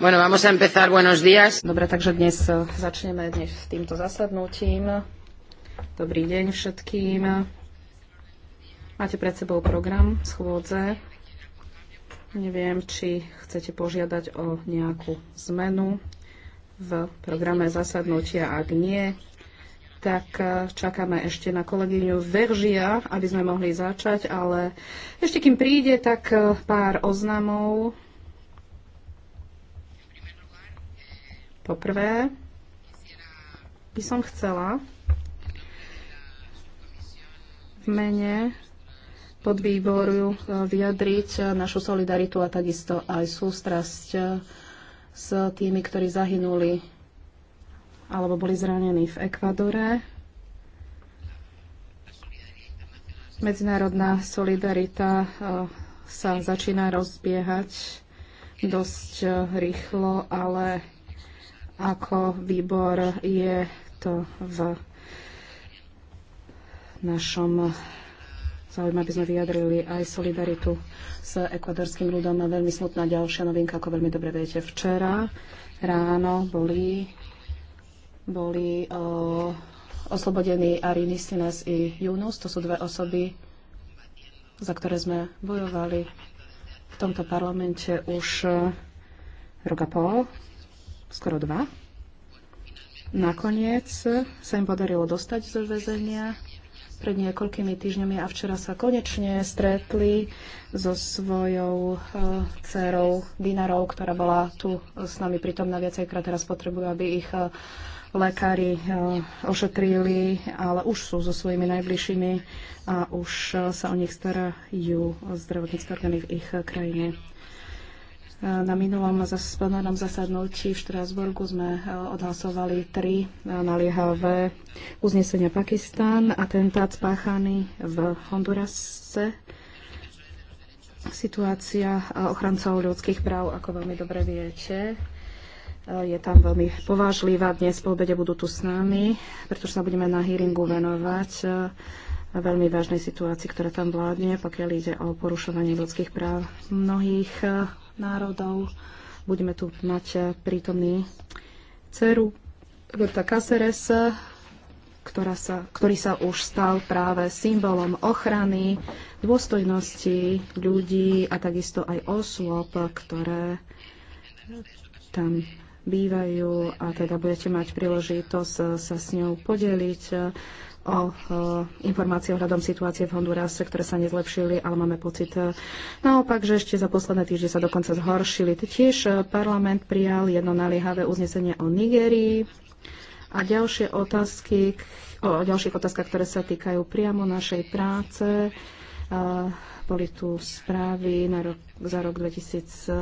Bueno, vamos a empezar. Buenos días. Dobre, takže dnes eh, začneme dnes s týmto zasadnutím. Dobrý deň všetkým. Máte pred sebou program schôdze. Neviem, či chcete požiadať o nejakú zmenu v programe zasadnutia. Ak nie, tak eh, čakáme ešte na kolegyňu Veržia, aby sme mohli začať, ale ešte kým príde, tak eh, pár oznamov Poprvé by som chcela v mene podvýboru e, vyjadriť našu solidaritu a takisto aj sústrasť e, s tými, ktorí zahynuli alebo boli zranení v Ekvadore. Medzinárodná solidarita e, sa začína rozbiehať dosť rýchlo, ale ako výbor je to v našom záujme, aby sme vyjadrili aj solidaritu s ekvadorským ľudom. Veľmi smutná ďalšia novinka, ako veľmi dobre viete. Včera ráno boli, boli o, oslobodení Arini Sines i Junus. To sú dve osoby, za ktoré sme bojovali v tomto parlamente už e, rok a pol skoro dva. Nakoniec sa im podarilo dostať zo väzenia pred niekoľkými týždňami a včera sa konečne stretli so svojou uh, dcerou Dinarou, ktorá bola tu s nami na viacejkrát. Teraz potrebujú, aby ich uh, lekári uh, ošetrili, ale už sú so svojimi najbližšími a už sa o nich starajú zdravotnícke orgány v ich krajine. Na minulom plenárnom zasadnutí v Štrásburgu sme eh, odhlasovali tri eh, naliehavé uznesenia Pakistán, atentát spáchaný v Hondurase, situácia eh, ochrancov ľudských práv, ako veľmi dobre viete, je tam veľmi povážlivá. Dnes po obede budú tu s nami, pretože sa budeme na hearingu venovať veľmi vážnej situácii, ktorá tam vládne, pokiaľ ide o porušovanie ľudských práv. Mnohých národov. Budeme tu mať e, prítomný dceru Roberta Caceres, ktorá sa, ktorý sa už stal práve symbolom ochrany, dôstojnosti ľudí a takisto aj osôb, ktoré tam bývajú a teda budete mať príležitosť sa s ňou podeliť o e, informácie ohľadom situácie v Hondurase, ktoré sa nezlepšili, ale máme pocit e, naopak, že ešte za posledné týždne sa dokonca zhoršili. Tiež e, parlament prijal jedno naliehavé uznesenie o Nigérii a ďalšie otázky, o ďalších otázkach, ktoré sa týkajú priamo našej práce. Boli tu správy na rok, za rok 2015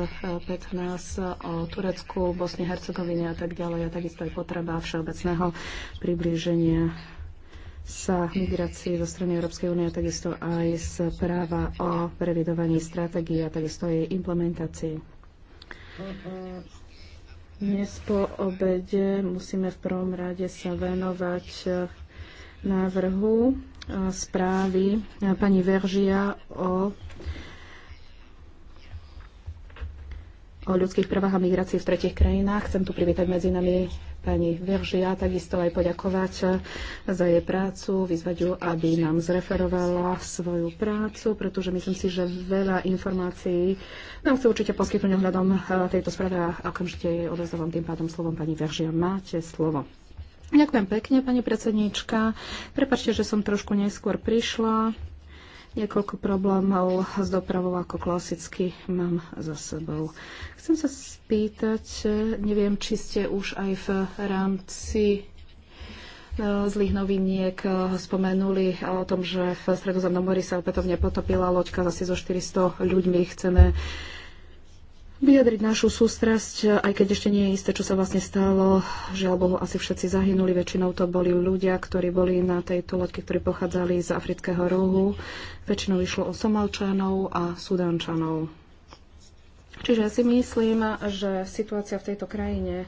o Turecku, Bosne, Hercegovine a tak ďalej a takisto aj potreba všeobecného priblíženia sa migrácii zo strany Európskej únie, takisto aj z práva o previdovaní stratégie a takisto jej implementácii. Dnes po obede musíme v prvom rade sa venovať návrhu správy pani Veržia o o ľudských právach a migrácii v tretich krajinách. Chcem tu privítať medzi nami pani Veržia takisto aj poďakovať za jej prácu, vyzvať ju, aby nám zreferovala svoju prácu, pretože myslím si, že veľa informácií nám chce určite poskytnúť ohľadom eh, tejto správy a okamžite jej odozdávam tým pádom slovom pani Veržia. Máte slovo. Ďakujem pekne, pani predsedníčka. Prepačte, že som trošku neskôr prišla niekoľko problémov s dopravou ako klasicky mám za sebou. Chcem sa spýtať, neviem, či ste už aj v rámci e, zlých noviniek e, spomenuli o tom, že v Stredozemnom mori sa opätovne potopila loďka zase so 400 ľuďmi. Chceme vyjadriť našu sústrasť, aj keď ešte nie je isté, čo sa vlastne stalo. Žiaľ Bohu, asi všetci zahynuli. Väčšinou to boli ľudia, ktorí boli na tejto loďke, ktorí pochádzali z Afrického rohu. Väčšinou išlo o Somalčanov a Sudančanov. Čiže ja si myslím, že situácia v tejto krajine,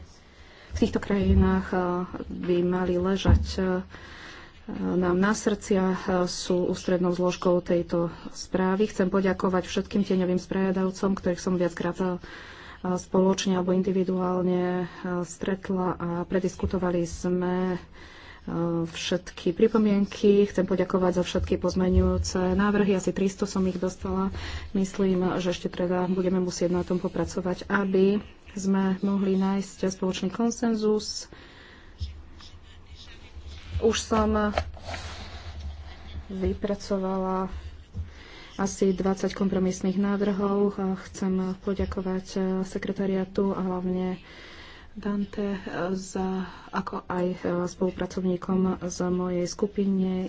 v týchto krajinách eh, by mali ležať eh, nám na srdcia e, sú ústrednou zložkou tejto správy. Chcem poďakovať všetkým tieňovým sprajadavcom, ktorých som viackrát e, spoločne alebo individuálne e, stretla a prediskutovali sme všetky pripomienky. Chcem poďakovať za všetky pozmenujúce návrhy. Asi 300 som ich dostala. Myslím, že ešte teda budeme musieť na tom popracovať, aby sme mohli nájsť spoločný konsenzus už som vypracovala asi 20 kompromisných návrhov. Chcem poďakovať e, sekretariatu a hlavne Dante e, za, ako aj e, spolupracovníkom z mojej skupiny,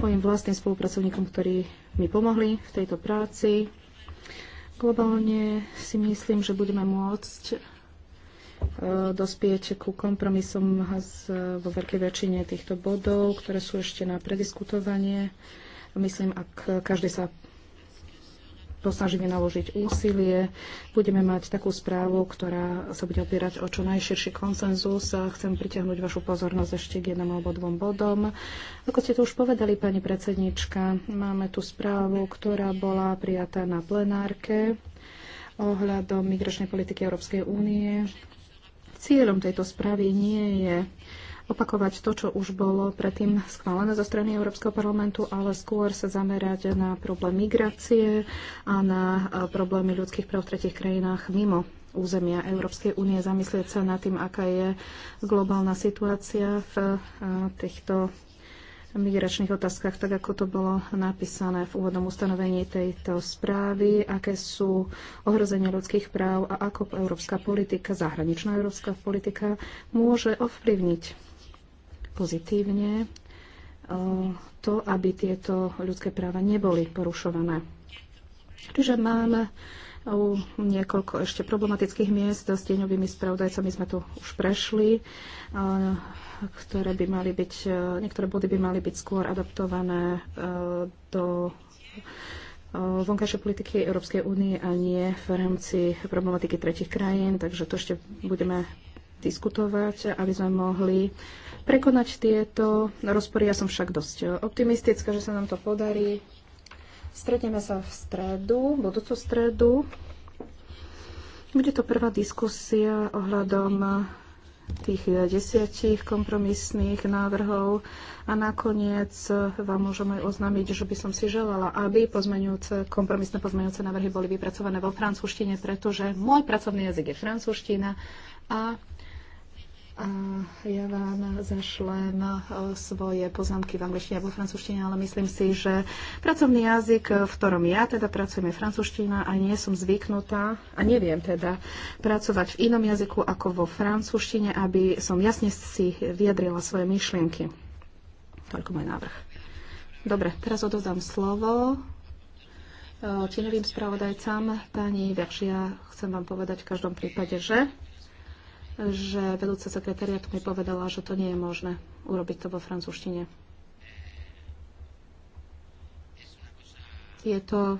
mojim vlastným spolupracovníkom, ktorí mi pomohli v tejto práci. Globálne si myslím, že budeme môcť E, dospieť ku kompromisom e, vo veľkej väčšine týchto bodov, ktoré sú ešte na prediskutovanie. Myslím, ak každý sa posnažíme naložiť úsilie. Budeme mať takú správu, ktorá sa bude opierať o čo najširší konsenzus. Chcem priťahnuť vašu pozornosť ešte k jednom alebo dvom bodom. Ako ste to už povedali, pani predsednička, máme tu správu, ktorá bola prijatá na plenárke ohľadom migračnej politiky Európskej únie Cieľom tejto správy nie je opakovať to, čo už bolo predtým schválené zo strany Európskeho parlamentu, ale skôr sa zamerať na problém migrácie a na e, problémy ľudských práv v tretich krajinách mimo územia Európskej únie, zamyslieť sa nad tým, aká je globálna situácia v e, týchto migračných otázkach, tak ako to bolo napísané v úvodnom ustanovení tejto správy, aké sú ohrozenia ľudských práv a ako európska politika, zahraničná európska politika môže ovplyvniť pozitívne eh, to, aby tieto ľudské práva neboli porušované. Čiže máme eh, niekoľko ešte problematických miest. S tieňovými spravodajcami sme tu už prešli. Eh, ktoré by mali byť, e, niektoré body by mali byť skôr adaptované e, do e, vonkajšej politiky Európskej únie a nie v rámci problematiky tretich krajín, takže to ešte budeme diskutovať, aby sme mohli prekonať tieto rozpory. Ja som však dosť optimistická, že sa nám to podarí. Stretneme sa v stredu, budúcu stredu. Bude to prvá diskusia ohľadom tých eh, desiatich kompromisných návrhov a nakoniec eh, vám môžem aj oznámiť, že by som si želala, aby pozmeňujúce, kompromisné pozmeňujúce návrhy boli vypracované vo francúzštine, pretože môj pracovný jazyk je francúzština a a ja vám zašlem e, svoje poznámky v angličtine alebo francúzštine, ale myslím si, že pracovný jazyk, e, v ktorom ja teda pracujem, je francúzština a nie som zvyknutá a neviem teda pracovať v inom jazyku ako vo francúzštine, aby som jasne si vyjadrila svoje myšlienky. Toľko môj návrh. Dobre, teraz odozdám slovo e, tieňovým spravodajcám. Pani Veršia, chcem vám povedať v každom prípade, že že vedúca sekretariat mi povedala, že to nie je možné urobiť to vo francúzštine. Je to...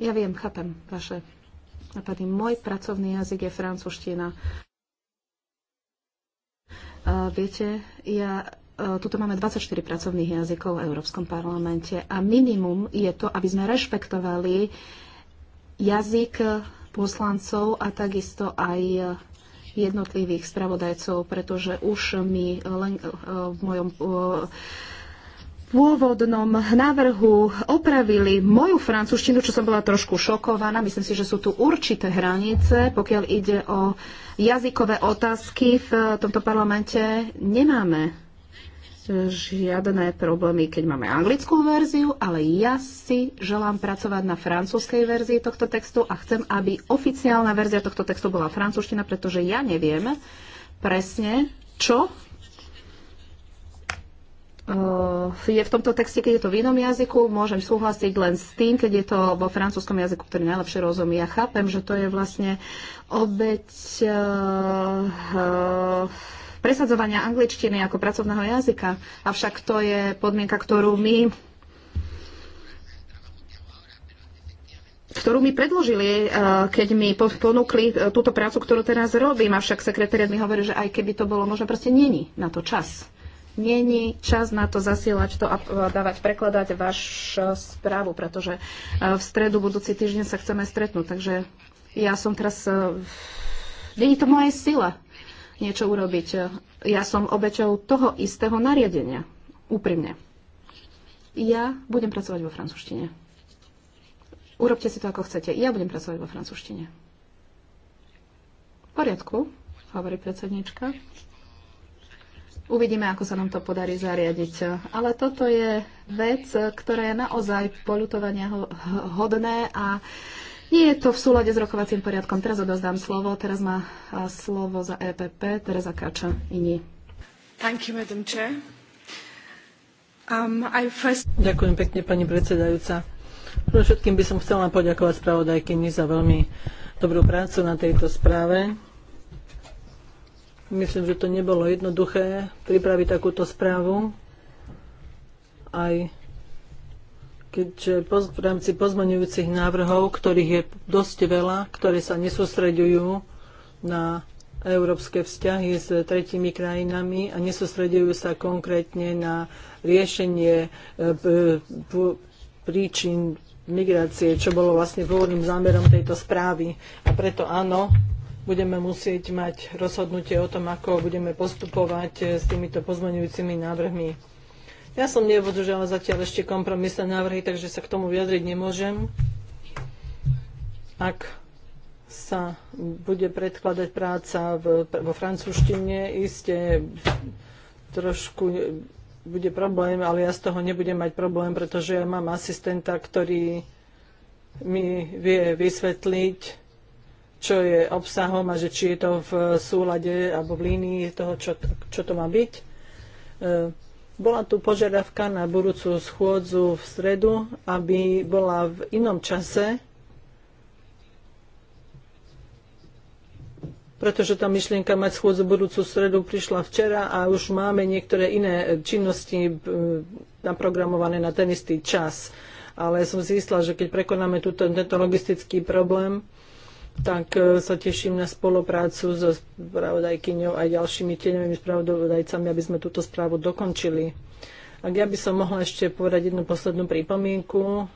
Ja viem, chápem vaše napady. Môj pracovný jazyk je francúzština. Uh, viete, ja e, tuto máme 24 pracovných jazykov v Európskom parlamente a minimum je to, aby sme rešpektovali jazyk poslancov a takisto aj jednotlivých spravodajcov, pretože už mi len eh, v mojom eh, pôvodnom návrhu opravili moju francúzštinu, čo som bola trošku šokovaná. Myslím si, že sú tu určité hranice, pokiaľ ide o jazykové otázky v tomto parlamente. Nemáme žiadne problémy, keď máme anglickú verziu, ale ja si želám pracovať na francúzskej verzii tohto textu a chcem, aby oficiálna verzia tohto textu bola francúzština, pretože ja neviem presne, čo eh, je v tomto texte, keď je to v inom jazyku, môžem súhlasiť len s tým, keď je to vo francúzskom jazyku, ktorý najlepšie rozumie. Ja chápem, že to je vlastne obeď uh, eh, uh, eh, presadzovania angličtiny ako pracovného jazyka. Avšak to je podmienka, ktorú my ktorú mi predložili, eh, keď mi ponúkli eh, túto prácu, ktorú teraz robím. Avšak sekretariat mi hovorí, že aj keby to bolo možno proste není na to čas. Není čas na to zasielať to a dávať, prekladať váš eh, správu, pretože v stredu budúci týždeň sa chceme stretnúť. Takže ja som teraz... Není to moje sila niečo urobiť. Ja som obeťou toho istého nariadenia. Úprimne. Ja budem pracovať vo francúzštine. Urobte si to, ako chcete. Ja budem pracovať vo francúzštine. V poriadku, hovorí predsednička. Uvidíme, ako sa nám to podarí zariadiť. Ale toto je vec, ktorá je naozaj polutovania hodné a nie je to v súlade s rokovacím poriadkom. Teraz odozdám slovo. Teraz má slovo za EPP Teresa Kača iní. Thank you, Madam Chair. Um, I first... Ďakujem pekne, pani predsedajúca. Pre všetkým by som chcela poďakovať spravodajkyni za veľmi dobrú prácu na tejto správe. Myslím, že to nebolo jednoduché pripraviť takúto správu. Aj keďže v rámci pozmeňujúcich návrhov, ktorých je dosť veľa, ktoré sa nesústreďujú na európske vzťahy s tretími krajinami a nesústredujú sa konkrétne na riešenie e, príčin migrácie, čo bolo vlastne pôvodným zámerom tejto správy. A preto áno, budeme musieť mať rozhodnutie o tom, ako budeme postupovať e, s týmito pozmeňujúcimi návrhmi. Ja som nevodržala zatiaľ ešte kompromisné návrhy, takže sa k tomu vyjadriť nemôžem. Ak sa bude predkladať práca v, vo francúzštine, iste trošku bude problém, ale ja z toho nebudem mať problém, pretože ja mám asistenta, ktorý mi vie vysvetliť, čo je obsahom a že či je to v súlade alebo v línii toho, čo, čo to má byť e, bola tu požiadavka na budúcu schôdzu v stredu, aby bola v inom čase, pretože tá myšlienka mať schôdzu budúcu stredu prišla včera a už máme niektoré iné činnosti e, naprogramované na ten istý čas. Ale som zistila, že keď prekonáme túto, tento logistický problém, tak e, sa teším na spoluprácu so spravodajkyňou a ďalšími tieňovými spravodajcami, aby sme túto správu dokončili. Ak ja by som mohla ešte povedať jednu poslednú pripomienku,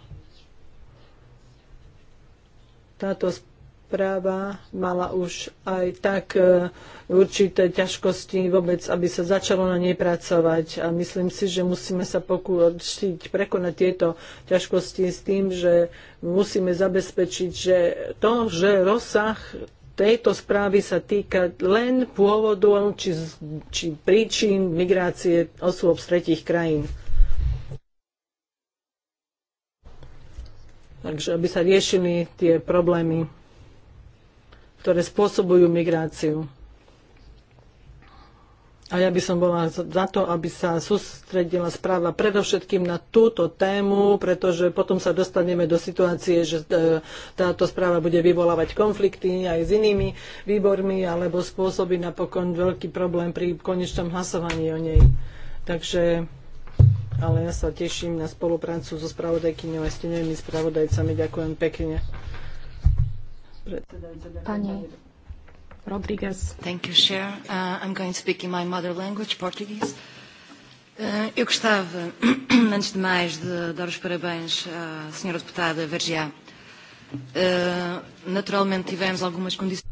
táto správa práva mala už aj tak e, určité ťažkosti vôbec, aby sa začalo na nej pracovať. A myslím si, že musíme sa pokúsiť prekonať tieto ťažkosti s tým, že musíme zabezpečiť, že to, že rozsah tejto správy sa týka len pôvodu či, či príčin migrácie osôb z tretich krajín. Takže aby sa riešili tie problémy ktoré spôsobujú migráciu. A ja by som bola za to, aby sa sústredila správa predovšetkým na túto tému, pretože potom sa dostaneme do situácie, že e, táto správa bude vyvolávať konflikty aj s inými výbormi, alebo spôsobí napokon veľký problém pri konečnom hlasovaní o nej. Takže, ale ja sa teším na spoluprácu so spravodajkyňou a s stenovými spravodajcami. Ďakujem pekne. Pani Rodriguez. Thank you, Chair. Uh, I'm going to speak in my mother language, Portuguese. Uh, eu gostava, antes de mais, de dar os parabéns à senhora deputada Vergiá. Uh, naturalmente tivemos algumas condições.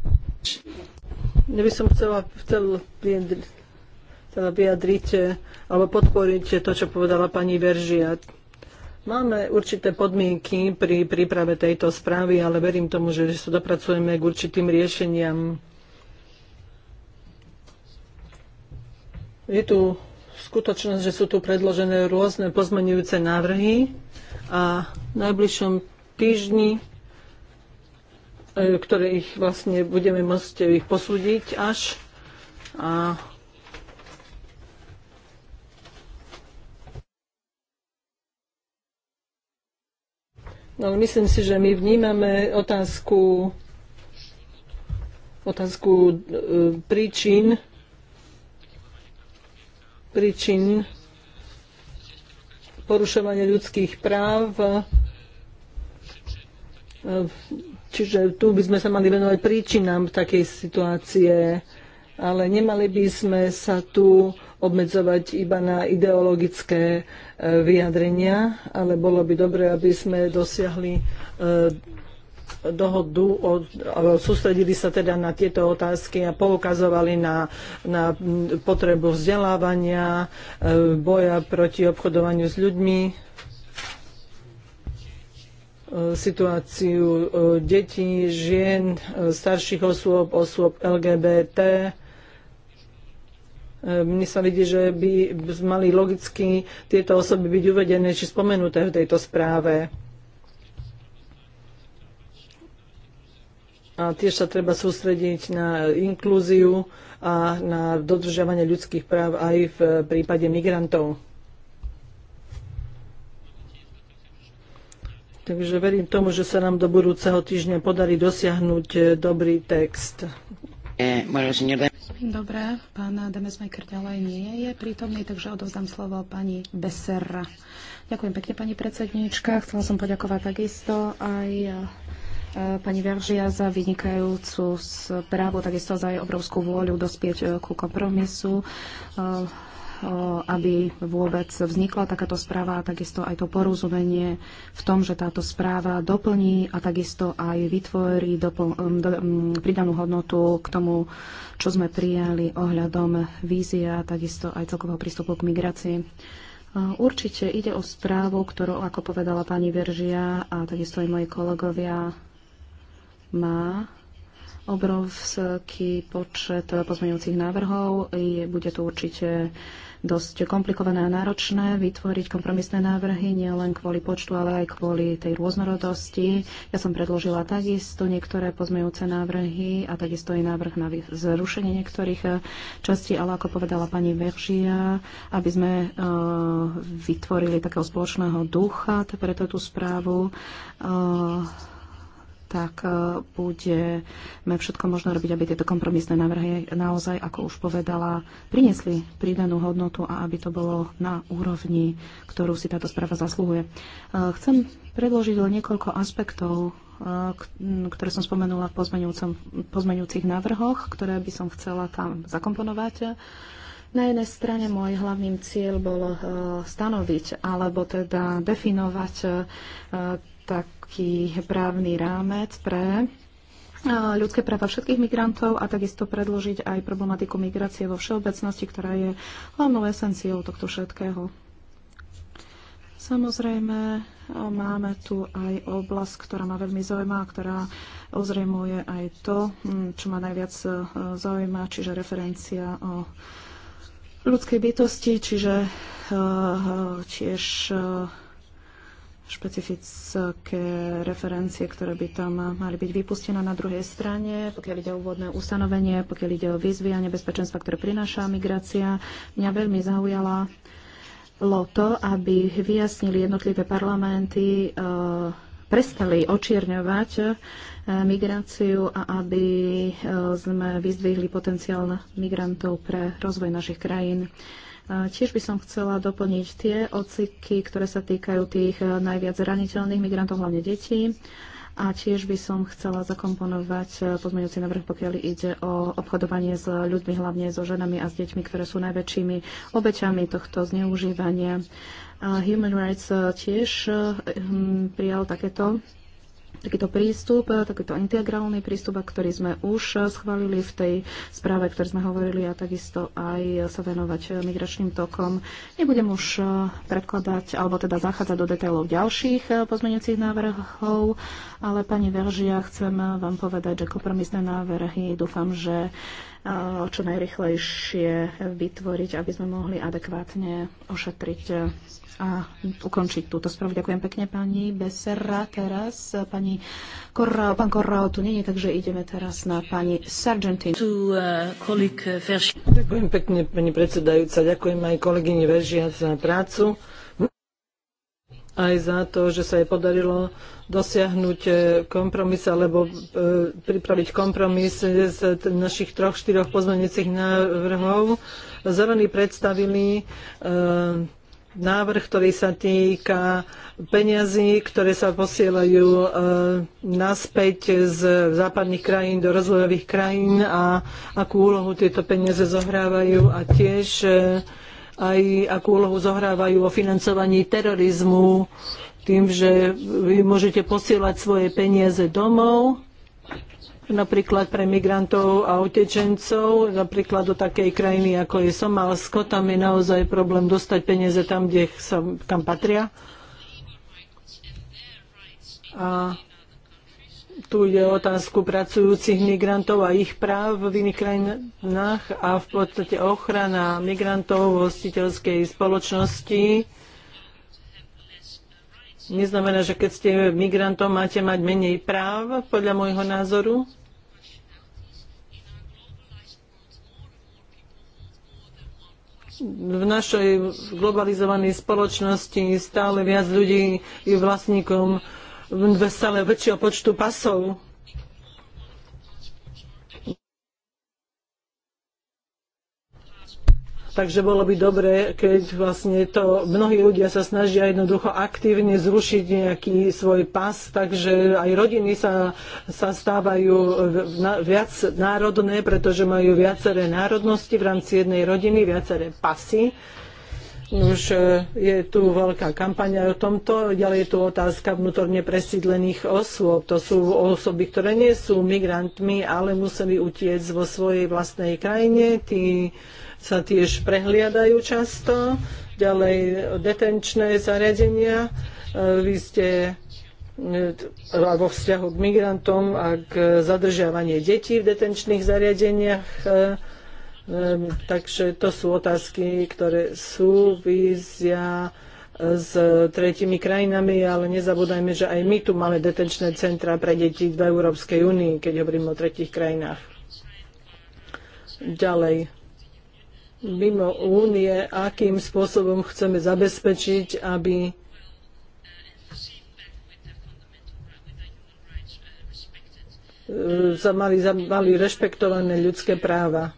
Ja by som chcela, chcela, chcela vyjadriť eh, alebo podporiť to, čo povedala pani Veržiat Máme určité podmienky pri príprave tejto správy, ale verím tomu, že sa dopracujeme k určitým riešeniam. Je tu skutočnosť, že sú tu predložené rôzne pozmenujúce návrhy a v najbližšom týždni e, ktoré ich vlastne budeme môcť ich posúdiť až. A No, myslím si, že my vnímame otázku, otázku e, príčin, príčin porušovania ľudských práv. E, čiže tu by sme sa mali venovať príčinám takej situácie, ale nemali by sme sa tu obmedzovať iba na ideologické e, vyjadrenia, ale bolo by dobre, aby sme dosiahli e, dohodu, sústredili sa teda na tieto otázky a poukazovali na, na potrebu vzdelávania, e, boja proti obchodovaniu s ľuďmi, situáciu detí, žien, starších osôb, osôb LGBT, Ehm, mne sa vidí, že by mali logicky tieto osoby byť uvedené či spomenuté v tejto správe. A tiež sa treba sústrediť na inklúziu a na dodržiavanie ľudských práv aj v prípade migrantov. Takže verím tomu, že sa nám do budúceho týždňa podarí dosiahnuť eh, dobrý text. Dobre, pán Demesmaker ďalej nie je prítomný, takže odovzdám slovo pani Beserra. Ďakujem pekne, pani predsedníčka. Chcela som poďakovať takisto aj e, pani Veržia za vynikajúcu správu, takisto za jej obrovskú vôľu dospieť e, ku kompromisu e, Eh, aby vôbec vznikla takáto správa a takisto aj to porozumenie v tom, že táto správa doplní a takisto aj vytvorí dopl- pridanú hodnotu k tomu, čo sme prijali ohľadom vízia a takisto aj celkového prístupu k migrácii. Eh, určite ide o správu, ktorú, ako povedala pani Veržia a takisto aj moji kolegovia, má obrovský počet pozmeňujúcich návrhov. Je, bude to určite dosť komplikované a náročné vytvoriť kompromisné návrhy, nielen kvôli počtu, ale aj kvôli tej rôznorodosti. Ja som predložila takisto niektoré pozmejúce návrhy a takisto aj návrh na zrušenie niektorých eh, častí, ale ako povedala pani Veržia, aby sme eh, vytvorili takého spoločného ducha pre tú správu. Eh, tak e, budeme všetko možno robiť, aby tieto kompromisné návrhy naozaj, ako už povedala, priniesli pridanú hodnotu a aby to bolo na úrovni, ktorú si táto správa zaslúhuje. E, chcem predložiť len niekoľko aspektov, e, ktoré som spomenula v pozmeňujúcich návrhoch, ktoré by som chcela tam zakomponovať. Na jednej strane môj hlavným cieľ bol stanoviť alebo teda definovať tak taký právny rámec pre ľudské práva všetkých migrantov a takisto predložiť aj problematiku migrácie vo všeobecnosti, ktorá je hlavnou esenciou tohto všetkého. Samozrejme, máme tu aj oblasť, ktorá ma veľmi zaujíma, ktorá ozrejmuje aj to, čo ma najviac e, zaujíma, čiže referencia o ľudskej bytosti, čiže e, e, tiež špecifické referencie, ktoré by tam mali byť vypustené na druhej strane, pokiaľ ide o úvodné ustanovenie, pokiaľ ide o výzvy a nebezpečenstva, ktoré prináša migrácia. Mňa veľmi zaujala to, aby vyjasnili jednotlivé parlamenty, e, prestali očierňovať eh, migráciu a aby eh, sme vyzdvihli potenciál migrantov pre rozvoj našich krajín. Tiež by som chcela doplniť tie ociky, ktoré sa týkajú tých e, najviac zraniteľných migrantov, hlavne detí. A tiež by som chcela zakomponovať e, pozmeňujúci návrh, pokiaľ ide o obchodovanie s ľuďmi, hlavne so ženami a s deťmi, ktoré sú najväčšími obeťami tohto zneužívania. Human Rights e, tiež prijal takéto takýto prístup, e, takýto integrálny prístup, ktorý sme už e, schválili v tej správe, ktorej sme hovorili a takisto aj sa venovať e, migračným tokom. Nebudem už predkladať, alebo teda zachádzať do detailov ďalších pozmeňujúcich návrhov, ale pani Veržia, chcem vám povedať, že kompromisné návrhy dúfam, že čo najrychlejšie vytvoriť, aby sme mohli adekvátne ošetriť a ukončiť túto správu. Ďakujem pekne pani Besera. Teraz eh, pani Korrao, pán Korrao tu nie je, takže ideme teraz na pani Sargentin. Eh, eh, Ďakujem pekne pani predsedajúca. Ďakujem aj kolegyni Veržia za prácu aj za to, že sa jej podarilo dosiahnuť kompromis alebo pripraviť kompromis z našich troch, štyroch pozmeniacich návrhov. Zelení predstavili návrh, ktorý sa týka peniazy, ktoré sa posielajú e, naspäť z západných krajín do rozvojových krajín a akú úlohu tieto peniaze zohrávajú a tiež e, aj akú úlohu zohrávajú o financovaní terorizmu tým, že vy môžete posielať svoje peniaze domov napríklad pre migrantov a utečencov, napríklad do takej krajiny ako je Somálsko, tam je naozaj problém dostať peniaze tam, kde sa, tam patria. A tu ide otázku pracujúcich migrantov a ich práv v iných krajinách a v podstate ochrana migrantov v hostiteľskej spoločnosti Neznamená, že keď ste migrantom, máte mať menej práv, podľa môjho názoru? v našej globalizovanej spoločnosti stále viac ľudí je vlastníkom stále väčšieho počtu pasov. Takže bolo by dobré, keď vlastne to mnohí ľudia sa snažia jednoducho aktívne zrušiť nejaký svoj pas, takže aj rodiny sa, sa stávajú viac národné, pretože majú viaceré národnosti v rámci jednej rodiny, viaceré pasy. Už e, je tu veľká kampaň o tomto. Ďalej je tu otázka vnútorne presídlených osôb. To sú osoby, ktoré nie sú migrantmi, ale museli utiecť vo svojej vlastnej krajine. Tí sa tiež prehliadajú často. Ďalej detenčné zariadenia. E, vy ste e, vo vzťahu k migrantom a k zadržiavanie detí v detenčných zariadeniach. E, takže to sú otázky, ktoré súvisia s tretimi krajinami, ale nezabúdajme, že aj my tu máme detenčné centra pre deti v Európskej únii, keď hovoríme o tretich krajinách. Ďalej mimo únie, akým spôsobom chceme zabezpečiť, aby sa mali, mali rešpektované ľudské práva.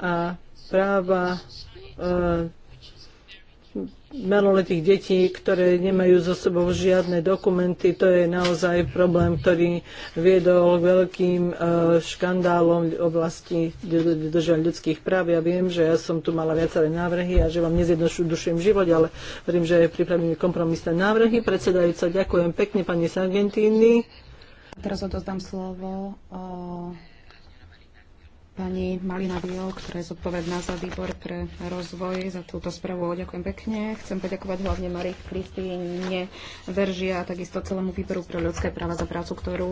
A práva e, maloletých detí, ktoré nemajú zo sebou žiadne dokumenty, to je naozaj problém, ktorý viedol k veľkým e, škandálom v oblasti dodržia ľudských práv. Ja viem, že ja som tu mala viaceré návrhy a že vám duším život, ale verím, že pripravíme kompromisné návrhy. Predsedajúca, ďakujem pekne pani Sargentini. Teraz odozdám slovo o e, pani Malina Bio, ktorá je zodpovedná za výbor pre rozvoj, za túto správu. Ďakujem pekne. Chcem poďakovať hlavne Marii Kristýne Veržia a takisto celému výboru pre ľudské práva za prácu, ktorú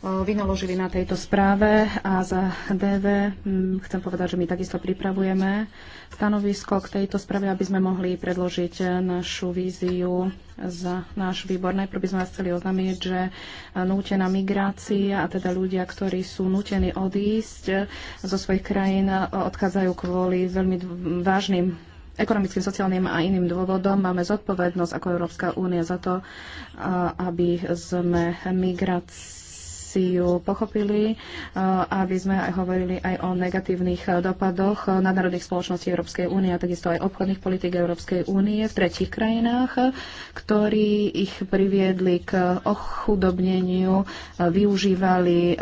Eh, vynaložili na tejto správe a za DV hm, chcem povedať, že my takisto pripravujeme stanovisko k tejto správe, aby sme mohli predložiť našu víziu za náš výbor. Najprv by sme vás chceli oznámiť, že eh, nútená migrácia a teda ľudia, ktorí sú nútení odísť eh, zo svojich krajín, odchádzajú kvôli veľmi vážnym ekonomickým, sociálnym a iným dôvodom máme zodpovednosť ako Európska únia za to, aby sme migráciu ju pochopili, eh, aby sme aj hovorili aj o negatívnych eh, dopadoch eh, nadnárodných spoločností Európskej únie a takisto aj obchodných politik Európskej únie v tretich krajinách, ktorí ich priviedli k ochudobneniu, využívali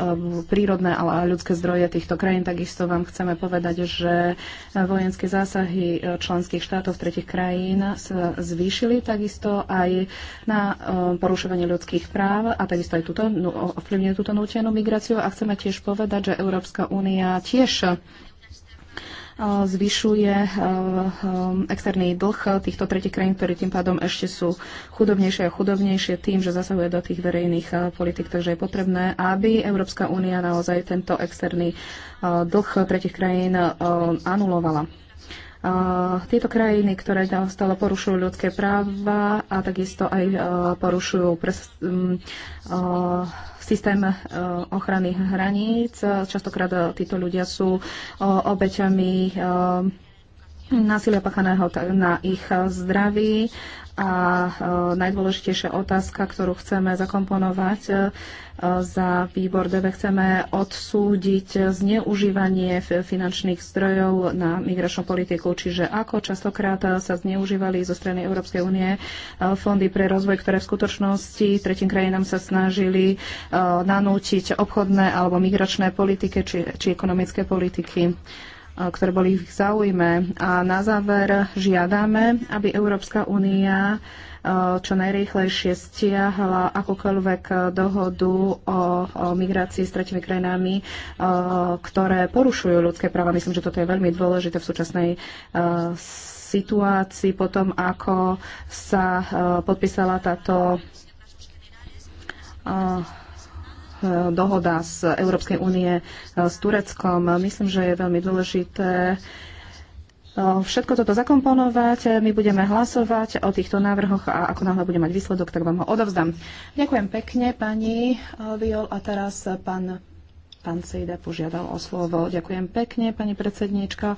prírodné a ľudské zdroje týchto krajín. Takisto vám chceme povedať, že vojenské zásahy členských štátov tretich krajín sa zvýšili, takisto aj na porušovanie ľudských práv a takisto aj túto no, ovplyvňuje túto nútenú migráciu a chceme tiež povedať, že Európska únia tiež eh, zvyšuje eh, eh, externý dlh týchto tretich krajín, ktorí tým pádom ešte sú chudobnejšie a chudobnejšie tým, že zasahuje do tých verejných politik. Takže je potrebné, aby Európska únia naozaj tento externý dlh tretich krajín anulovala. Tieto krajiny, ktoré stále porušujú ľudské práva a takisto aj porušujú pres, mm, systém e, ochrany hraníc. Častokrát e, títo ľudia sú e, obeťami násilia pachaného na ich zdraví a e, najdôležitejšia otázka, ktorú chceme zakomponovať e, za výbor DB, chceme odsúdiť zneužívanie finančných zdrojov na migračnú politiku. Čiže ako častokrát sa zneužívali zo strany Európskej únie e, fondy pre rozvoj, ktoré v skutočnosti tretím krajinám sa snažili nanútiť obchodné alebo migračné politike či, či ekonomické politiky. E, ktoré boli v ich záujme. A na záver žiadame, aby Európska únia e, čo najrýchlejšie stiahla akúkoľvek dohodu o, o migrácii s tretimi krajinami, e, ktoré porušujú ľudské práva. Myslím, že toto je veľmi dôležité v súčasnej situácii, situácii, potom ako sa podpísala táto Eh, dohoda z Európskej únie eh, s Tureckom. Myslím, že je veľmi dôležité eh, všetko toto zakomponovať. My budeme hlasovať o týchto návrhoch a ako náhle budem mať výsledok, tak vám ho odovzdám. Ďakujem pekne, pani Viol. A teraz pán Pán Sejda požiadal o slovo. Ďakujem pekne, pani predsedníčka.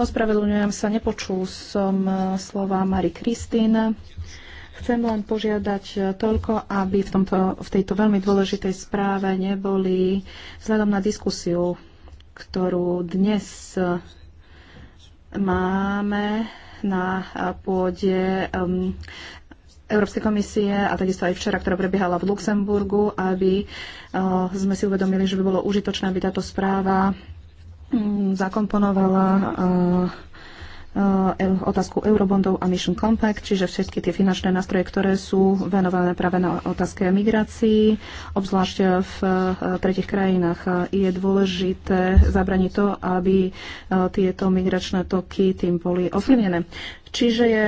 Ospravedlňujem sa, nepočul som slova Mari Kristín. Chcem len požiadať e, toľko, aby v, tomto, v tejto veľmi dôležitej správe neboli vzhľadom na diskusiu, ktorú dnes e, máme na e, pôde um, Európskej komisie a takisto aj včera, ktorá prebiehala v Luxemburgu, aby uh, sme si uvedomili, že by bolo užitočné, aby táto správa um, zakomponovala uh, Eh, otázku eurobondov a Mission Compact, čiže všetky tie finančné nástroje, ktoré sú venované práve na otázke migrácií, obzvlášť v eh, tretich krajinách. Je dôležité zabraniť to, aby eh, tieto migračné toky tým boli ovplyvnené. Čiže je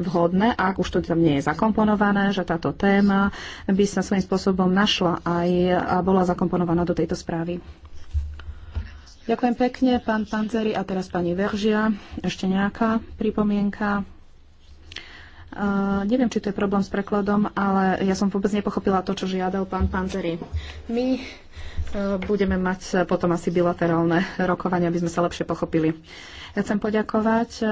vhodné, ak už to tam nie je zakomponované, že táto téma by sa svojím spôsobom našla aj a bola zakomponovaná do tejto správy. Ďakujem pekne, pán Panzeri a teraz pani Veržia. Ešte nejaká pripomienka? Uh, neviem, či to je problém s prekladom, ale ja som vôbec nepochopila to, čo žiadal pán Panzeri. My uh, budeme mať potom asi bilaterálne rokovania, aby sme sa lepšie pochopili. Ja chcem poďakovať uh,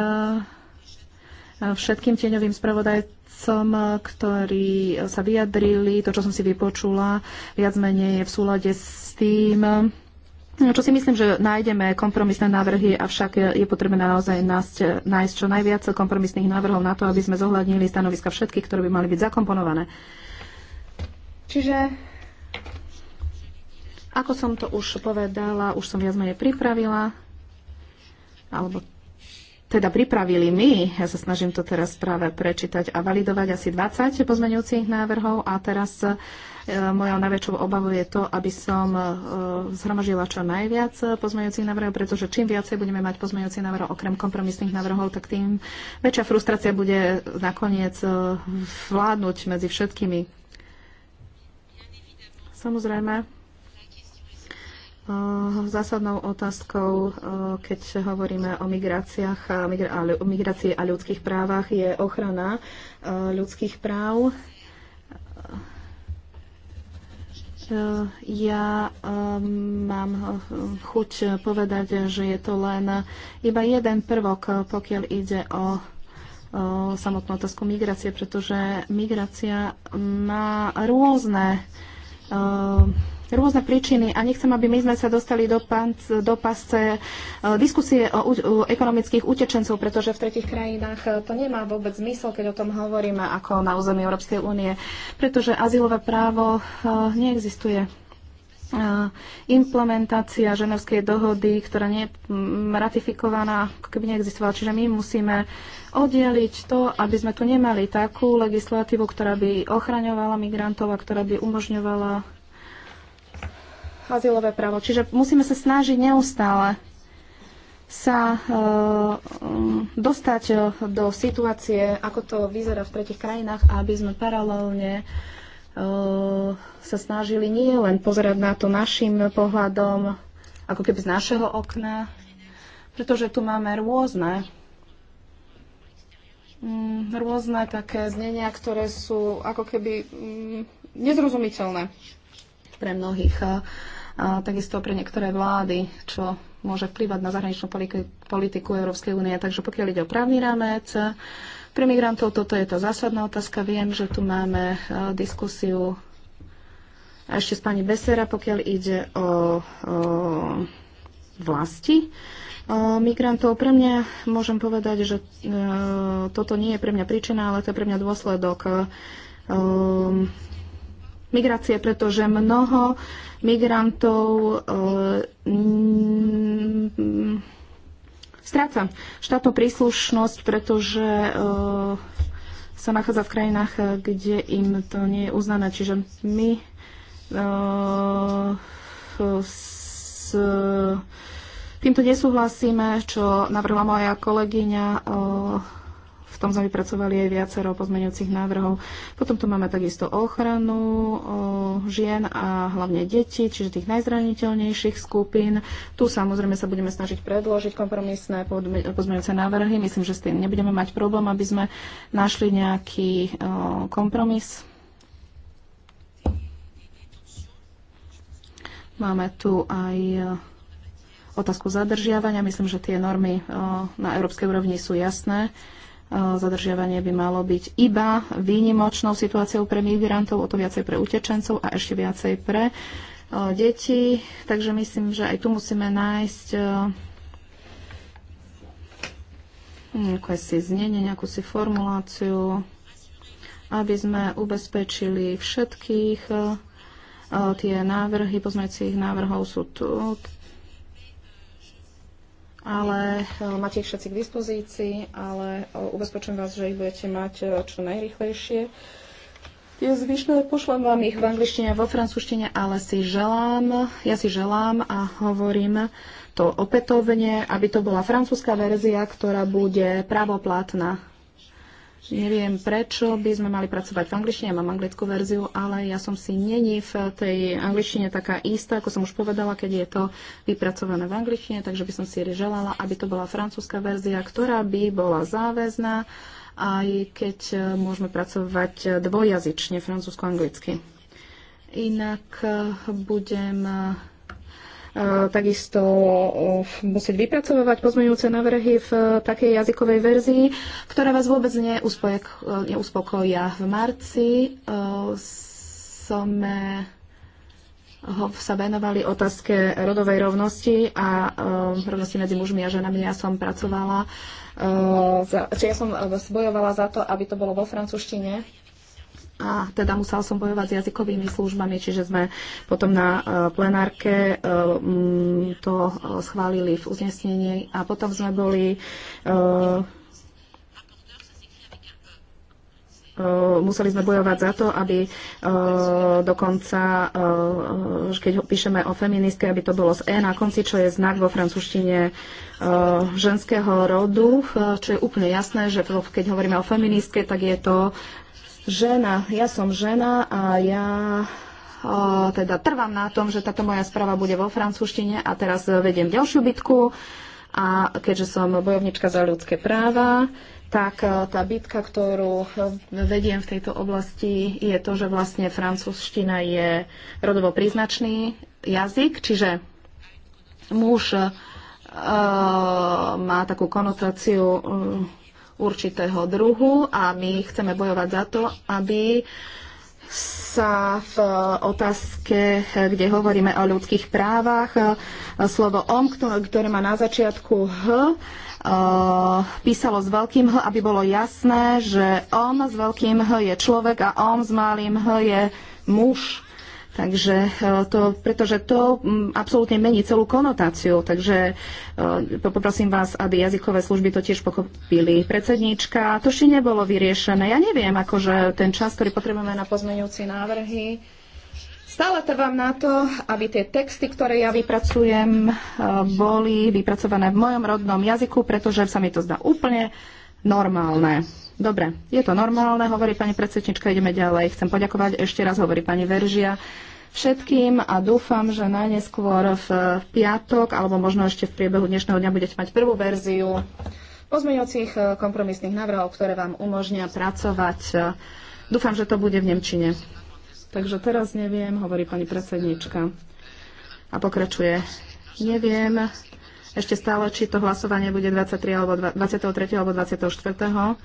všetkým tieňovým spravodajcom, ktorí sa vyjadrili. To, čo som si vypočula, viac menej je v súlade s tým, No, čo si myslím, že nájdeme kompromisné návrhy, avšak je potrebné naozaj nájsť, nájsť čo najviac kompromisných návrhov na to, aby sme zohľadnili stanoviska všetkých, ktoré by mali byť zakomponované. Čiže, ako som to už povedala, už som viac menej pripravila, alebo teda pripravili my, ja sa snažím to teraz práve prečítať a validovať asi 20 pozmeňujúcich návrhov a teraz e, mojou najväčšou obavou je to, aby som e, zhromažila čo najviac pozmeňujúcich návrhov, pretože čím viacej budeme mať pozmeňujúcich návrhov okrem kompromisných návrhov, tak tým väčšia frustrácia bude nakoniec e, vládnuť medzi všetkými. Samozrejme, Eh, zásadnou otázkou, eh, keď hovoríme o migráciách o migrácii a ľudských právach, je ochrana eh, ľudských práv. Ja mám chuť povedať, že je to len iba jeden prvok, pokiaľ ide o samotnú otázku migrácie, pretože migrácia má rôzne rôzne príčiny a nechcem, aby my sme sa dostali do, panc, do pasce e, diskusie o, o ekonomických utečencov, pretože v tretich krajinách e, to nemá vôbec zmysel, keď o tom hovoríme ako na území Európskej únie, pretože azylové právo e, neexistuje implementácia ženevskej dohody, ktorá nie je ratifikovaná, keby neexistovala. Čiže my musíme oddeliť to, aby sme tu nemali takú legislatívu, ktorá by ochraňovala migrantov a ktorá by umožňovala azylové právo. Čiže musíme sa snažiť neustále sa e, mm, dostať e, do situácie, ako to vyzerá v tretich krajinách, aby sme paralelne e, sa snažili nie len pozerať na to našim pohľadom, ako keby z našeho okna, pretože tu máme rôzne mm, rôzne také znenia, ktoré sú ako keby mm, nezrozumiteľné pre mnohých. E, a takisto pre niektoré vlády, čo môže vplyvať na zahraničnú politiku Európskej únie. Takže pokiaľ ide o právny rámec, pre migrantov toto je tá zásadná otázka. Viem, že tu máme e, diskusiu a ešte s pani Besera, pokiaľ ide o, o vlasti o e, migrantov. Pre mňa môžem povedať, že e, toto nie je pre mňa príčina, ale to je pre mňa dôsledok e, migrácie, pretože mnoho migrantov e, mm, stráca štátnu príslušnosť, pretože e, sa nachádza v krajinách, kde im to nie je uznané. Čiže my e, s týmto nesúhlasíme, čo navrhla moja kolegyňa v tom sme vypracovali aj viacero pozmeňujúcich návrhov. Potom tu máme takisto ochranu o, žien a hlavne detí, čiže tých najzraniteľnejších skupín. Tu samozrejme sa budeme snažiť predložiť kompromisné pozmeňujúce návrhy. Myslím, že s tým nebudeme mať problém, aby sme našli nejaký o, kompromis. Máme tu aj otázku zadržiavania. Myslím, že tie normy na európskej úrovni sú jasné zadržiavanie by malo byť iba výnimočnou situáciou pre migrantov, o to viacej pre utečencov a ešte viacej pre e, deti. Takže myslím, že aj tu musíme nájsť e, nejaké si znenie, nejakú si formuláciu, aby sme ubezpečili všetkých e, tie návrhy pozmeňujúcich návrhov sú tu, ale e, máte ich všetci k dispozícii, ale e, ubezpečujem vás, že ich budete mať e, čo najrychlejšie. Tie zvyšné pošlem vám ich v angličtine a vo francúzštine, ale si želám, ja si želám a hovorím to opätovne, aby to bola francúzska verzia, ktorá bude pravoplatná Neviem, prečo by sme mali pracovať v angličtine, ja mám anglickú verziu, ale ja som si není v tej angličtine taká istá, ako som už povedala, keď je to vypracované v angličtine, takže by som si želala, aby to bola francúzska verzia, ktorá by bola záväzná, aj keď e, môžeme pracovať dvojazyčne, francúzsko-anglicky. Inak e, budem e, takisto e, musieť vypracovať pozmeňujúce návrhy v e, takej jazykovej verzii, ktorá vás vôbec e, neuspokoja. V marci sme ho sa venovali otázke rodovej rovnosti a uh, rovnosti medzi mužmi a ženami. Ja som pracovala, uh, za, či ja som bojovala za to, aby to bolo vo francúzštine a teda musel som bojovať s jazykovými službami, čiže sme potom na e, plenárke e, to e, schválili v uznesnení a potom sme boli museli sme bojovať za to, aby dokonca, keď píšeme o feministke, aby to bolo z E na konci, čo je znak vo francúzštine ženského rodu, čo je úplne jasné, že keď hovoríme o feministke, tak je to žena, ja som žena a ja a teda trvám na tom, že táto moja správa bude vo francúzštine a teraz e, vediem ďalšiu bitku. A keďže som bojovnička za ľudské práva, tak e, tá bitka, ktorú e, vediem v tejto oblasti, je to, že vlastne francúzština je rodovo príznačný jazyk, čiže muž e, má takú konotáciu určitého druhu a my chceme bojovať za to, aby sa v otázke, kde hovoríme o ľudských právach, slovo om, ktoré má na začiatku h, e, písalo s veľkým h, aby bolo jasné, že om s veľkým h je človek a om s malým h je muž. Takže e, to, pretože to absolútne mení celú konotáciu, takže e, poprosím vás, aby jazykové služby to tiež pochopili. Predsedníčka, to ešte nebolo vyriešené. Ja neviem, akože ten čas, ktorý potrebujeme na pozmeňujúci návrhy, Stále trvám na to, aby tie texty, ktoré ja vypracujem, e, boli vypracované v mojom rodnom jazyku, pretože sa mi to zdá úplne normálne. Dobre, je to normálne, hovorí pani predsednička, ideme ďalej. Chcem poďakovať ešte raz, hovorí pani Veržia všetkým a dúfam, že najneskôr v piatok alebo možno ešte v priebehu dnešného dňa budete mať prvú verziu pozmeňujúcich eh, kompromisných návrhov, ktoré vám umožnia pracovať. Dúfam, že to bude v Nemčine. Takže teraz neviem, hovorí pani predsednička. A pokračuje. Neviem ešte stále, či to hlasovanie bude 23 alebo 23. alebo 24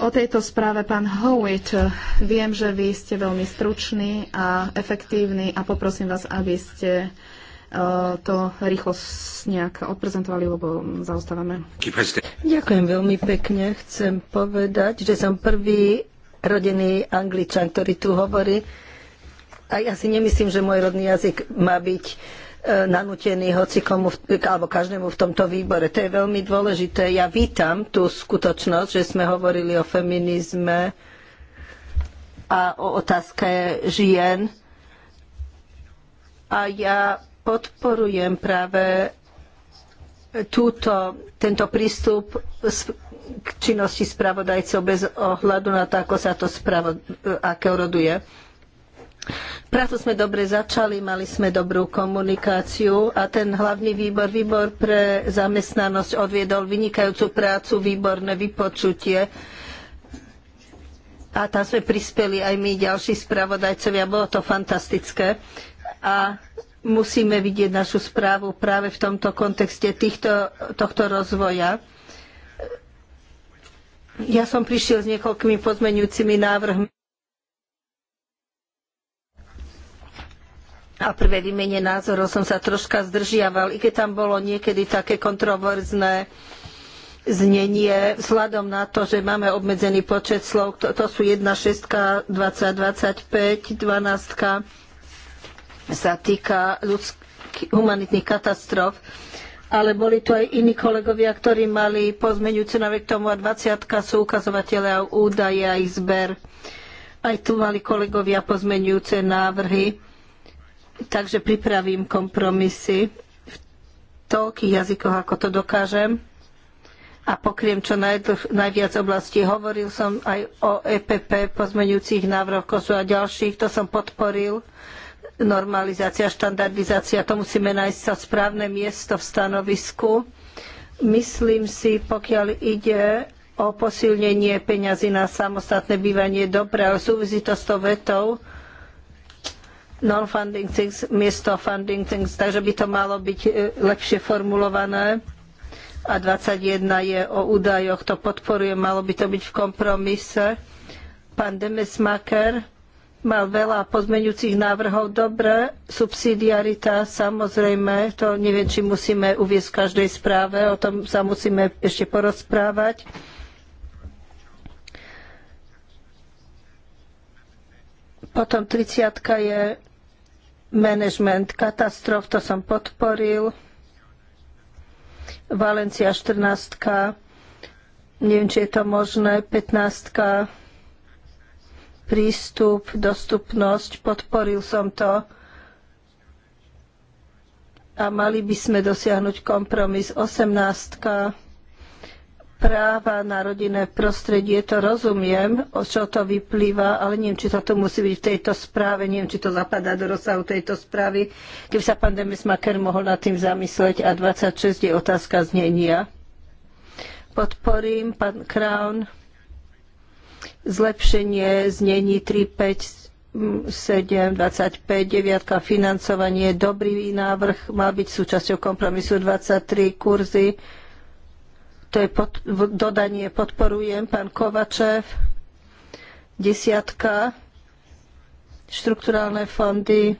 O tejto správe, pán Howitt, viem, že vy ste veľmi stručný a efektívny a poprosím vás, aby ste e, to rýchlo nejak odprezentovali, lebo zaostávame. Ďakujem veľmi pekne. Chcem povedať, že som prvý rodený angličan, ktorý tu hovorí. A ja si nemyslím, že môj rodný jazyk má byť E, nanútený hoci komu, alebo každému v tomto výbore. To je veľmi dôležité. Ja vítam tú skutočnosť, že sme hovorili o feminizme a o otázke žien. A ja podporujem práve túto, tento prístup k činnosti spravodajcov bez ohľadu na to, ako sa to spravo, e, aké roduje. Prácu sme dobre začali, mali sme dobrú komunikáciu a ten hlavný výbor, výbor pre zamestnanosť odviedol vynikajúcu prácu, výborné vypočutie a tam sme prispeli aj my, ďalší spravodajcovia, bolo to fantastické. A musíme vidieť našu správu práve v tomto kontexte týchto, tohto rozvoja. Ja som prišiel s niekoľkými pozmeňujúcimi návrhmi. a prvé výmene názorov som sa troška zdržiaval, i keď tam bolo niekedy také kontroverzné znenie, vzhľadom na to, že máme obmedzený počet slov, to, to sú 1, 6, 20, 25, 12 sa týka ľudských humanitných katastrof, ale boli tu aj iní kolegovia, ktorí mali pozmeňujúce návrh k tomu a 20 sú ukazovatele a údaje a ich zber. Aj tu mali kolegovia pozmeňujúce návrhy takže pripravím kompromisy v toľkých jazykoch, ako to dokážem a pokriem čo najdlh, najviac oblastí. Hovoril som aj o EPP, pozmeňujúcich návrhoch KOSu a ďalších, to som podporil. Normalizácia, štandardizácia, to musíme nájsť sa správne miesto v stanovisku. Myslím si, pokiaľ ide o posilnenie peňazí na samostatné bývanie, dobre, ale súvisí to s tou vetou, non-funding things miesto funding things, takže by to malo byť e, lepšie formulované. A 21 je o údajoch, to podporujem, malo by to byť v kompromise. Pán Demesmaker mal veľa pozmeňujúcich návrhov, dobre, subsidiarita, samozrejme, to neviem, či musíme uvieť v každej správe, o tom sa musíme ešte porozprávať. Potom 30 je management katastrof, to som podporil. Valencia 14. Neviem, či je to možné. 15. Prístup, dostupnosť, podporil som to. A mali by sme dosiahnuť kompromis 18. -ka práva na rodinné prostredie, to rozumiem, o čo to vyplýva, ale neviem, či to musí byť v tejto správe, neviem, či to zapadá do rozsahu tejto správy. Keby sa pán Demismaker mohol nad tým zamysleť a 26 je otázka znenia. Podporím, pán Crown, zlepšenie znení 3, 5, 7, 25, 9, financovanie, dobrý návrh, má byť súčasťou kompromisu 23, kurzy, to je pod, dodanie podporujem, pán Kovačev, desiatka, štrukturálne fondy,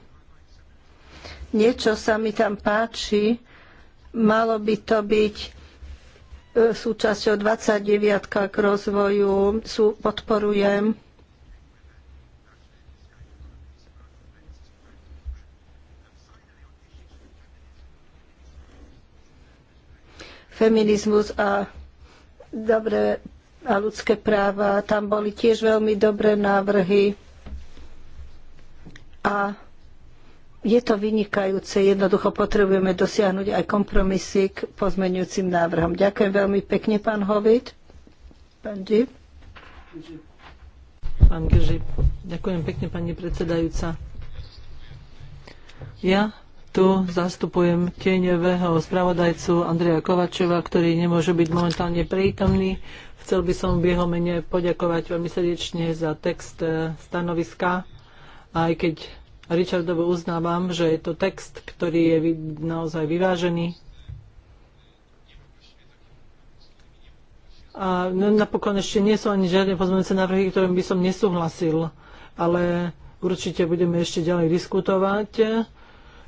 niečo sa mi tam páči, malo by to byť e, súčasťou 29 k rozvoju, sú, podporujem feminizmus a dobré a ľudské práva. Tam boli tiež veľmi dobré návrhy. A je to vynikajúce. Jednoducho potrebujeme dosiahnuť aj kompromisy k pozmenujúcim návrhom. Ďakujem veľmi pekne, pán Hovit. Pán Džip. Pán Gžip. Ďakujem pekne, pani predsedajúca. Ja tu zastupujem tieňového spravodajcu Andreja Kovačeva, ktorý nemôže byť momentálne prítomný. Chcel by som v jeho mene poďakovať veľmi srdečne za text e, stanoviska, aj keď Richardovo uznávam, že je to text, ktorý je naozaj vyvážený, A no, napokon ešte nie sú ani žiadne pozmeňujúce návrhy, ktorým by som nesúhlasil, ale určite budeme ešte ďalej diskutovať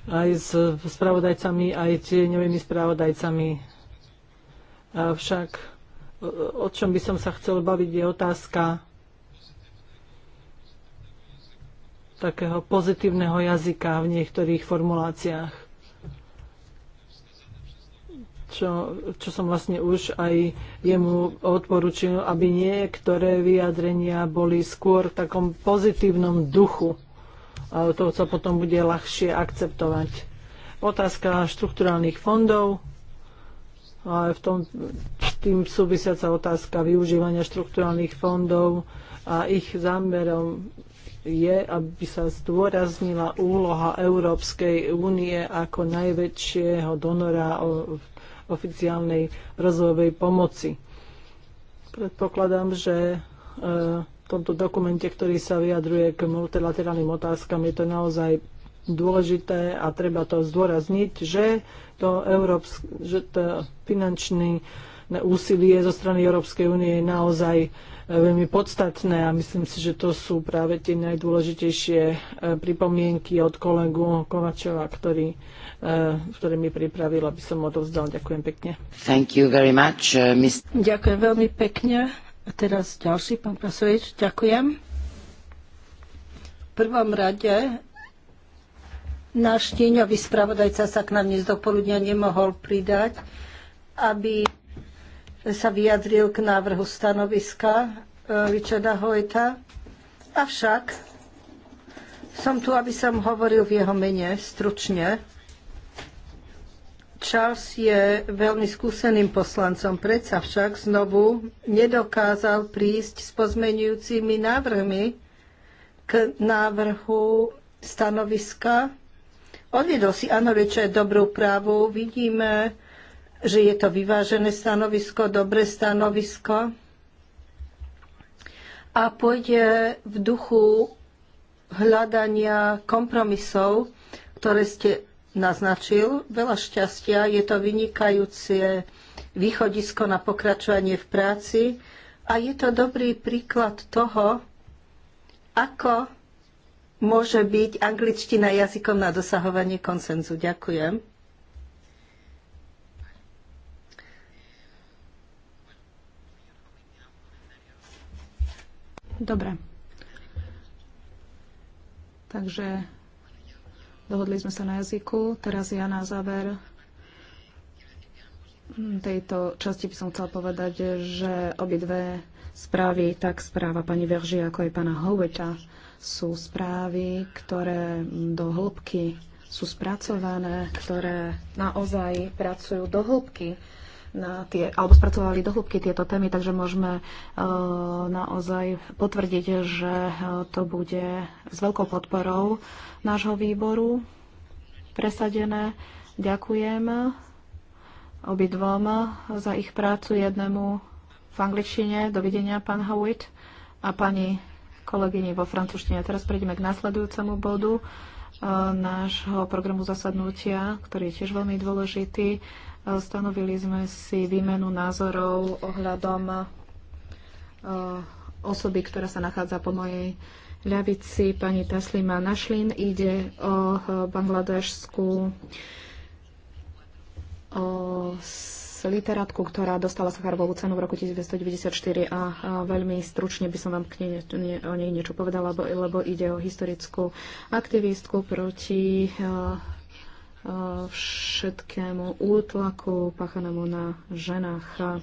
aj s spravodajcami, aj tieňovými spravodajcami. Avšak o čom by som sa chcel baviť je otázka takého pozitívneho jazyka v niektorých formuláciách. Čo, čo som vlastne už aj jemu odporučil, aby niektoré vyjadrenia boli skôr v takom pozitívnom duchu to sa potom bude ľahšie akceptovať. Otázka štrukturálnych fondov, ale v tom, s tým súvisiaca otázka využívania štrukturálnych fondov a ich zámerom je, aby sa zdôraznila úloha Európskej únie ako najväčšieho donora oficiálnej rozvojovej pomoci. Predpokladám, že e, tomto dokumente, ktorý sa vyjadruje k multilaterálnym otázkam, je to naozaj dôležité a treba to zdôrazniť, že to, Európsk, že to finančné úsilie zo strany Európskej únie je naozaj e, veľmi podstatné a myslím si, že to sú práve tie najdôležitejšie e, pripomienky od kolegu Kovačova, ktorý, e, ktorý mi pripravil, aby som odovzdal. Ďakujem pekne. Thank you very much, uh, Ďakujem veľmi pekne. A teraz ďalší, pán Prasovič, ďakujem. V prvom rade náš tieňový spravodajca sa k nám dnes do poludnia nemohol pridať, aby sa vyjadril k návrhu stanoviska e, Richarda Hojta. Avšak som tu, aby som hovoril v jeho mene stručne. Charles je veľmi skúseným poslancom, predsa však znovu nedokázal prísť s pozmenujúcimi návrhmi k návrhu stanoviska. Odvedol si áno, je dobrú právu. Vidíme, že je to vyvážené stanovisko, dobré stanovisko a pôjde v duchu hľadania kompromisov, ktoré ste naznačil. Veľa šťastia, je to vynikajúce východisko na pokračovanie v práci a je to dobrý príklad toho, ako môže byť angličtina jazykom na dosahovanie konsenzu. Ďakujem. Dobre. Takže Dohodli sme sa na jazyku. Teraz ja na záver tejto časti by som chcela povedať, že obidve správy, tak správa pani Verži, ako aj pána Hoveta, sú správy, ktoré do hĺbky sú spracované, ktoré naozaj pracujú do hĺbky na tie, alebo spracovali do hĺbky tieto témy, takže môžeme e, naozaj potvrdiť, že e, to bude s veľkou podporou nášho výboru presadené. Ďakujem obidvom za ich prácu, jednému v angličtine, dovidenia pán Howitt a pani kolegyni vo francúzštine. Teraz prejdeme k nasledujúcemu bodu e, nášho programu zasadnutia, ktorý je tiež veľmi dôležitý. Stanovili sme si výmenu názorov ohľadom e, osoby, ktorá sa nachádza po mojej ľavici, pani Taslima Našlin. Ide o e, bangladešskú o literátku, ktorá dostala Sacharovú cenu v roku 1994 a, veľmi stručne by som vám k nej, ne, o nej niečo povedala, lebo, lebo ide o historickú aktivistku proti e, Eh, všetkému útlaku páchanému na ženách. Eh,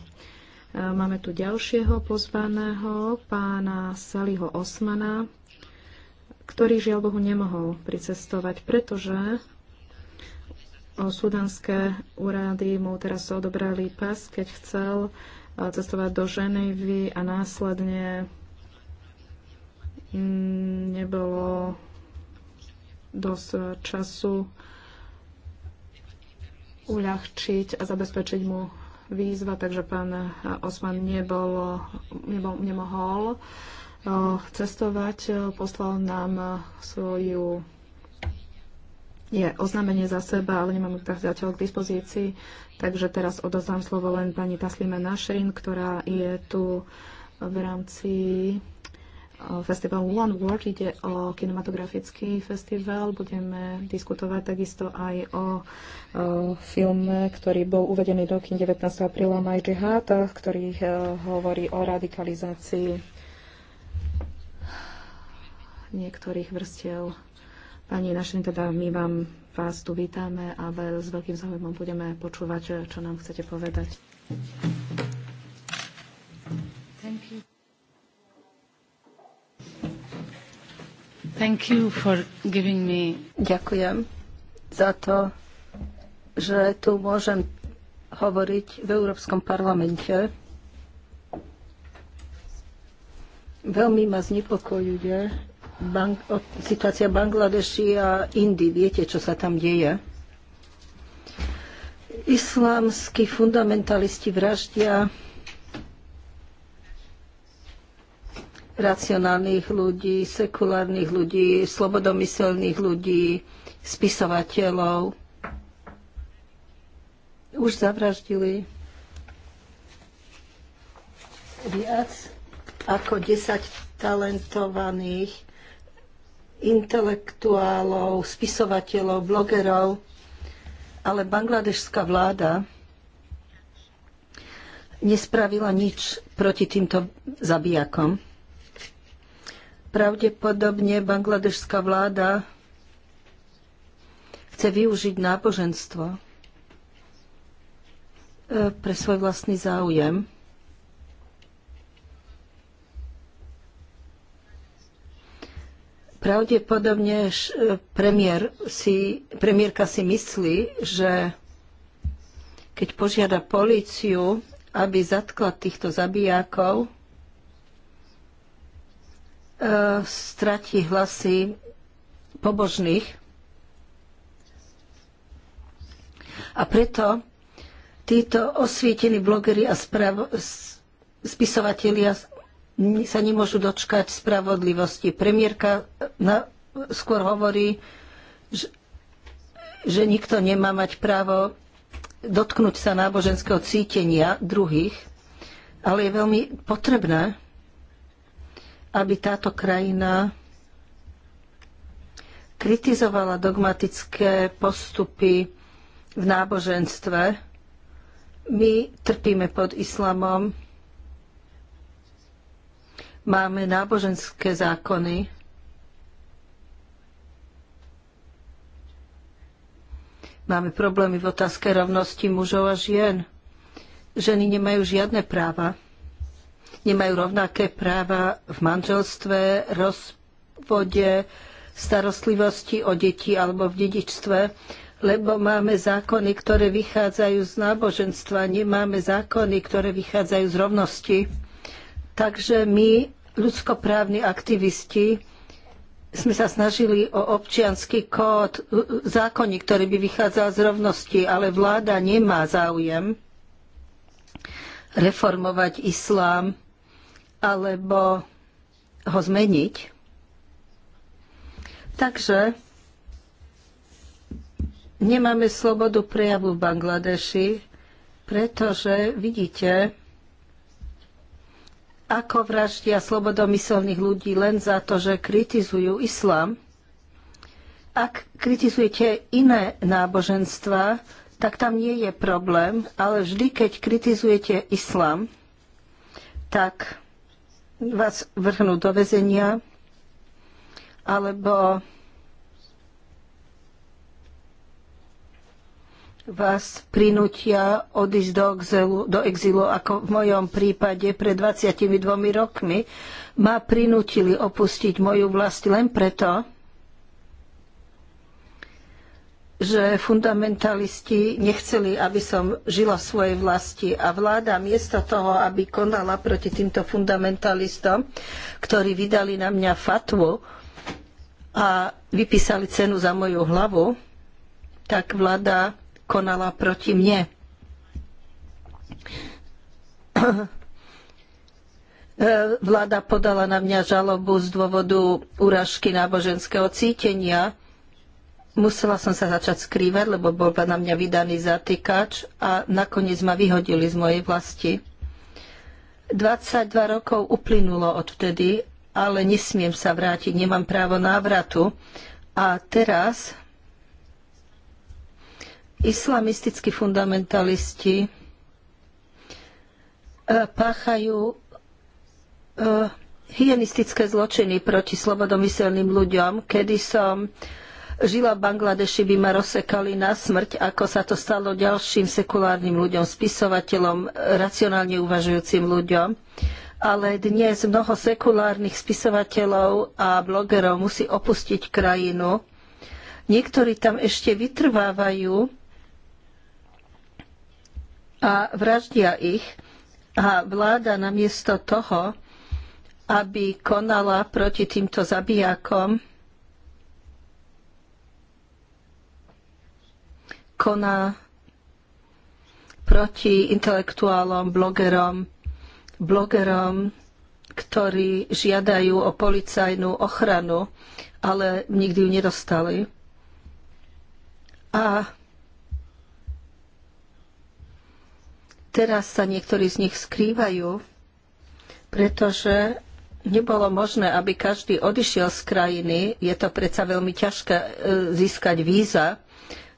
máme tu ďalšieho pozvaného, pána Saliho Osmana, ktorý žiaľ Bohu nemohol pricestovať, pretože sudanské úrady mu teraz odobrali pas, keď chcel eh, cestovať do Ženevy a následne mm, nebolo dosť času uľahčiť a zabezpečiť mu výzva, takže pán Osman nebol, nebol, nemohol eh, cestovať. Eh, poslal nám eh, svoju je oznámenie za seba, ale nemám zatiaľ k dispozícii, takže teraz odozdám slovo len pani Taslime Našrin, ktorá je tu v rámci festival One World. Ide o kinematografický festival. Budeme diskutovať takisto aj o, filme, ktorý bol uvedený do kin 19. apríla Maj Jihad, ktorý e, hovorí o radikalizácii niektorých vrstiev. Pani Našin, teda my vám vás tu vítame a s veľkým záujmom budeme počúvať, čo nám chcete povedať. Thank you. Thank you for giving me... Ďakujem za to, že tu môžem hovoriť v Európskom parlamente. Veľmi ma znepokojuje bank, situácia Bangladeši a Indii. Viete, čo sa tam deje? Islámsky fundamentalisti vraždia racionálnych ľudí, sekulárnych ľudí, slobodomyselných ľudí, spisovateľov. Už zavraždili viac ako 10 talentovaných intelektuálov, spisovateľov, blogerov, ale bangladešská vláda nespravila nič proti týmto zabijakom. Pravdepodobne bangladežská vláda chce využiť náboženstvo e, pre svoj vlastný záujem. Pravdepodobne e, premiér si, premiérka si myslí, že keď požiada políciu, aby zatkla týchto zabijákov, E, stratí hlasy pobožných. A preto títo osvietení blogery a sprav- spisovatelia sa nemôžu dočkať spravodlivosti. Premiérka na, skôr hovorí, že, že nikto nemá mať právo dotknúť sa náboženského cítenia druhých, ale je veľmi potrebné, aby táto krajina kritizovala dogmatické postupy v náboženstve. My trpíme pod islamom, máme náboženské zákony, máme problémy v otázke rovnosti mužov a žien. Ženy nemajú žiadne práva nemajú rovnaké práva v manželstve, rozvode, starostlivosti o deti alebo v dedičstve, lebo máme zákony, ktoré vychádzajú z náboženstva, nemáme zákony, ktoré vychádzajú z rovnosti. Takže my, ľudskoprávni aktivisti, sme sa snažili o občianský kód, zákonník, ktorý by vychádzal z rovnosti, ale vláda nemá záujem reformovať islám, alebo ho zmeniť. Takže nemáme slobodu prejavu v Bangladeši, pretože vidíte, ako vraždia slobodomyselných ľudí len za to, že kritizujú islám. Ak kritizujete iné náboženstva, tak tam nie je problém, ale vždy, keď kritizujete islám, tak vás vrhnú do väzenia, alebo vás prinútia odísť do, exilu, do exilu, ako v mojom prípade pred 22 rokmi, ma prinútili opustiť moju vlast len preto, že fundamentalisti nechceli, aby som žila v svojej vlasti a vláda miesto toho, aby konala proti týmto fundamentalistom, ktorí vydali na mňa fatvu a vypísali cenu za moju hlavu, tak vláda konala proti mne. Vláda podala na mňa žalobu z dôvodu úražky náboženského cítenia, Musela som sa začať skrývať, lebo bol na mňa vydaný zatýkač a nakoniec ma vyhodili z mojej vlasti. 22 rokov uplynulo odvtedy, ale nesmiem sa vrátiť, nemám právo návratu. A teraz islamistickí fundamentalisti e, páchajú e, hyenistické zločiny proti slobodomyselným ľuďom, kedy som žila v Bangladeši, by ma rozsekali na smrť, ako sa to stalo ďalším sekulárnym ľuďom, spisovateľom, racionálne uvažujúcim ľuďom. Ale dnes mnoho sekulárnych spisovateľov a blogerov musí opustiť krajinu. Niektorí tam ešte vytrvávajú a vraždia ich. A vláda namiesto toho, aby konala proti týmto zabijakom, koná proti intelektuálom, blogerom, blogerom, ktorí žiadajú o policajnú ochranu, ale nikdy ju nedostali. A teraz sa niektorí z nich skrývajú, pretože nebolo možné, aby každý odišiel z krajiny. Je to predsa veľmi ťažké e, získať víza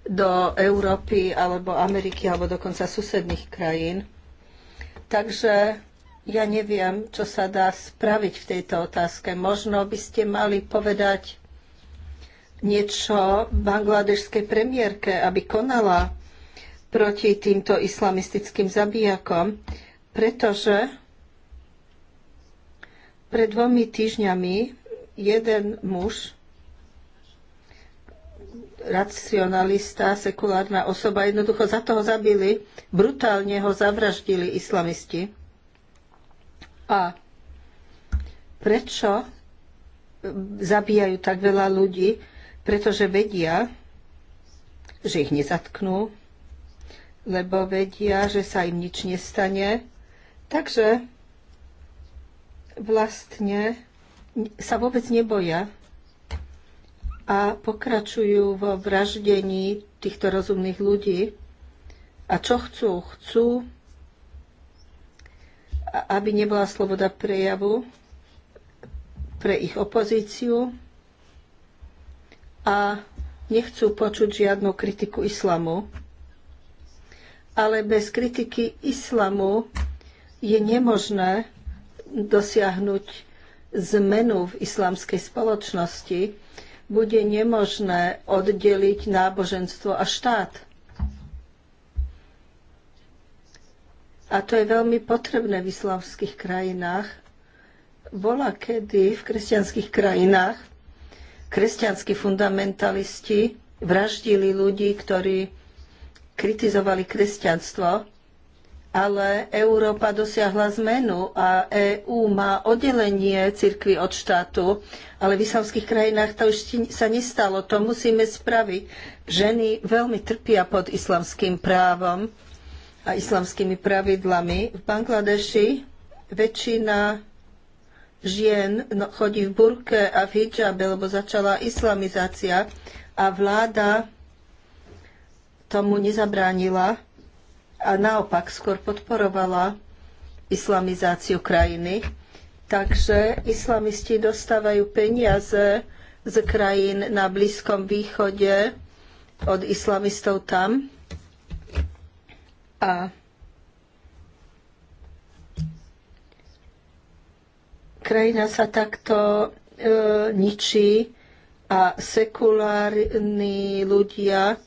do Európy alebo Ameriky alebo dokonca susedných krajín. Takže ja neviem, čo sa dá spraviť v tejto otázke. Možno by ste mali povedať niečo bangladežskej premiérke, aby konala proti týmto islamistickým zabijakom, pretože pred dvomi týždňami jeden muž racionalista, sekulárna osoba, jednoducho za toho zabili, brutálne ho zavraždili islamisti. A prečo zabíjajú tak veľa ľudí? Pretože vedia, že ich nezatknú, lebo vedia, že sa im nič nestane. Takže vlastne sa vôbec neboja a pokračujú vo vraždení týchto rozumných ľudí. A čo chcú? Chcú, aby nebola sloboda prejavu pre ich opozíciu a nechcú počuť žiadnu kritiku islamu. Ale bez kritiky islamu je nemožné dosiahnuť zmenu v islamskej spoločnosti bude nemožné oddeliť náboženstvo a štát. A to je veľmi potrebné v islamských krajinách. Bola kedy v kresťanských krajinách kresťanskí fundamentalisti vraždili ľudí, ktorí kritizovali kresťanstvo ale Európa dosiahla zmenu a EÚ má oddelenie cirkvy od štátu, ale v islamských krajinách to ešte sa nestalo. To musíme spraviť. Ženy veľmi trpia pod islamským právom a islamskými pravidlami. V Bangladeši väčšina žien no, chodí v burke a v hijabe, lebo začala islamizácia a vláda tomu nezabránila a naopak skôr podporovala islamizáciu krajiny. Takže islamisti dostávajú peniaze z krajín na Blízkom východe od islamistov tam. A krajina sa takto e, ničí a sekulárni ľudia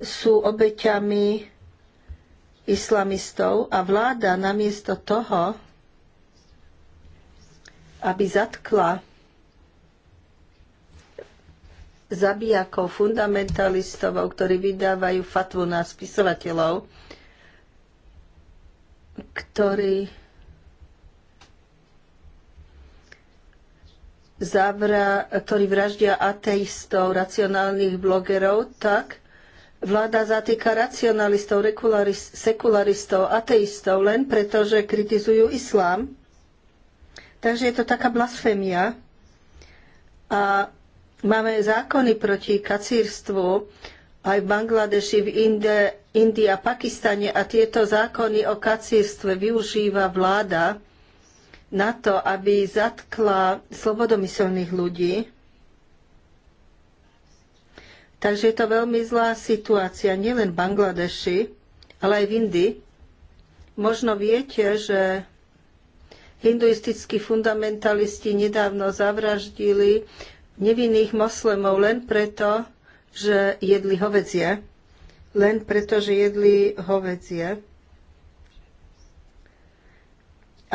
sú obeťami islamistov a vláda namiesto toho, aby zatkla zabijakov, fundamentalistov, ktorí vydávajú fatvu na spisovateľov, ktorí zavra, ktorí vraždia ateistov, racionálnych blogerov, tak Vláda zatýka racionalistov, sekularistov, ateistov len preto, že kritizujú islám. Takže je to taká blasfémia. A máme zákony proti kacírstvu aj v Bangladeši, v Inde, Indii a Pakistane a tieto zákony o kacírstve využíva vláda na to, aby zatkla slobodomyselných ľudí Takže je to veľmi zlá situácia nielen v Bangladeši, ale aj v Indii. Možno viete, že hinduistickí fundamentalisti nedávno zavraždili nevinných moslemov len preto, že jedli hovedzie. Len preto, že jedli hovedzie.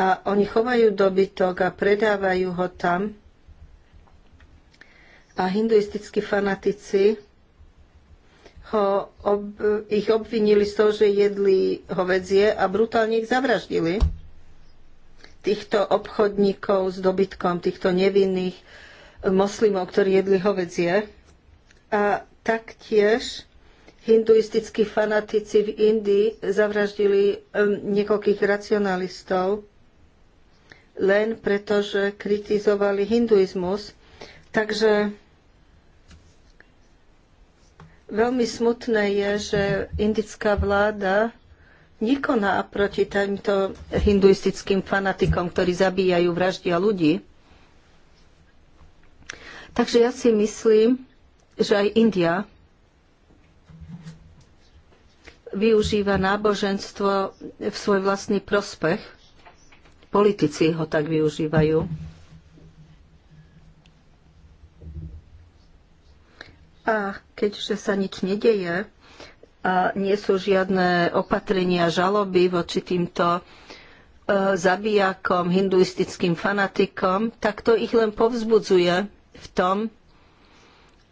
A oni chovajú dobytok a predávajú ho tam. A hinduistickí fanatici ho ob, ich obvinili z toho, že jedli hovedzie a brutálne ich zavraždili. Týchto obchodníkov s dobytkom, týchto nevinných moslimov, ktorí jedli hovedzie. A taktiež hinduistickí fanatici v Indii zavraždili niekoľkých racionalistov len preto, že kritizovali hinduizmus. Takže Veľmi smutné je, že indická vláda nekoná proti týmto hinduistickým fanatikom, ktorí zabíjajú, vraždia ľudí. Takže ja si myslím, že aj India využíva náboženstvo v svoj vlastný prospech. Politici ho tak využívajú. A keďže sa nič nedeje a nie sú žiadne opatrenia žaloby voči týmto e, zabijakom, hinduistickým fanatikom, tak to ich len povzbudzuje v tom,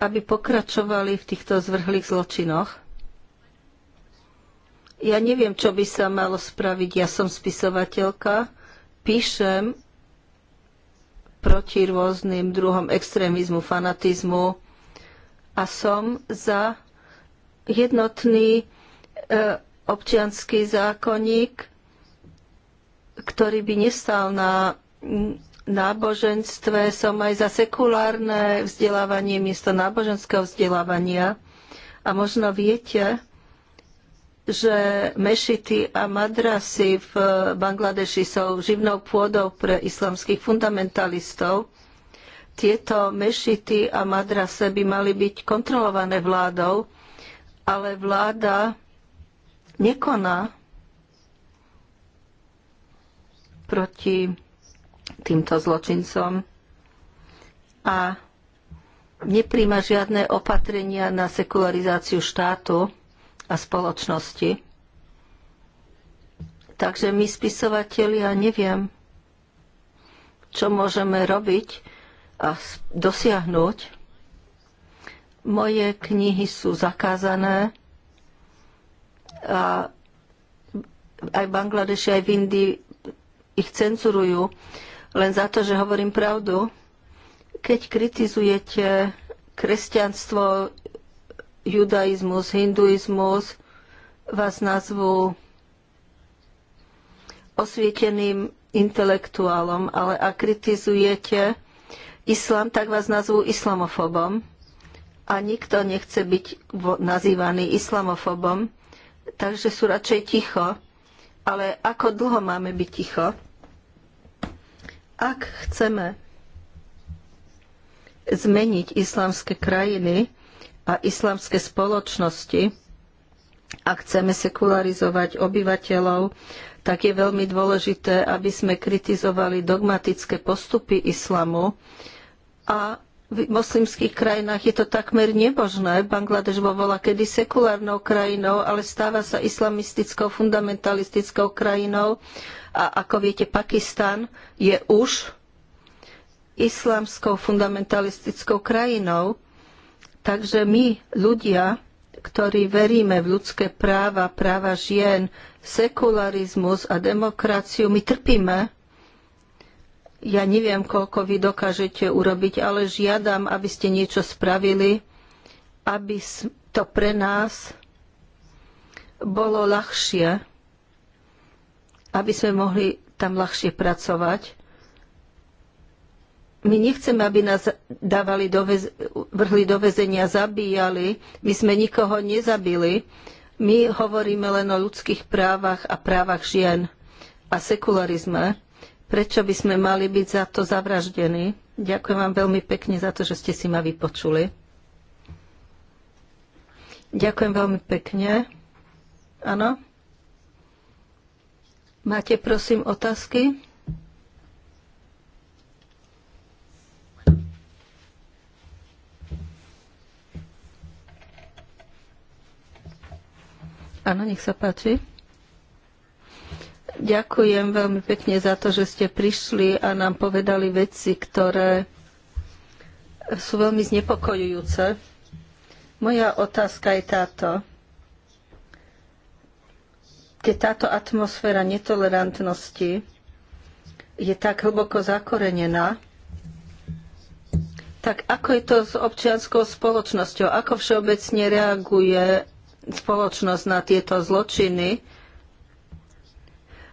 aby pokračovali v týchto zvrhlých zločinoch. Ja neviem, čo by sa malo spraviť. Ja som spisovateľka, píšem proti rôznym druhom extrémizmu, fanatizmu, a som za jednotný e, občianský zákonník, ktorý by nestal na náboženstve. Som aj za sekulárne vzdelávanie miesto náboženského vzdelávania. A možno viete, že mešity a madrasy v Bangladeši sú živnou pôdou pre islamských fundamentalistov tieto mešity a madrase by mali byť kontrolované vládou, ale vláda nekoná proti týmto zločincom a nepríjma žiadne opatrenia na sekularizáciu štátu a spoločnosti. Takže my, spisovatelia, neviem, čo môžeme robiť, a dosiahnuť. Moje knihy sú zakázané a aj v Bangladeši, aj v Indii ich cenzurujú len za to, že hovorím pravdu. Keď kritizujete kresťanstvo, judaizmus, hinduizmus, vás nazvu osvieteným intelektuálom, ale ak kritizujete islám, tak vás nazvú islamofobom. A nikto nechce byť nazývaný islamofobom, takže sú radšej ticho. Ale ako dlho máme byť ticho? Ak chceme zmeniť islamské krajiny a islamské spoločnosti, ak chceme sekularizovať obyvateľov, tak je veľmi dôležité, aby sme kritizovali dogmatické postupy islamu a v moslimských krajinách je to takmer nebožné. Bangladeš vo bola kedy sekulárnou krajinou, ale stáva sa islamistickou, fundamentalistickou krajinou a ako viete, Pakistan je už islamskou, fundamentalistickou krajinou. Takže my, ľudia, ktorí veríme v ľudské práva, práva žien, sekularizmus a demokraciu, my trpíme ja neviem, koľko vy dokážete urobiť, ale žiadam, aby ste niečo spravili, aby to pre nás bolo ľahšie, aby sme mohli tam ľahšie pracovať. My nechceme, aby nás dávali do väz- vrhli do väzenia, zabíjali. My sme nikoho nezabili. My hovoríme len o ľudských právach a právach žien a sekularizme prečo by sme mali byť za to zavraždení. Ďakujem vám veľmi pekne za to, že ste si ma vypočuli. Ďakujem veľmi pekne. Áno? Máte prosím otázky? Áno, nech sa páči. Ďakujem veľmi pekne za to, že ste prišli a nám povedali veci, ktoré sú veľmi znepokojujúce. Moja otázka je táto. Keď táto atmosféra netolerantnosti je tak hlboko zakorenená, tak ako je to s občianskou spoločnosťou? Ako všeobecne reaguje spoločnosť na tieto zločiny?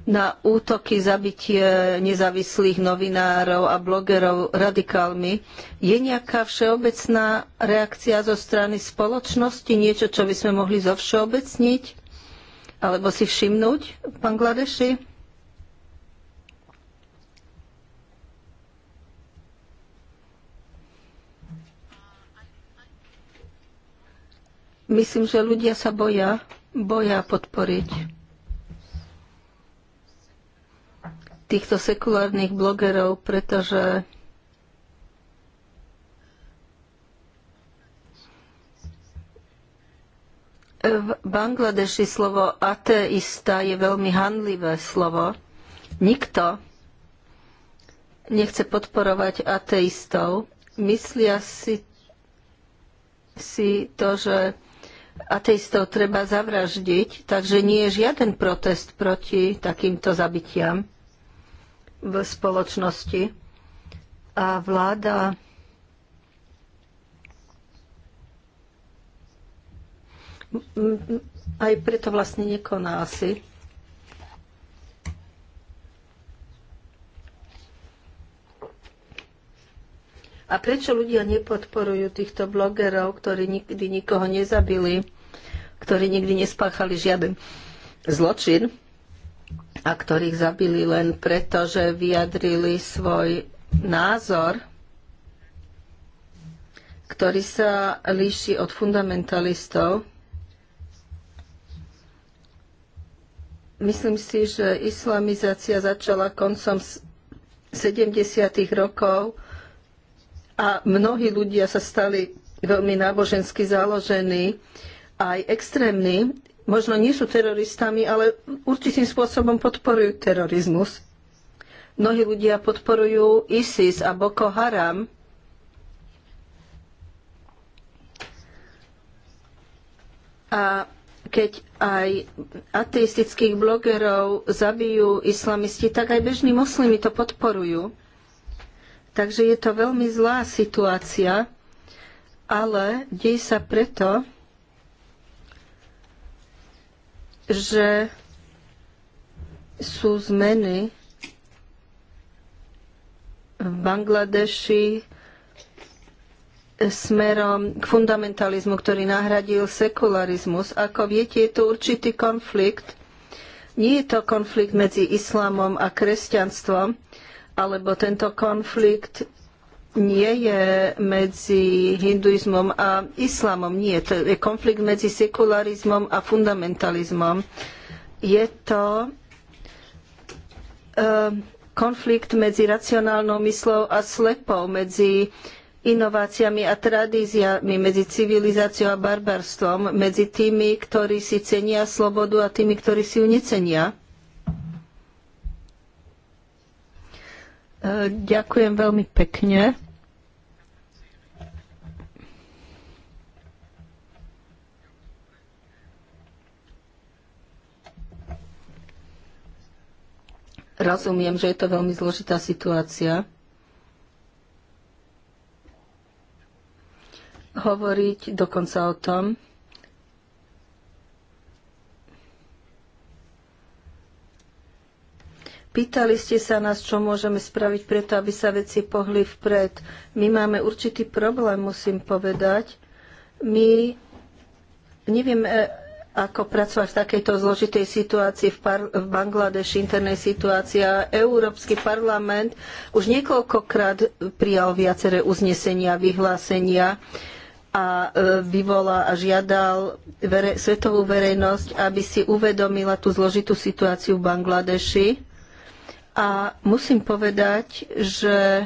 na útoky, zabitie nezávislých novinárov a blogerov radikálmi. Je nejaká všeobecná reakcia zo strany spoločnosti, niečo, čo by sme mohli zovšeobecniť alebo si všimnúť v Bangladeši? Myslím, že ľudia sa boja, boja podporiť týchto sekulárnych blogerov, pretože v Bangladeši slovo ateista je veľmi handlivé slovo. Nikto nechce podporovať ateistov. Myslia si, si to, že ateistov treba zavraždiť, takže nie je žiaden protest proti takýmto zabitiam v spoločnosti. A vláda aj preto vlastne nekoná asi. A prečo ľudia nepodporujú týchto blogerov, ktorí nikdy nikoho nezabili, ktorí nikdy nespáchali žiaden zločin? a ktorých zabili len preto, že vyjadrili svoj názor, ktorý sa líši od fundamentalistov. Myslím si, že islamizácia začala koncom 70. rokov a mnohí ľudia sa stali veľmi nábožensky založení, aj extrémni možno nie sú teroristami, ale určitým spôsobom podporujú terorizmus. Mnohí ľudia podporujú ISIS a Boko Haram. A keď aj ateistických blogerov zabijú islamisti, tak aj bežní moslimi to podporujú. Takže je to veľmi zlá situácia, ale deje sa preto, že sú zmeny v Bangladeši smerom k fundamentalizmu, ktorý nahradil sekularizmus. Ako viete, je to určitý konflikt. Nie je to konflikt medzi islámom a kresťanstvom, alebo tento konflikt nie je medzi hinduizmom a islamom. Nie, to je konflikt medzi sekularizmom a fundamentalizmom. Je to eh, konflikt medzi racionálnou myslou a slepou, medzi inováciami a tradíciami, medzi civilizáciou a barbarstvom, medzi tými, ktorí si cenia slobodu a tými, ktorí si ju necenia. Eh, ďakujem veľmi pekne. Rozumiem, že je to veľmi zložitá situácia. Hovoriť dokonca o tom, Pýtali ste sa nás, čo môžeme spraviť preto, aby sa veci pohli vpred. My máme určitý problém, musím povedať. My nevieme ako pracovať v takejto zložitej situácii v, par- v Bangladeši, internej situácii. A Európsky parlament už niekoľkokrát prijal viaceré uznesenia, vyhlásenia a e, vyvolal a žiadal vere- svetovú verejnosť, aby si uvedomila tú zložitú situáciu v Bangladeši. A musím povedať, že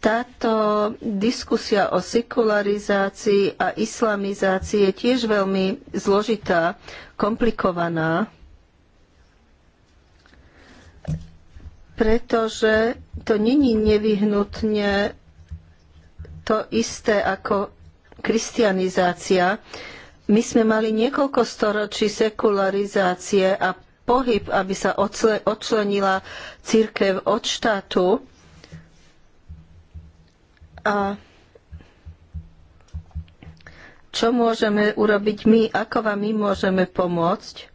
táto diskusia o sekularizácii a islamizácii je tiež veľmi zložitá, komplikovaná, pretože to není nevyhnutne to isté ako kristianizácia. My sme mali niekoľko storočí sekularizácie a pohyb, aby sa odčlenila církev od štátu a čo môžeme urobiť my, ako vám my môžeme pomôcť,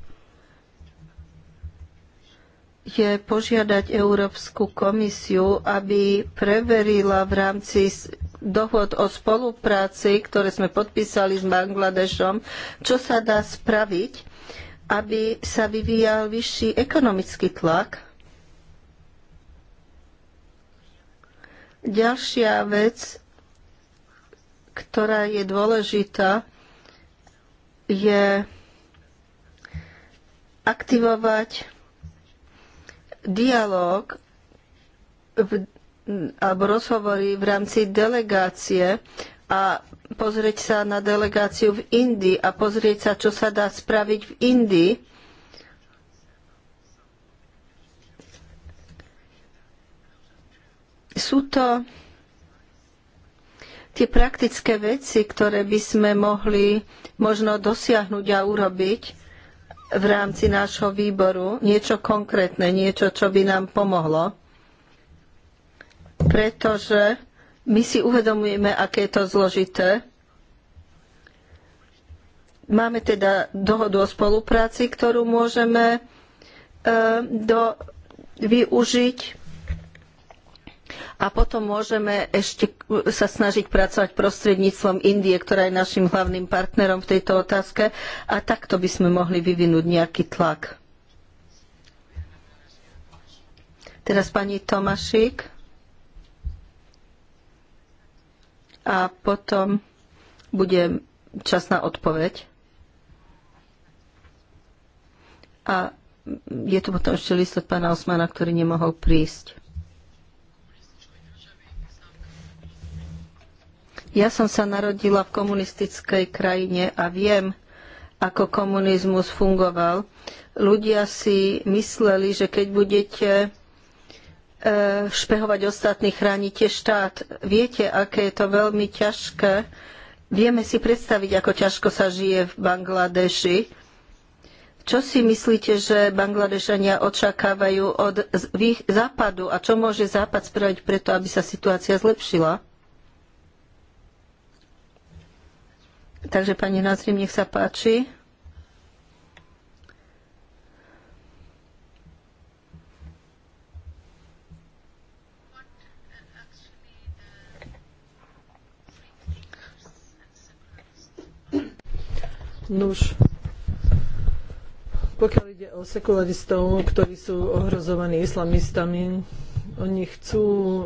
je požiadať Európsku komisiu, aby preverila v rámci dohod o spolupráci, ktoré sme podpísali s Bangladešom, čo sa dá spraviť, aby sa vyvíjal vyšší ekonomický tlak Ďalšia vec, ktorá je dôležitá, je aktivovať dialog v, alebo rozhovory v rámci delegácie a pozrieť sa na delegáciu v Indii a pozrieť sa, čo sa dá spraviť v Indii Sú to tie praktické veci, ktoré by sme mohli možno dosiahnuť a urobiť v rámci nášho výboru, niečo konkrétne, niečo, čo by nám pomohlo. Pretože my si uvedomujeme, aké je to zložité. Máme teda dohodu o spolupráci, ktorú môžeme e, do, využiť a potom môžeme ešte sa snažiť pracovať prostredníctvom Indie, ktorá je našim hlavným partnerom v tejto otázke a takto by sme mohli vyvinúť nejaký tlak. Teraz pani Tomášik. A potom bude čas na odpoveď. A je tu potom ešte list od pána Osmana, ktorý nemohol prísť. Ja som sa narodila v komunistickej krajine a viem, ako komunizmus fungoval. Ľudia si mysleli, že keď budete e, špehovať ostatní chránite štát. Viete, aké je to veľmi ťažké. Vieme si predstaviť, ako ťažko sa žije v Bangladeši. Čo si myslíte, že Bangladešania očakávajú od západu a čo môže západ spraviť preto, aby sa situácia zlepšila? Takže pani Nazrim, nech sa páči. Nuž, pokiaľ ide o sekularistov, ktorí sú ohrozovaní islamistami, oni chcú eh,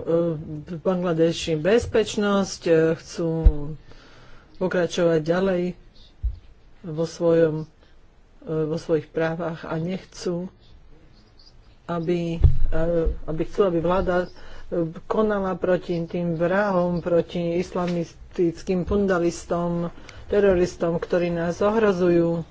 v Bangladeši bezpečnosť, eh, chcú pokračovať ďalej vo, svojom, e, vo svojich právach a nechcú, aby, e, aby chcú, aby vláda e, konala proti tým vrahom, proti islamistickým fundalistom, teroristom, ktorí nás ohrozujú.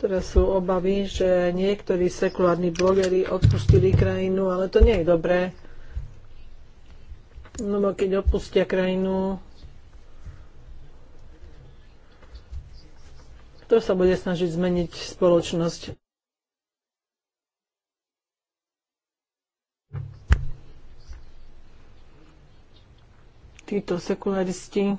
Teraz sú obavy, že niektorí sekulárni blogeri odpustili krajinu, ale to nie je dobré. No keď opustia krajinu, kto sa bude snažiť zmeniť spoločnosť? Títo sekularisti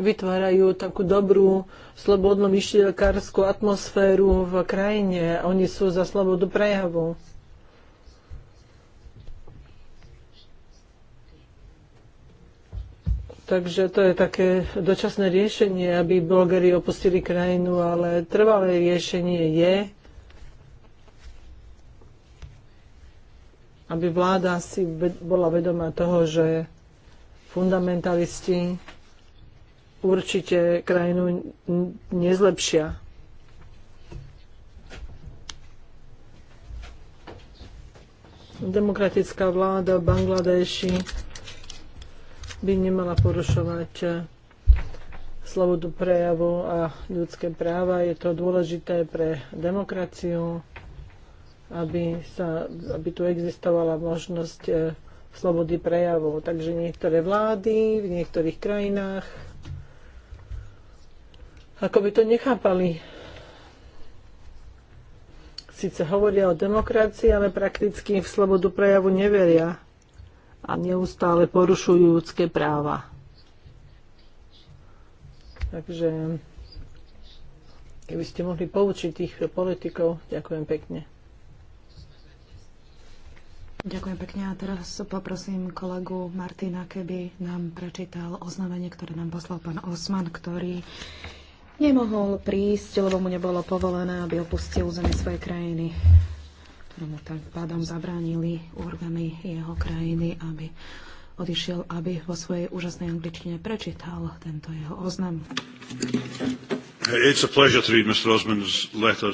vytvárajú takú dobrú slobodnú myšlielkárskú atmosféru v krajine. Oni sú za slobodu prejavu. Takže to je také dočasné riešenie, aby blogeri opustili krajinu, ale trvalé riešenie je, aby vláda si bola vedomá toho, že fundamentalisti určite krajinu nezlepšia. Demokratická vláda v Bangladeši by nemala porušovať eh, slobodu prejavu a ľudské práva. Je to dôležité pre demokraciu, aby, sa, aby tu existovala možnosť eh, slobody prejavu. Takže niektoré vlády v niektorých krajinách ako by to nechápali. Sice hovoria o demokracii, ale prakticky v slobodu prejavu neveria a neustále porušujú ľudské práva. Takže keby ste mohli poučiť tých politikov, ďakujem pekne. Ďakujem pekne a teraz poprosím kolegu Martina, keby nám prečítal oznámenie, ktoré nám poslal pán Osman, ktorý nemohol prísť, lebo mu nebolo povolené, aby opustil územie svojej krajiny ktorému tak pádom zabránili orgány jeho krajiny, aby odišiel, aby vo svojej úžasnej angličtine prečítal tento jeho oznam. It's a pleasure to read Mr. Osman's letter.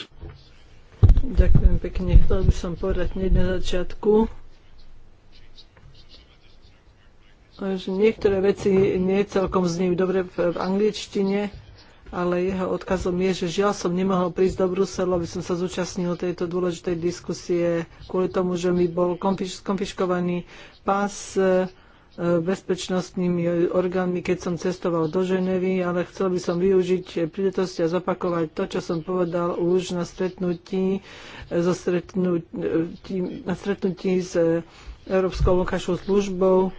Ďakujem pekne. Chcel by som povedať hneď na začiatku, že niektoré veci nie celkom znejú dobre v, v angličtine, ale jeho odkazom je, že žiaľ som nemohol prísť do Bruselu, aby som sa zúčastnil tejto dôležitej diskusie kvôli tomu, že mi bol skonfiškovaný konfiškovaný pás e, bezpečnostnými orgánmi, keď som cestoval do Ženevy, ale chcel by som využiť príležitosť a zopakovať to, čo som povedal už na stretnutí, so e, stretnutí, e, na stretnutí s Európskou lokačnou službou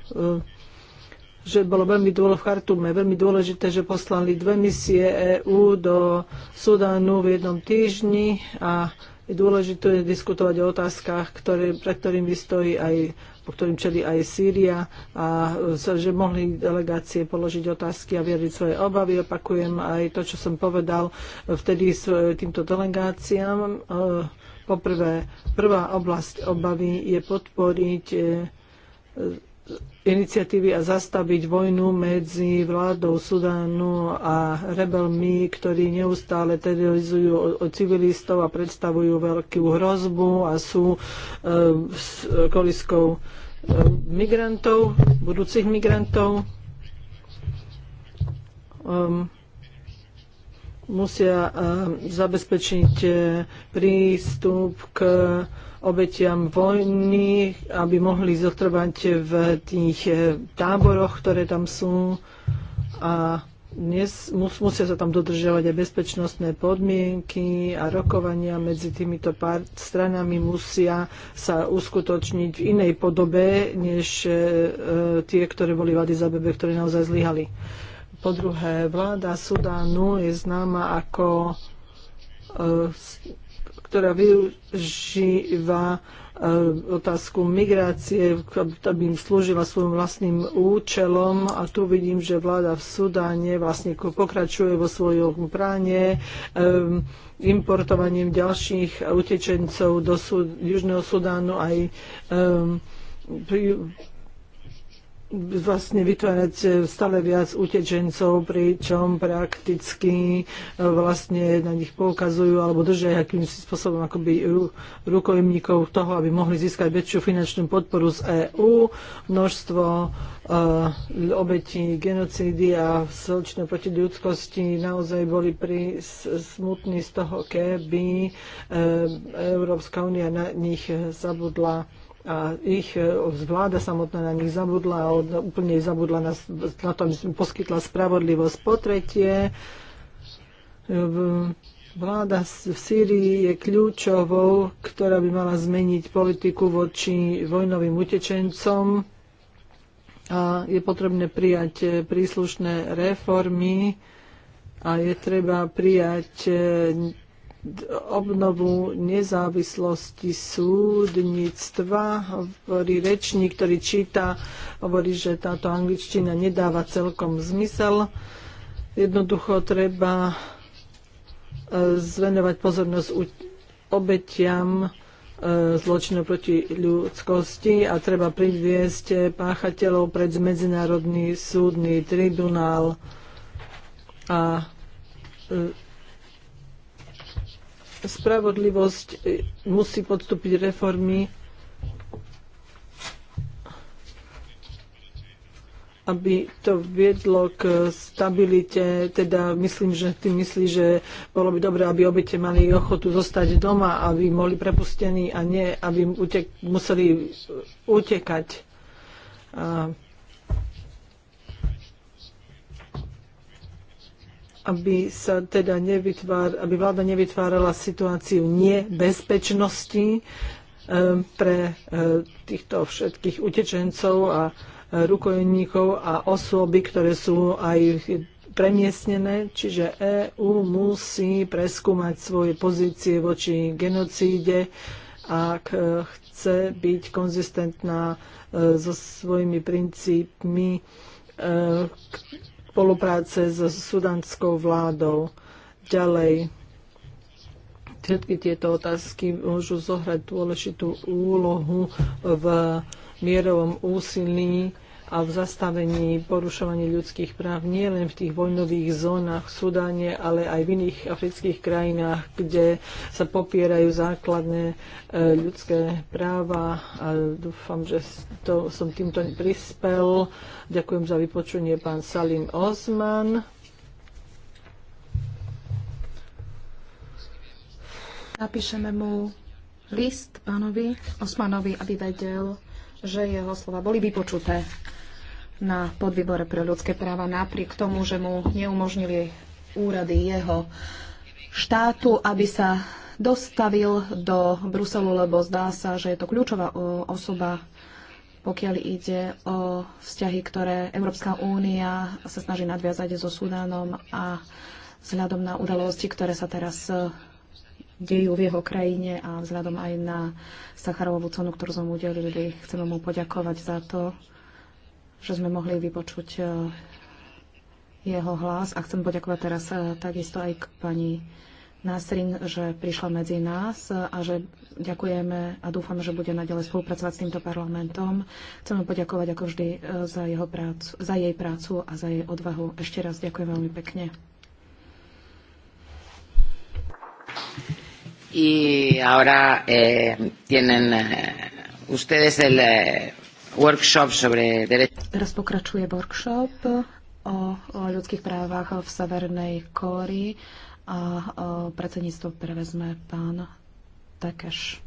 že bolo veľmi dôležité v Chartume, veľmi dôležité, že poslali dve misie EÚ do Sudánu v jednom týždni a je dôležité diskutovať o otázkach, ktoré, pre ktorými stojí aj po ktorým čeli aj Sýria a e, že mohli delegácie položiť otázky a vyjadriť svoje obavy. Opakujem aj to, čo som povedal e, vtedy s e, týmto delegáciám. Poprvé, prvá oblasť obavy je podporiť iniciatívy a zastaviť vojnu medzi vládou Sudánu a rebelmi, ktorí neustále terorizujú civilistov a predstavujú veľkú hrozbu a sú e, s, koliskou e, migrantov, budúcich migrantov. Um, musia eh, zabezpečiť eh, prístup k obetiam vojny, aby mohli zotrvať v tých eh, táboroch, ktoré tam sú. A dnes musia sa tam dodržiavať aj bezpečnostné podmienky a rokovania medzi týmito pár stranami musia sa uskutočniť v inej podobe, než tie, ktoré boli v za Bebe, ktoré naozaj zlyhali. Po druhé, vláda Sudánu je známa ako e, ktorá využíva e, otázku migrácie, aby im slúžila svojim vlastným účelom. A tu vidím, že vláda v Sudáne vlastne pokračuje vo svojom práne e, importovaním ďalších utečencov do Južného Sudánu aj vlastne vytvárať e, stále viac utečencov, pričom prakticky e, vlastne na nich poukazujú alebo držia akým spôsobom akoby rukojemníkov toho, aby mohli získať väčšiu finančnú podporu z EÚ. Množstvo uh, obetí genocídy a zločinov proti ľudskosti naozaj boli pri smutní z toho, keby uh, Európska únia na nich zabudla a ich e, vláda samotná na nich zabudla a úplne zabudla na, na to, aby poskytla spravodlivosť. Po tretie, e, Vláda v Sýrii je kľúčovou, ktorá by mala zmeniť politiku voči vojnovým utečencom a je potrebné prijať e, príslušné reformy a je treba prijať obnovu nezávislosti súdnictva. Hovorí rečník, ktorý číta, hovorí, že táto angličtina nedáva celkom zmysel. Jednoducho treba e, zvenovať pozornosť obetiam e, zločinu proti ľudskosti a treba priviesť páchateľov pred Medzinárodný súdny tribunál a e, spravodlivosť e, musí podstúpiť reformy, aby to viedlo k stabilite. Teda myslím, že ty myslí, že bolo by dobré, aby obete mali ochotu zostať doma, aby boli prepustení a nie, aby utek- museli utekať. A aby sa teda nevytvár, aby vláda nevytvárala situáciu nebezpečnosti eh, pre eh, týchto všetkých utečencov a eh, rukojníkov a osoby, ktoré sú aj premiestnené, čiže EÚ musí preskúmať svoje pozície voči genocíde, ak chce byť konzistentná so svojimi princípmi, spolupráce s sudanskou vládou. Ďalej, všetky tieto otázky môžu zohrať dôležitú úlohu v mierovom úsilí a v zastavení porušovaní ľudských práv nie len v tých vojnových zónach v Sudáne, ale aj v iných afrických krajinách, kde sa popierajú základné e, ľudské práva. A dúfam, že to, som týmto prispel. Ďakujem za vypočunie pán Salim Osman. Napíšeme mu list pánovi Osmanovi, aby vedel, že jeho slova boli vypočuté na podvýbore pre ľudské práva napriek tomu, že mu neumožnili úrady jeho štátu, aby sa dostavil do Bruselu, lebo zdá sa, že je to kľúčová osoba, pokiaľ ide o vzťahy, ktoré Európska únia sa snaží nadviazať so Sudánom a vzhľadom na udalosti, ktoré sa teraz e, dejú v jeho krajine a vzhľadom aj na Sacharovú cenu, ktorú sme mu udelili, chceme mu poďakovať za to, že sme mohli vypočuť eh, jeho hlas a chcem poďakovať teraz eh, takisto aj k pani Nasrin, že prišla medzi nás eh, a že ďakujeme a dúfame, že bude naďalej spolupracovať s týmto parlamentom. Chceme poďakovať ako vždy za, jeho prácu, za jej prácu a za jej odvahu. Ešte raz ďakujem veľmi pekne. Y ahora eh, tienen eh, ustedes el eh, workshop sobre Teraz pokračuje workshop o, o ľudských právach v Severnej Kórii a predsedníctvo prevezme pán Takeš.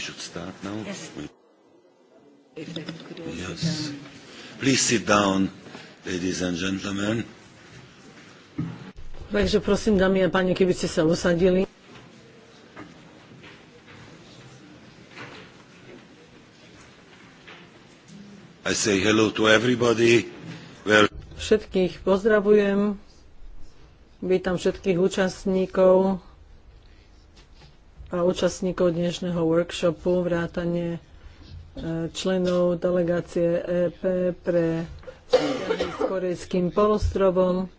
we should start now? Yes. If yes. Please sit down, ladies and gentlemen. Takže prosím, dámy a páni, keby ste sa usadili. I say hello to everybody. Well... Všetkých pozdravujem. Vítam všetkých účastníkov a účastníkov dnešného workshopu, vrátane e, členov delegácie EP pre s korejským polostrovom.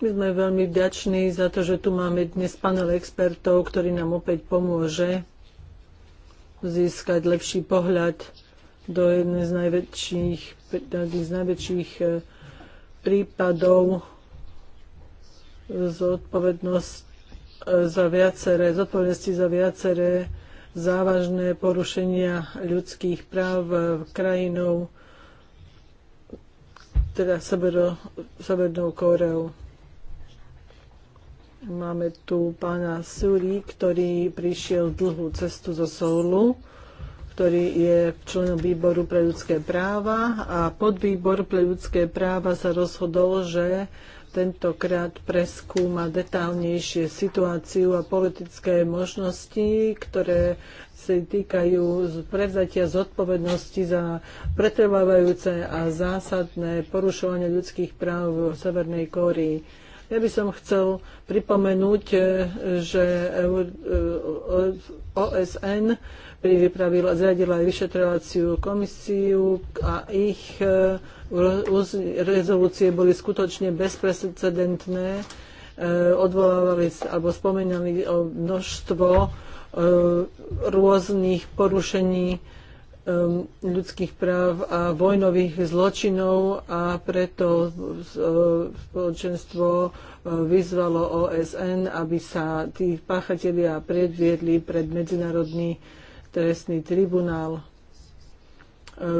My sme veľmi vďační za to, že tu máme dnes panel expertov, ktorý nám opäť pomôže získať lepší pohľad do jednej z najväčších, z najväčších e, prípadov odpovednosť za viaceré, zodpovednosti za viaceré závažné porušenia ľudských práv e, krajinou, teda Severo, Severnou Kóreou. Máme tu pána Suri, ktorý prišiel dlhú cestu zo Soulu, ktorý je členom výboru pre ľudské práva a podvýbor pre ľudské práva sa rozhodol, že tentokrát preskúma detálnejšie situáciu a politické možnosti, ktoré sa týkajú prevzatia zodpovednosti za pretrvávajúce a zásadné porušovanie ľudských práv v Severnej Kórii. Ja by som chcel pripomenúť, e, že e, OSN pripravila, zriadila vyšetrovaciu komisiu a ich e, rezolúcie boli skutočne bezprecedentné. E, odvolávali alebo spomenali o množstvo e, rôznych porušení ľudských práv a vojnových zločinov a preto spoločenstvo vyzvalo OSN, aby sa tí páchatelia predviedli pred Medzinárodný trestný tribunál.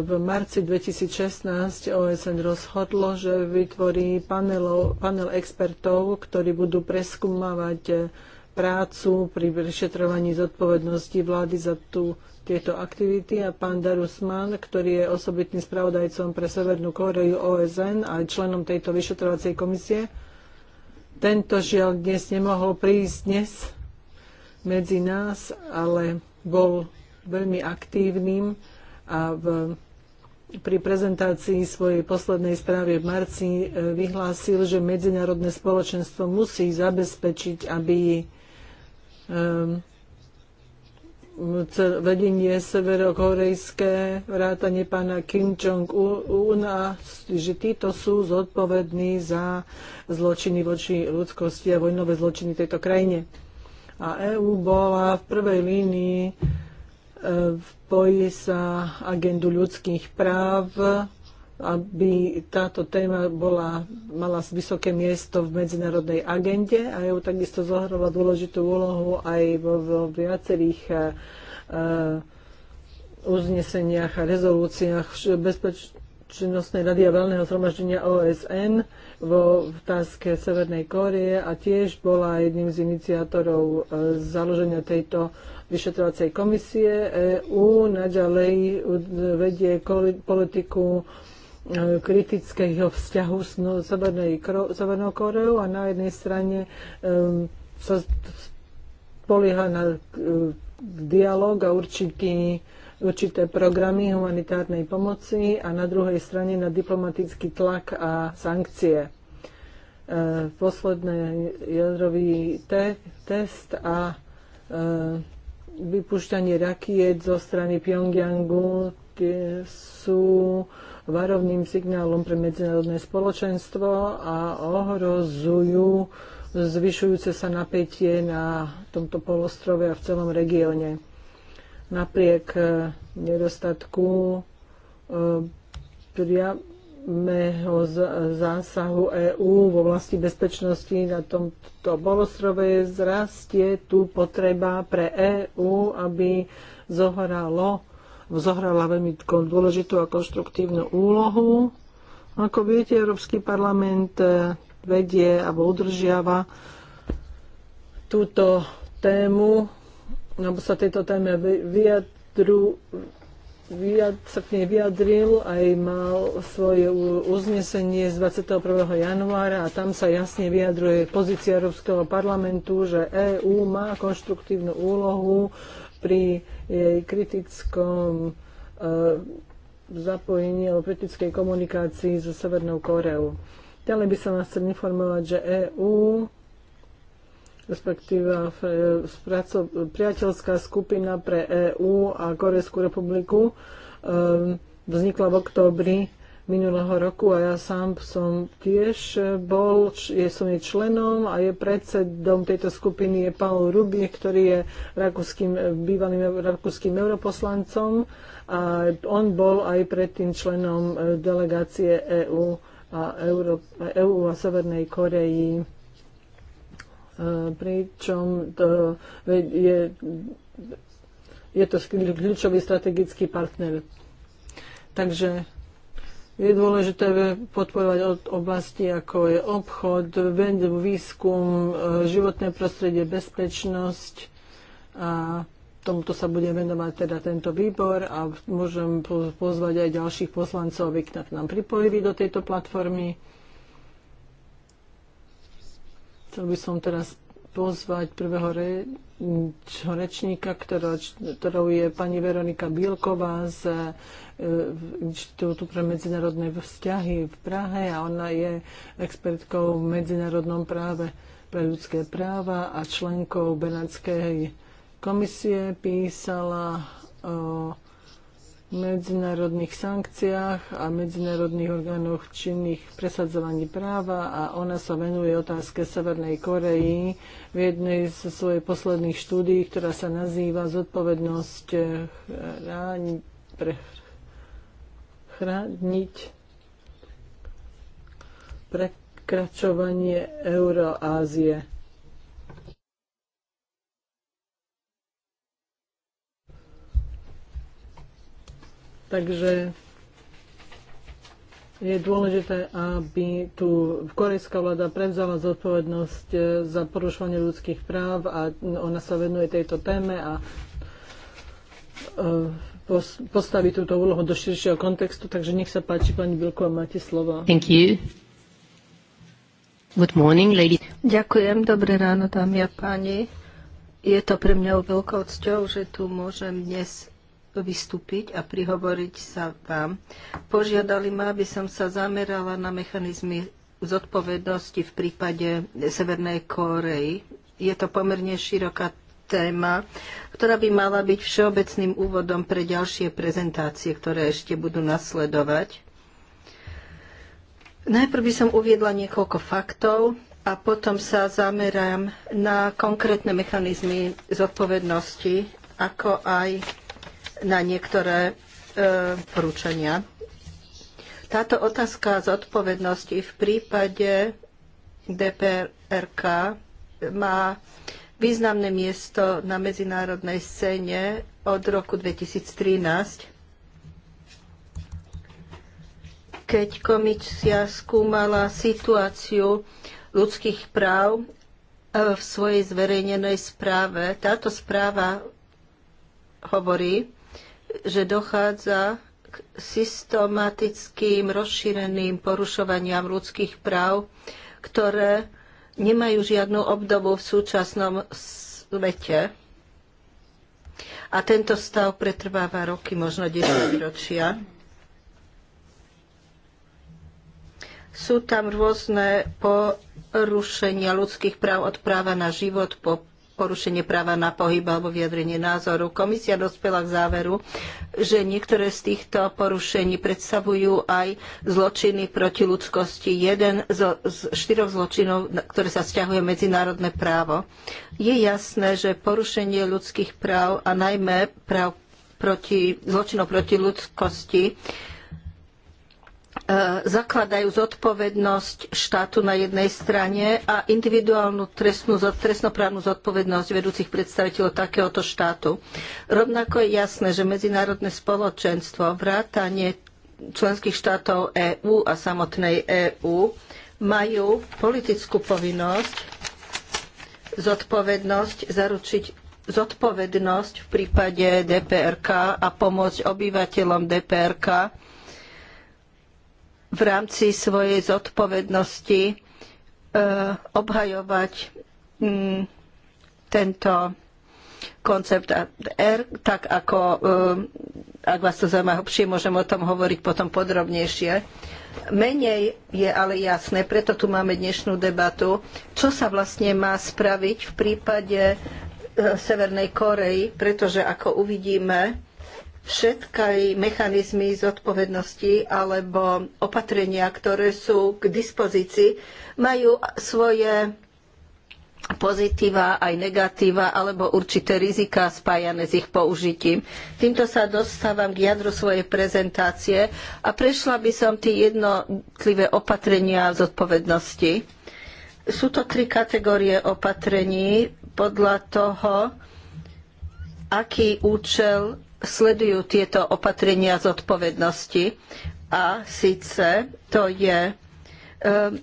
V marci 2016 OSN rozhodlo, že vytvorí panel, panel expertov, ktorí budú preskúmavať eh, prácu pri vyšetrovaní zodpovednosti vlády za tú, tieto aktivity a pán Darusman, ktorý je osobitným spravodajcom pre Severnú Koreju OSN a členom tejto vyšetrovacej komisie. Tento žiaľ dnes nemohol prísť dnes medzi nás, ale bol veľmi aktívnym a v, pri prezentácii svojej poslednej správy v marci e, vyhlásil, že medzinárodné spoločenstvo musí zabezpečiť, aby um, vedenie severokorejské, vrátanie pána Kim Jong-una, že títo sú zodpovední za zločiny voči ľudskosti a vojnové zločiny tejto krajine. A EÚ bola v prvej línii v boji sa agendu ľudských práv, aby táto téma bola, mala vysoké miesto v medzinárodnej agende a ju takisto zohrala dôležitú úlohu aj vo, vo viacerých uh, uzneseniach a rezolúciách Bezpečnostnej rady a veľného zhromaždenia OSN vo otázke Severnej Kórie a tiež bola jedným z iniciátorov uh, založenia tejto uh, vyšetrovacej komisie. EÚ naďalej vedie politiku e, kritického vzťahu s no-, Severnou Koreou a na jednej strane e, sa spolieha na e, dialog a určitý určité programy humanitárnej pomoci a na druhej strane na diplomatický tlak a sankcie. posledný jadrový te- test a vypúšťanie rakiet zo strany Pyongyangu sú varovným signálom pre medzinárodné spoločenstvo a ohrozujú zvyšujúce sa napätie na tomto polostrove a v celom regióne. Napriek eh, nedostatku eh, pria, mého zásahu EÚ v oblasti bezpečnosti na tomto bolostrove zrastie tu potreba pre EÚ, aby zohralo, zohrala veľmi dôležitú a konštruktívnu úlohu. Ako viete, Európsky parlament e, vedie alebo udržiava túto tému, alebo sa tejto téme vyjadruje sa k nej vyjadril, aj mal svoje uznesenie z 21. januára a tam sa jasne vyjadruje pozícia Európskeho parlamentu, že EÚ má konštruktívnu úlohu pri jej kritickom e, zapojení alebo kritickej komunikácii so Severnou Koreou. Ďalej by som vás chcel informovať, že EÚ respektíve e, priateľská skupina pre EÚ a Korejskú republiku e, vznikla v októbri minulého roku a ja sám som tiež bol, je som jej členom a je predsedom tejto skupiny je Paul Ruby, ktorý je rakúským, e, bývalým rakúským europoslancom a on bol aj predtým členom delegácie EÚ a, Euró- EU a Severnej Koreji pričom to je, je to kľúčový strategický partner. Takže je dôležité podporovať od oblasti, ako je obchod, výskum, e, životné prostredie, bezpečnosť. A tomuto sa bude venovať teda tento výbor a môžem pozvať aj ďalších poslancov, aby k nám pripojili do tejto platformy. Chcel by som teraz pozvať prvého re, rečníka, ktorou, ktorou je pani Veronika Bielková z e, Inštitútu pre medzinárodné vzťahy v Prahe a ona je expertkou v medzinárodnom práve pre ľudské práva a členkou Benátskej komisie písala o medzinárodných sankciách a medzinárodných orgánoch činných presadzovaní práva a ona sa venuje otázke Severnej Koreji v jednej zo svojej posledných štúdií, ktorá sa nazýva Zodpovednosť chráni, pre, chrániť prekračovanie Euroázie. Takže je dôležité, aby tu korejská vláda prevzala zodpovednosť eh, za porušovanie ľudských práv a ona sa venuje tejto téme a eh, postaví túto úlohu do širšieho kontextu. Takže nech sa páči, pani Bilko, máte slovo. Thank you. Good morning, lady. Ďakujem, dobré ráno, dámy a páni. Je to pre mňa veľkou cťou, že tu môžem dnes vystúpiť a prihovoriť sa vám. Požiadali ma, aby som sa zamerala na mechanizmy zodpovednosti v prípade Severnej Kórei. Je to pomerne široká téma, ktorá by mala byť všeobecným úvodom pre ďalšie prezentácie, ktoré ešte budú nasledovať. Najprv by som uviedla niekoľko faktov a potom sa zamerám na konkrétne mechanizmy zodpovednosti, ako aj na niektoré e, poručenia. Táto otázka zodpovednosti v prípade DPRK má významné miesto na medzinárodnej scéne od roku 2013, keď komisia skúmala situáciu ľudských práv e, v svojej zverejnenej správe. Táto správa hovorí, že dochádza k systematickým rozšíreným porušovaniam ľudských práv, ktoré nemajú žiadnu obdobu v súčasnom svete. A tento stav pretrváva roky, možno 10 ročia. Sú tam rôzne porušenia ľudských práv od práva na život po porušenie práva na pohyb alebo vyjadrenie názoru. Komisia dospela k záveru, že niektoré z týchto porušení predstavujú aj zločiny proti ľudskosti. Jeden zo z štyroch zločinov, na ktoré sa vzťahuje medzinárodné právo. Je jasné, že porušenie ľudských práv a najmä práv proti, zločinov proti ľudskosti E, zakladajú zodpovednosť štátu na jednej strane a individuálnu trestnú, trestnoprávnu zodpovednosť vedúcich predstaviteľov takéhoto štátu. Rovnako je jasné, že medzinárodné spoločenstvo, vrátanie členských štátov EÚ a samotnej EÚ majú politickú povinnosť, zodpovednosť zaručiť zodpovednosť v prípade DPRK a pomôcť obyvateľom DPRK v rámci svojej zodpovednosti e, obhajovať mm, tento koncept R, tak ako, e, ak vás to zaujíma hlbšie, môžem o tom hovoriť potom podrobnejšie. Menej je ale jasné, preto tu máme dnešnú debatu, čo sa vlastne má spraviť v prípade e, Severnej Korei, pretože ako uvidíme, všetky mechanizmy zodpovednosti alebo opatrenia, ktoré sú k dispozícii, majú svoje pozitíva aj negatíva alebo určité rizika spájane s ich použitím. Týmto sa dostávam k jadru svojej prezentácie a prešla by som tie jednotlivé opatrenia zodpovednosti. Sú to tri kategórie opatrení podľa toho, aký účel sledujú tieto opatrenia zodpovednosti a síce to je e,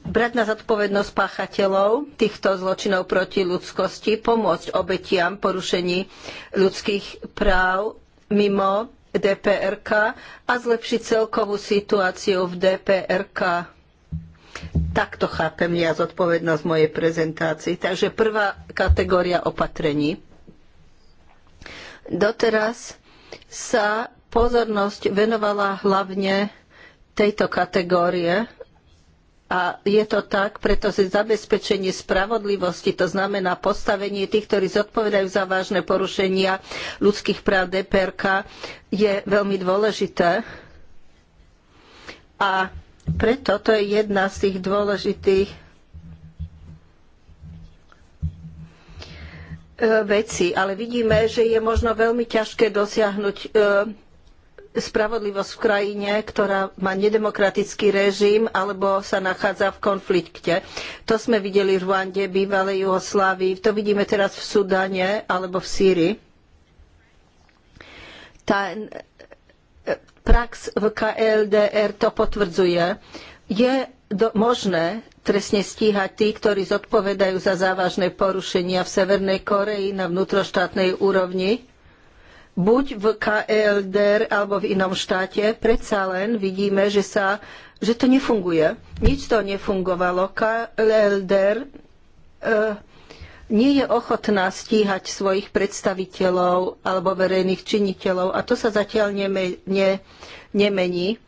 brať na zodpovednosť páchateľov týchto zločinov proti ľudskosti, pomôcť obetiam porušení ľudských práv mimo DPRK a zlepšiť celkovú situáciu v DPRK. Takto chápem ja zodpovednosť mojej prezentácii. Takže prvá kategória opatrení. Doteraz sa pozornosť venovala hlavne tejto kategórie a je to tak, pretože zabezpečenie spravodlivosti, to znamená postavenie tých, ktorí zodpovedajú za vážne porušenia ľudských práv DPRK, je veľmi dôležité. A preto to je jedna z tých dôležitých E, veci, ale vidíme, že je možno veľmi ťažké dosiahnuť e, spravodlivosť v krajine, ktorá má nedemokratický režim alebo sa nachádza v konflikte. To sme videli v Rwande, bývalej Juhoslávii, to vidíme teraz v Sudane alebo v Sýrii. Tá e, prax v KLDR to potvrdzuje. Je do, možné trestne stíhať tí, ktorí zodpovedajú za závažné porušenia v Severnej Koreji na vnútroštátnej úrovni, buď v KLDR e alebo v inom štáte, predsa len vidíme, že, sa, že to nefunguje. Nič to nefungovalo. KLDR e eh, nie je ochotná stíhať svojich predstaviteľov alebo verejných činiteľov a to sa zatiaľ neme, ne, nemení.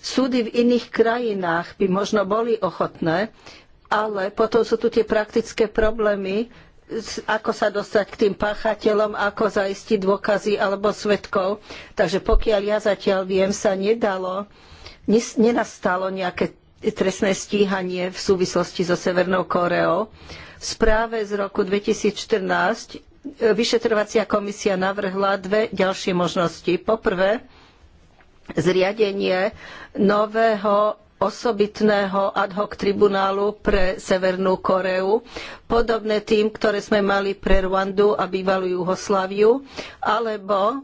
Súdy v iných krajinách by možno boli ochotné, ale potom sú tu tie praktické problémy, ako sa dostať k tým páchateľom, ako zaistiť dôkazy alebo svetkov. Takže pokiaľ ja zatiaľ viem, sa nedalo, nenastalo nejaké trestné stíhanie v súvislosti so Severnou Koreou, V správe z roku 2014 e, vyšetrovacia komisia navrhla dve ďalšie možnosti. Poprvé, zriadenie nového osobitného ad hoc tribunálu pre Severnú Koreu, podobné tým, ktoré sme mali pre Rwandu a bývalú Juhosláviu, alebo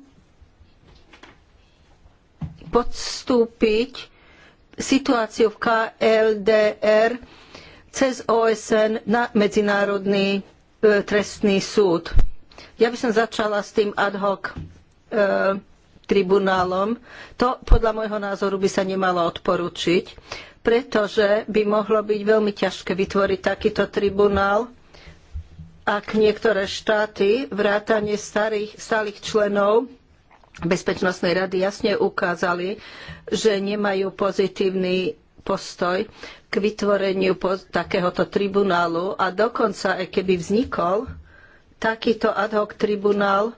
podstúpiť situáciu v KLDR cez OSN na Medzinárodný e, trestný súd. Ja by som začala s tým ad hoc e, tribunálom, to podľa môjho názoru by sa nemalo odporučiť, pretože by mohlo byť veľmi ťažké vytvoriť takýto tribunál, ak niektoré štáty, vrátane starých, stálych členov Bezpečnostnej rady jasne ukázali, že nemajú pozitívny postoj k vytvoreniu takéhoto tribunálu a dokonca, aj keby vznikol, takýto ad hoc tribunál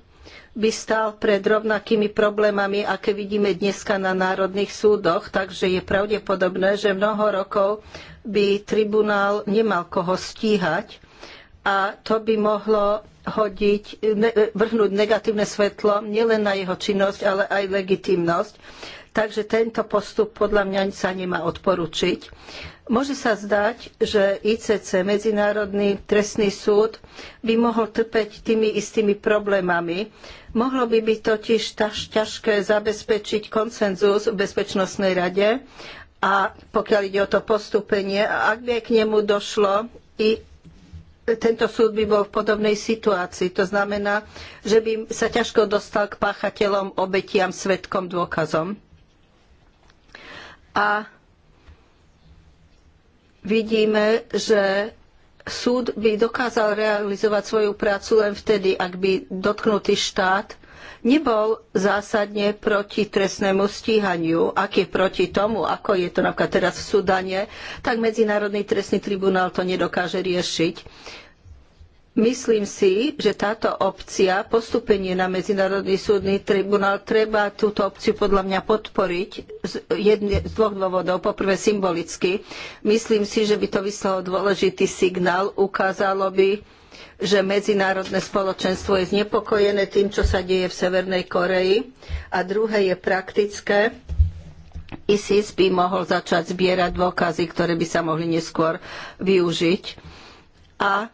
by stál pred rovnakými problémami, aké vidíme dneska na národných súdoch, takže je pravdepodobné, že mnoho rokov by tribunál nemal koho stíhať a to by mohlo hodiť, vrhnúť negatívne svetlo nielen na jeho činnosť, ale aj legitimnosť. Takže tento postup podľa mňa sa nemá odporučiť. Môže sa zdať, že ICC, Medzinárodný trestný súd, by mohol trpeť tými istými problémami, Mohlo by byť totiž taž ťažké zabezpečiť koncenzus v Bezpečnostnej rade a pokiaľ ide o to postúpenie, a ak by aj k nemu došlo, i tento súd by bol v podobnej situácii. To znamená, že by sa ťažko dostal k páchateľom, obetiam, svetkom, dôkazom. A vidíme, že súd by dokázal realizovať svoju prácu len vtedy, ak by dotknutý štát nebol zásadne proti trestnému stíhaniu. Ak je proti tomu, ako je to napríklad teraz v Sudane, tak Medzinárodný trestný tribunál to nedokáže riešiť. Myslím si, že táto opcia postupenie na Medzinárodný súdny tribunál treba túto opciu podľa mňa podporiť z, jedne, z dvoch dôvodov. Poprvé symbolicky. Myslím si, že by to vyslalo dôležitý signál. Ukázalo by, že medzinárodné spoločenstvo je znepokojené tým, čo sa deje v Severnej Koreji. A druhé je praktické. ISIS by mohol začať zbierať dôkazy, ktoré by sa mohli neskôr využiť. A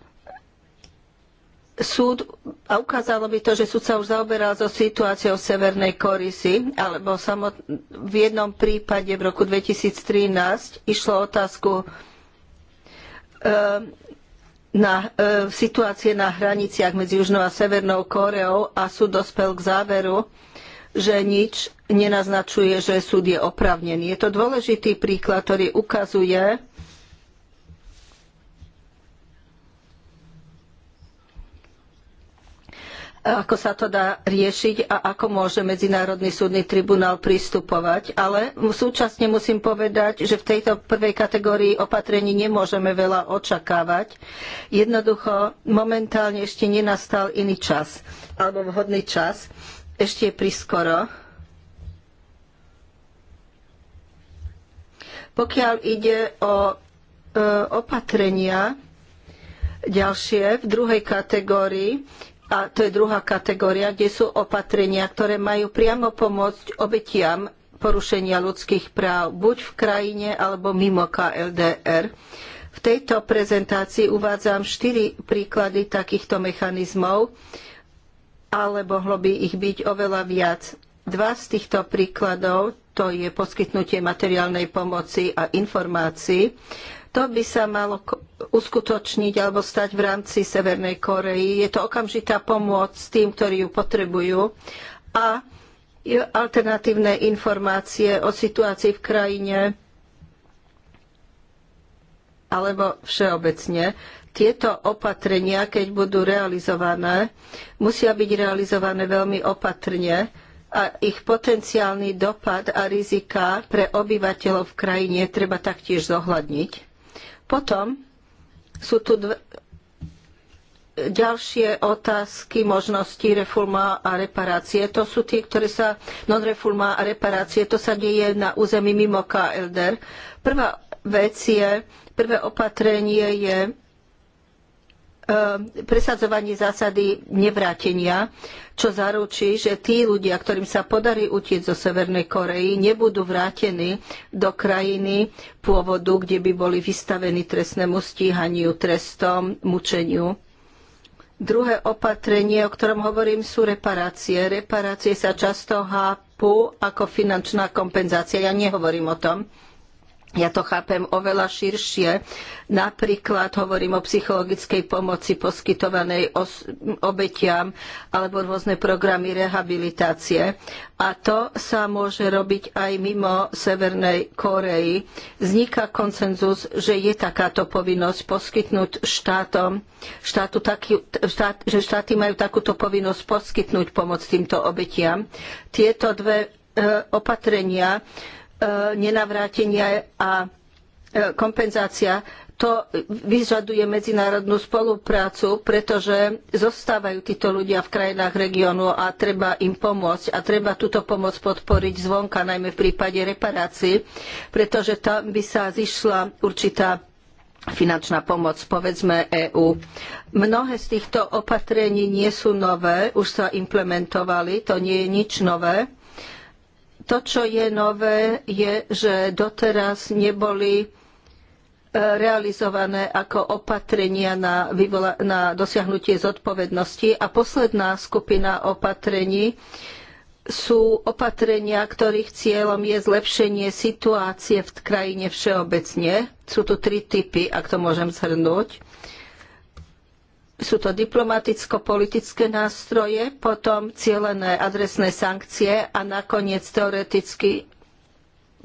súd, a ukázalo by to, že súd sa už zaoberal so situáciou v Severnej korisi, alebo samot, v jednom prípade v roku 2013 išlo otázku e, na, e, situácie na hraniciach medzi Južnou a Severnou Kóreou a súd dospel k záveru, že nič nenaznačuje, že súd je opravnený. Je to dôležitý príklad, ktorý ukazuje, ako sa to dá riešiť a ako môže Medzinárodný súdny tribunál pristupovať. Ale súčasne musím povedať, že v tejto prvej kategórii opatrení nemôžeme veľa očakávať. Jednoducho, momentálne ešte nenastal iný čas, alebo vhodný čas. Ešte je priskoro. Pokiaľ ide o e, opatrenia, ďalšie v druhej kategórii, a to je druhá kategória, kde sú opatrenia, ktoré majú priamo pomôcť obetiam porušenia ľudských práv, buď v krajine alebo mimo KLDR. V tejto prezentácii uvádzam štyri príklady takýchto mechanizmov, ale mohlo by ich byť oveľa viac. Dva z týchto príkladov, to je poskytnutie materiálnej pomoci a informácií, to by sa malo uskutočniť alebo stať v rámci Severnej Koreji. Je to okamžitá pomoc tým, ktorí ju potrebujú. A alternatívne informácie o situácii v krajine alebo všeobecne. Tieto opatrenia, keď budú realizované, musia byť realizované veľmi opatrne a ich potenciálny dopad a riziká pre obyvateľov v krajine treba taktiež zohľadniť. Potom sú tu dve, ďalšie otázky možnosti reforma a reparácie. To sú tie, ktoré sa, non-reforma a reparácie, to sa deje na území mimo KLDR. Prvá vec je, prvé opatrenie je Eh, presadzovanie zásady nevrátenia, čo zaručí, že tí ľudia, ktorým sa podarí utieť zo Severnej Korei, nebudú vrátení do krajiny pôvodu, kde by boli vystavení trestnému stíhaniu, trestom, mučeniu. Druhé opatrenie, o ktorom hovorím, sú reparácie. Reparácie sa často hápu ako finančná kompenzácia. Ja nehovorím o tom. Ja to chápem oveľa širšie. Napríklad hovorím o psychologickej pomoci poskytovanej obetiam alebo rôzne programy rehabilitácie. A to sa môže robiť aj mimo Severnej Koreji. Vzniká koncenzus, že je takáto povinnosť poskytnúť štátom, štátu taký, štát, že štáty majú takúto povinnosť poskytnúť pomoc týmto obetiam. Tieto dve e, opatrenia E, nenavrátenia a e, kompenzácia, to vyžaduje medzinárodnú spoluprácu, pretože zostávajú títo ľudia v krajinách regiónu a treba im pomôcť. A treba túto pomoc podporiť zvonka, najmä v prípade reparácií, pretože tam by sa zišla určitá finančná pomoc, povedzme EÚ. Mnohé z týchto opatrení nie sú nové, už sa implementovali, to nie je nič nové to, čo je nové, je, že doteraz neboli e, realizované ako opatrenia na, na dosiahnutie zodpovednosti. A posledná skupina opatrení sú opatrenia, ktorých cieľom je zlepšenie situácie v krajine všeobecne. Sú tu tri typy, ak to môžem zhrnúť sú to diplomaticko-politické nástroje, potom cielené adresné sankcie a nakoniec teoreticky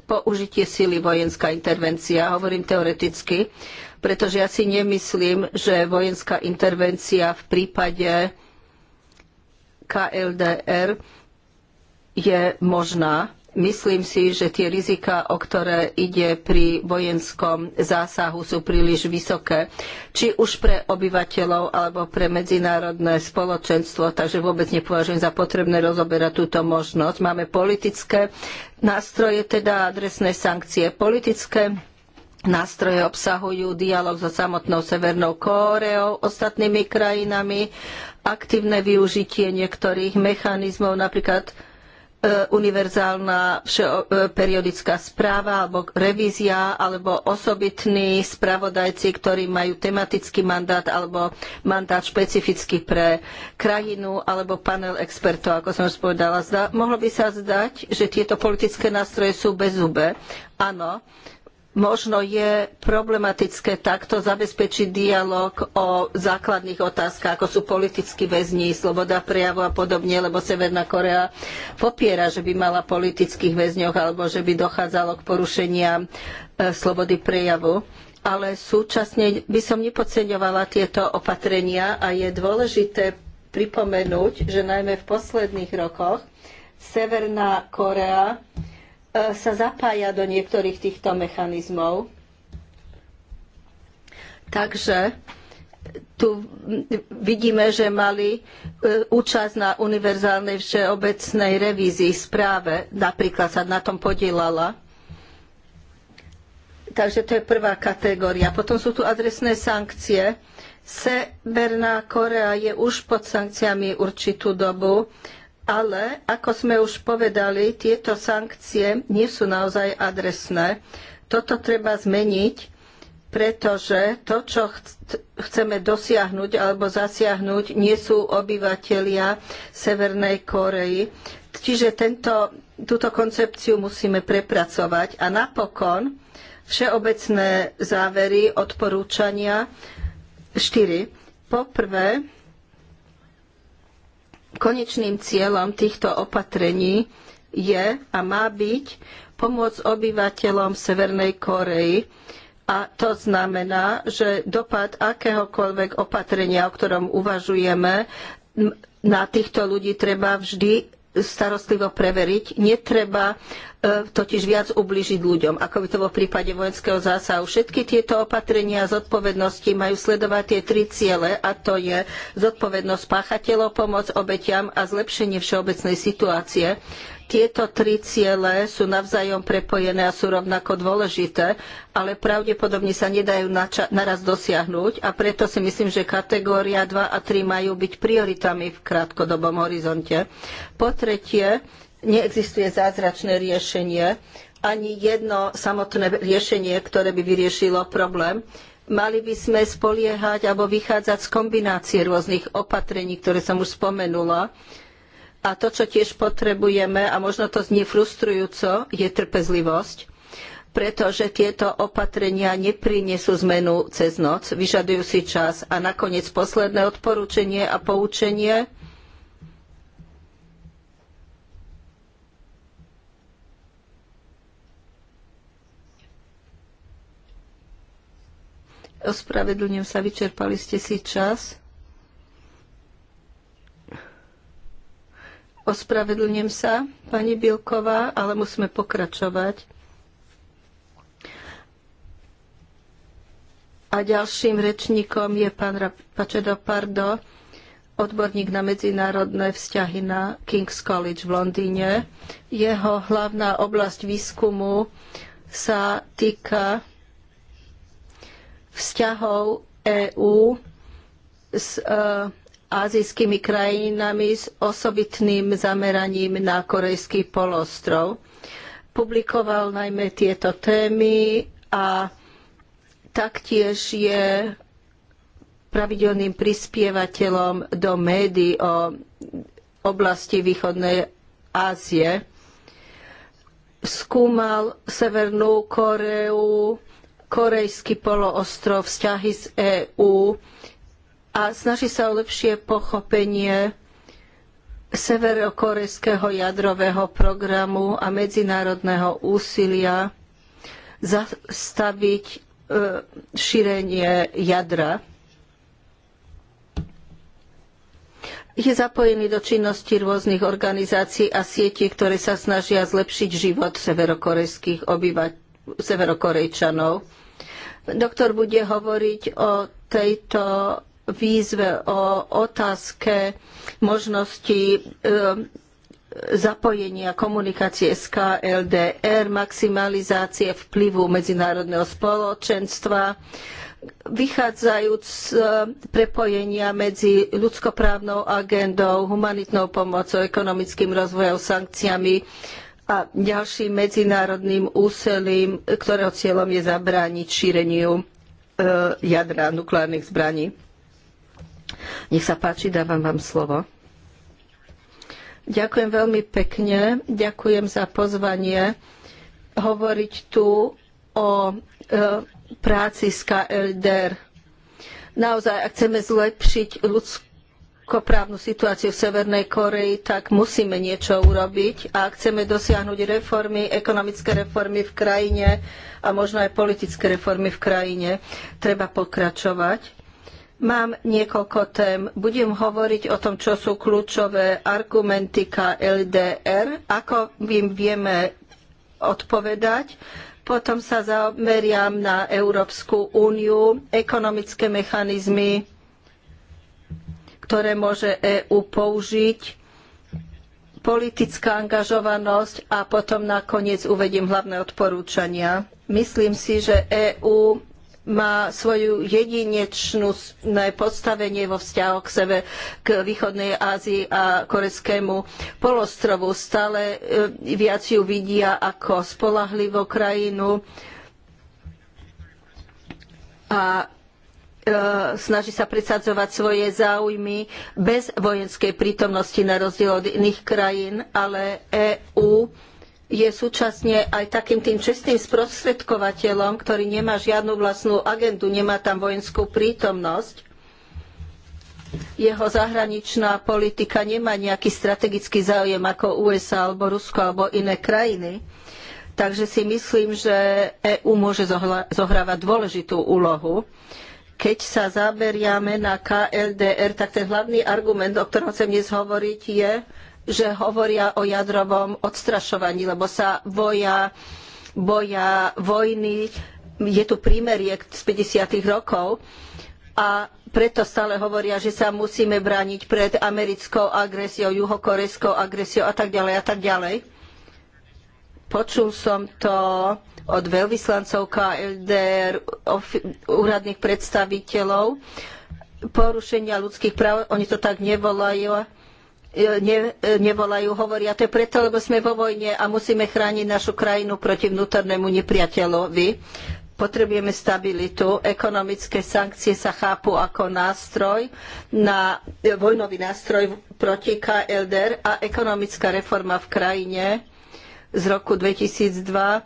použitie sily vojenská intervencia. Hovorím teoreticky, pretože ja si nemyslím, že vojenská intervencia v prípade KLDR je možná. Myslím si, že tie rizika, o ktoré ide pri vojenskom zásahu, sú príliš vysoké, či už pre obyvateľov alebo pre medzinárodné spoločenstvo, takže vôbec nepovažujem za potrebné rozoberať túto možnosť. Máme politické nástroje, teda adresné sankcie politické Nástroje obsahujú dialog so samotnou Severnou Kóreou, ostatnými krajinami, aktívne využitie niektorých mechanizmov, napríklad E, univerzálna e, periodická správa alebo revízia alebo osobitní spravodajci, ktorí majú tematický mandát alebo mandát špecificky pre krajinu alebo panel expertov, ako som už povedala. Zda, mohlo by sa zdať, že tieto politické nástroje sú bez zube. Áno, možno je problematické takto zabezpečiť dialog o základných otázkach, ako sú politickí väzni, sloboda prejavu a podobne, lebo Severná Korea popiera, že by mala politických väzňoch alebo že by dochádzalo k porušeniam e, slobody prejavu. Ale súčasne by som nepodceňovala tieto opatrenia a je dôležité pripomenúť, že najmä v posledných rokoch Severná Korea E, sa zapája do niektorých týchto mechanizmov. Takže tu vidíme, že mali e, účasť na univerzálnej všeobecnej revízii správe, napríklad sa na tom podielala. Takže to je prvá kategória. Potom sú tu adresné sankcie. Severná Korea je už pod sankciami určitú dobu ale, ako sme už povedali, tieto sankcie nie sú naozaj adresné. Toto treba zmeniť, pretože to, čo chceme dosiahnuť alebo zasiahnuť, nie sú obyvatelia Severnej Kóreji. Čiže tento, túto koncepciu musíme prepracovať. A napokon všeobecné závery, odporúčania 4. Poprvé, Konečným cieľom týchto opatrení je a má byť pomôcť obyvateľom Severnej Kórei. A to znamená, že dopad akéhokoľvek opatrenia, o ktorom uvažujeme, na týchto ľudí treba vždy starostlivo preveriť. Netreba E, totiž viac ubližiť ľuďom, ako by to bolo v prípade vojenského zásahu. Všetky tieto opatrenia zodpovednosti majú sledovať tie tri ciele, a to je zodpovednosť páchateľov, pomoc obetiam a zlepšenie všeobecnej situácie. Tieto tri ciele sú navzájom prepojené a sú rovnako dôležité, ale pravdepodobne sa nedajú naraz dosiahnuť a preto si myslím, že kategória 2 a 3 majú byť prioritami v krátkodobom horizonte. Po tretie, neexistuje zázračné riešenie, ani jedno samotné riešenie, ktoré by vyriešilo problém. Mali by sme spoliehať alebo vychádzať z kombinácie rôznych opatrení, ktoré som už spomenula. A to, čo tiež potrebujeme, a možno to znie frustrujúco, je trpezlivosť pretože tieto opatrenia neprinesú zmenu cez noc, vyžadujú si čas. A nakoniec posledné odporúčanie a poučenie Ospravedlňujem sa, vyčerpali ste si čas. Ospravedlňujem sa, pani Bilková, ale musíme pokračovať. A ďalším rečníkom je pán Pačedo Pardo, odborník na medzinárodné vzťahy na King's College v Londýne. Jeho hlavná oblasť výskumu sa týka vzťahov EÚ s e, azijskými krajinami s osobitným zameraním na korejský polostrov. Publikoval najmä tieto témy a taktiež je pravidelným prispievateľom do médií o oblasti východnej Ázie. Skúmal Severnú Koreu, korejský poloostrov, vzťahy z EÚ a snaží sa o lepšie pochopenie severokorejského jadrového programu a medzinárodného úsilia zastaviť e, šírenie jadra. Je zapojený do činnosti rôznych organizácií a sietí, ktoré sa snažia zlepšiť život severokorejských obyvateľov severokorejčanov. Doktor bude hovoriť o tejto výzve, o otázke možnosti e, zapojenia komunikácie s KLDR, maximalizácie vplyvu medzinárodného spoločenstva, vychádzajúc z e, prepojenia medzi ľudskoprávnou agendou, humanitnou pomocou, ekonomickým rozvojom, sankciami, a ďalším medzinárodným úsilím, ktorého cieľom je zabrániť šíreniu e, jadra nukleárnych zbraní. Nech sa páči, dávam vám slovo. Ďakujem veľmi pekne, ďakujem za pozvanie hovoriť tu o e, práci s KLDR. Naozaj, ak chceme zlepšiť ľudskú právnu situáciu v Severnej Koreji, tak musíme niečo urobiť a ak chceme dosiahnuť reformy, ekonomické reformy v krajine a možno aj politické reformy v krajine, treba pokračovať. Mám niekoľko tém. Budem hovoriť o tom, čo sú kľúčové argumenty KLDR, ako im vieme odpovedať. Potom sa zameriam na Európsku úniu, ekonomické mechanizmy, ktoré môže EÚ použiť, politická angažovanosť a potom nakoniec uvedím hlavné odporúčania. Myslím si, že EÚ má svoju jedinečnú postavenie vo vzťahu k sebe, k východnej Ázii a korejskému polostrovu. Stále e, viac ju vidia ako spolahlivú krajinu a E, snaží sa presadzovať svoje záujmy bez vojenskej prítomnosti na rozdiel od iných krajín, ale EÚ je súčasne aj takým tým čestným sprostredkovateľom, ktorý nemá žiadnu vlastnú agendu, nemá tam vojenskú prítomnosť. Jeho zahraničná politika nemá nejaký strategický záujem ako USA alebo Rusko alebo iné krajiny. Takže si myslím, že EÚ môže zohrávať dôležitú úlohu. Keď sa zaberiame na KLDR, tak ten hlavný argument, o ktorom chcem dnes hovoriť, je, že hovoria o jadrovom odstrašovaní, lebo sa boja, boja vojny, je tu prímerie z 50. rokov a preto stále hovoria, že sa musíme brániť pred americkou agresiou, juhokorejskou agresiou a tak ďalej a tak ďalej Počul som to od veľvyslancov KLDR, úradných predstaviteľov porušenia ľudských práv, oni to tak nevolajú, e, ne, e, nevolajú, hovoria, to je preto, lebo sme vo vojne a musíme chrániť našu krajinu proti vnútornému nepriateľovi. Potrebujeme stabilitu. Ekonomické sankcie sa chápu ako nástroj na e, vojnový nástroj proti KLDR a ekonomická reforma v krajine z roku 2002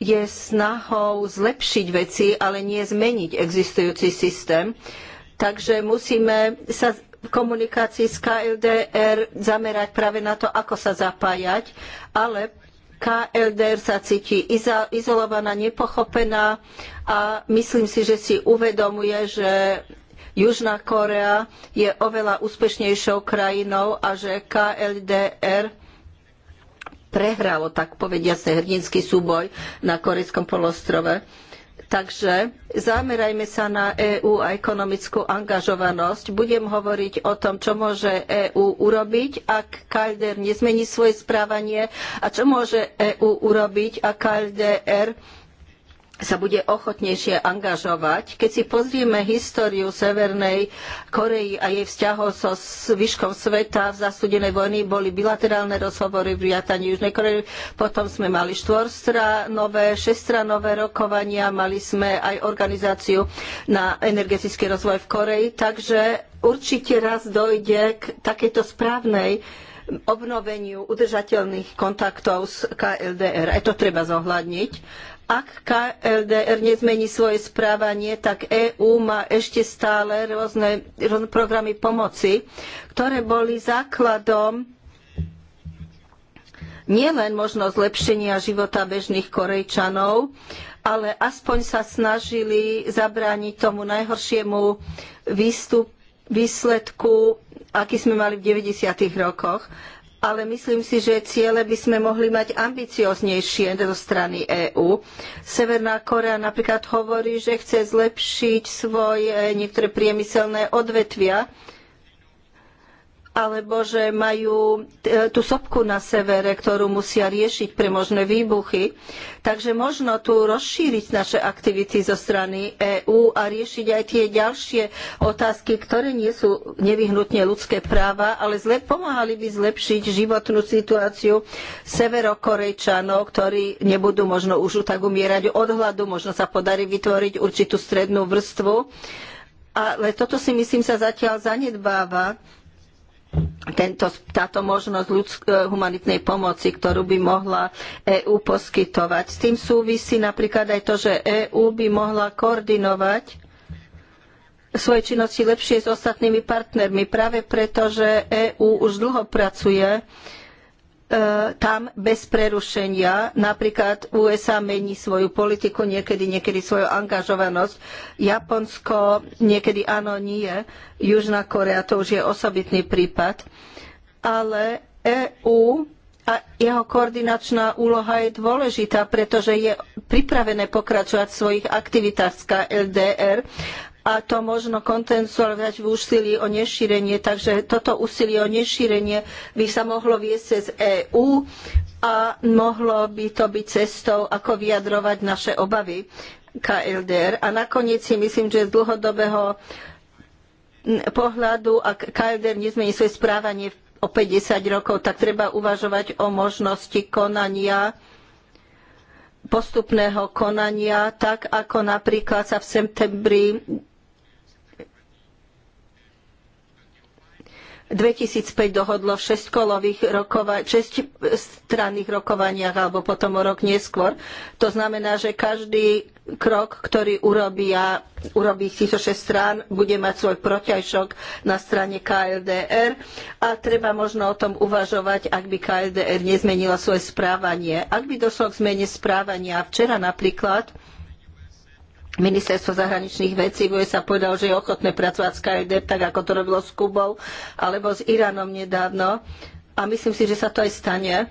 je snahou zlepšiť veci, ale nie zmeniť existujúci systém. Takže musíme sa v komunikácii s KLDR zamerať práve na to, ako sa zapájať, ale KLDR sa cíti izolovaná, nepochopená a myslím si, že si uvedomuje, že Južná Kórea je oveľa úspešnejšou krajinou a že KLDR prehralo, tak povedia sa, hrdinský súboj na Korejskom polostrove. Takže zamerajme sa na EÚ a ekonomickú angažovanosť. Budem hovoriť o tom, čo môže EÚ urobiť, ak KLDR nezmení svoje správanie a čo môže EÚ urobiť, ak KLDR sa bude ochotnejšie angažovať. Keď si pozrieme históriu Severnej Korei a jej vzťahov so zvyškom sveta v zasúdenej vojny, boli bilaterálne rozhovory v riataní Južnej Korei, potom sme mali štvorstranové, šestranové rokovania, mali sme aj organizáciu na energetický rozvoj v Koreji, takže určite raz dojde k takejto správnej obnoveniu udržateľných kontaktov s KLDR. Aj to treba zohľadniť. Ak KLDR nezmení svoje správanie, tak EÚ má ešte stále rôzne, rôzne programy pomoci, ktoré boli základom nielen možno zlepšenia života bežných Korejčanov, ale aspoň sa snažili zabrániť tomu najhoršiemu výstup, výsledku, aký sme mali v 90. rokoch ale myslím si, že ciele by sme mohli mať ambicioznejšie zo strany EÚ. Severná Korea napríklad hovorí, že chce zlepšiť svoje niektoré priemyselné odvetvia, alebo že majú e, tú sopku na severe, ktorú musia riešiť pre možné výbuchy. Takže možno tu rozšíriť naše aktivity zo strany EÚ a riešiť aj tie ďalšie otázky, ktoré nie sú nevyhnutne ľudské práva, ale zle, pomáhali by zlepšiť životnú situáciu severokorejčanov, ktorí nebudú možno už tak umierať od hladu, možno sa podarí vytvoriť určitú strednú vrstvu. Ale toto si myslím sa zatiaľ zanedbáva tento, táto možnosť ľudsk- e, humanitnej pomoci, ktorú by mohla EÚ poskytovať. S tým súvisí napríklad aj to, že EÚ by mohla koordinovať svoje činnosti lepšie s ostatnými partnermi, práve preto, že EÚ už dlho pracuje uh, E, tam bez prerušenia. Napríklad USA mení svoju politiku, niekedy, niekedy svoju angažovanosť. Japonsko niekedy áno, nie. Južná Korea to už je osobitný prípad. Ale EÚ a jeho koordinačná úloha je dôležitá, pretože je pripravené pokračovať v svojich aktivitách LDR KLDR a to možno kontenzualizovať v úsilí o nešírenie. Takže toto úsilie o nešírenie by sa mohlo viesť cez EÚ a mohlo by to byť cestou, ako vyjadrovať naše obavy KLDR. A nakoniec si myslím, že z dlhodobého pohľadu, ak KLDR nezmení svoje správanie o 50 rokov, tak treba uvažovať o možnosti konania postupného konania, tak ako napríklad sa v septembri 2005 dohodlo v šestkolových rokova- rokovaniach alebo potom o rok neskôr. To znamená, že každý krok, ktorý urobia, urobí týchto šest strán, bude mať svoj protiažok na strane KLDR a treba možno o tom uvažovať, ak by KLDR nezmenila svoje správanie. Ak by došlo k zmene správania, včera napríklad Ministerstvo zahraničných vecí v USA povedal, že je ochotné pracovať s KDF, tak ako to robilo s Kubou alebo s Iránom nedávno. A myslím si, že sa to aj stane.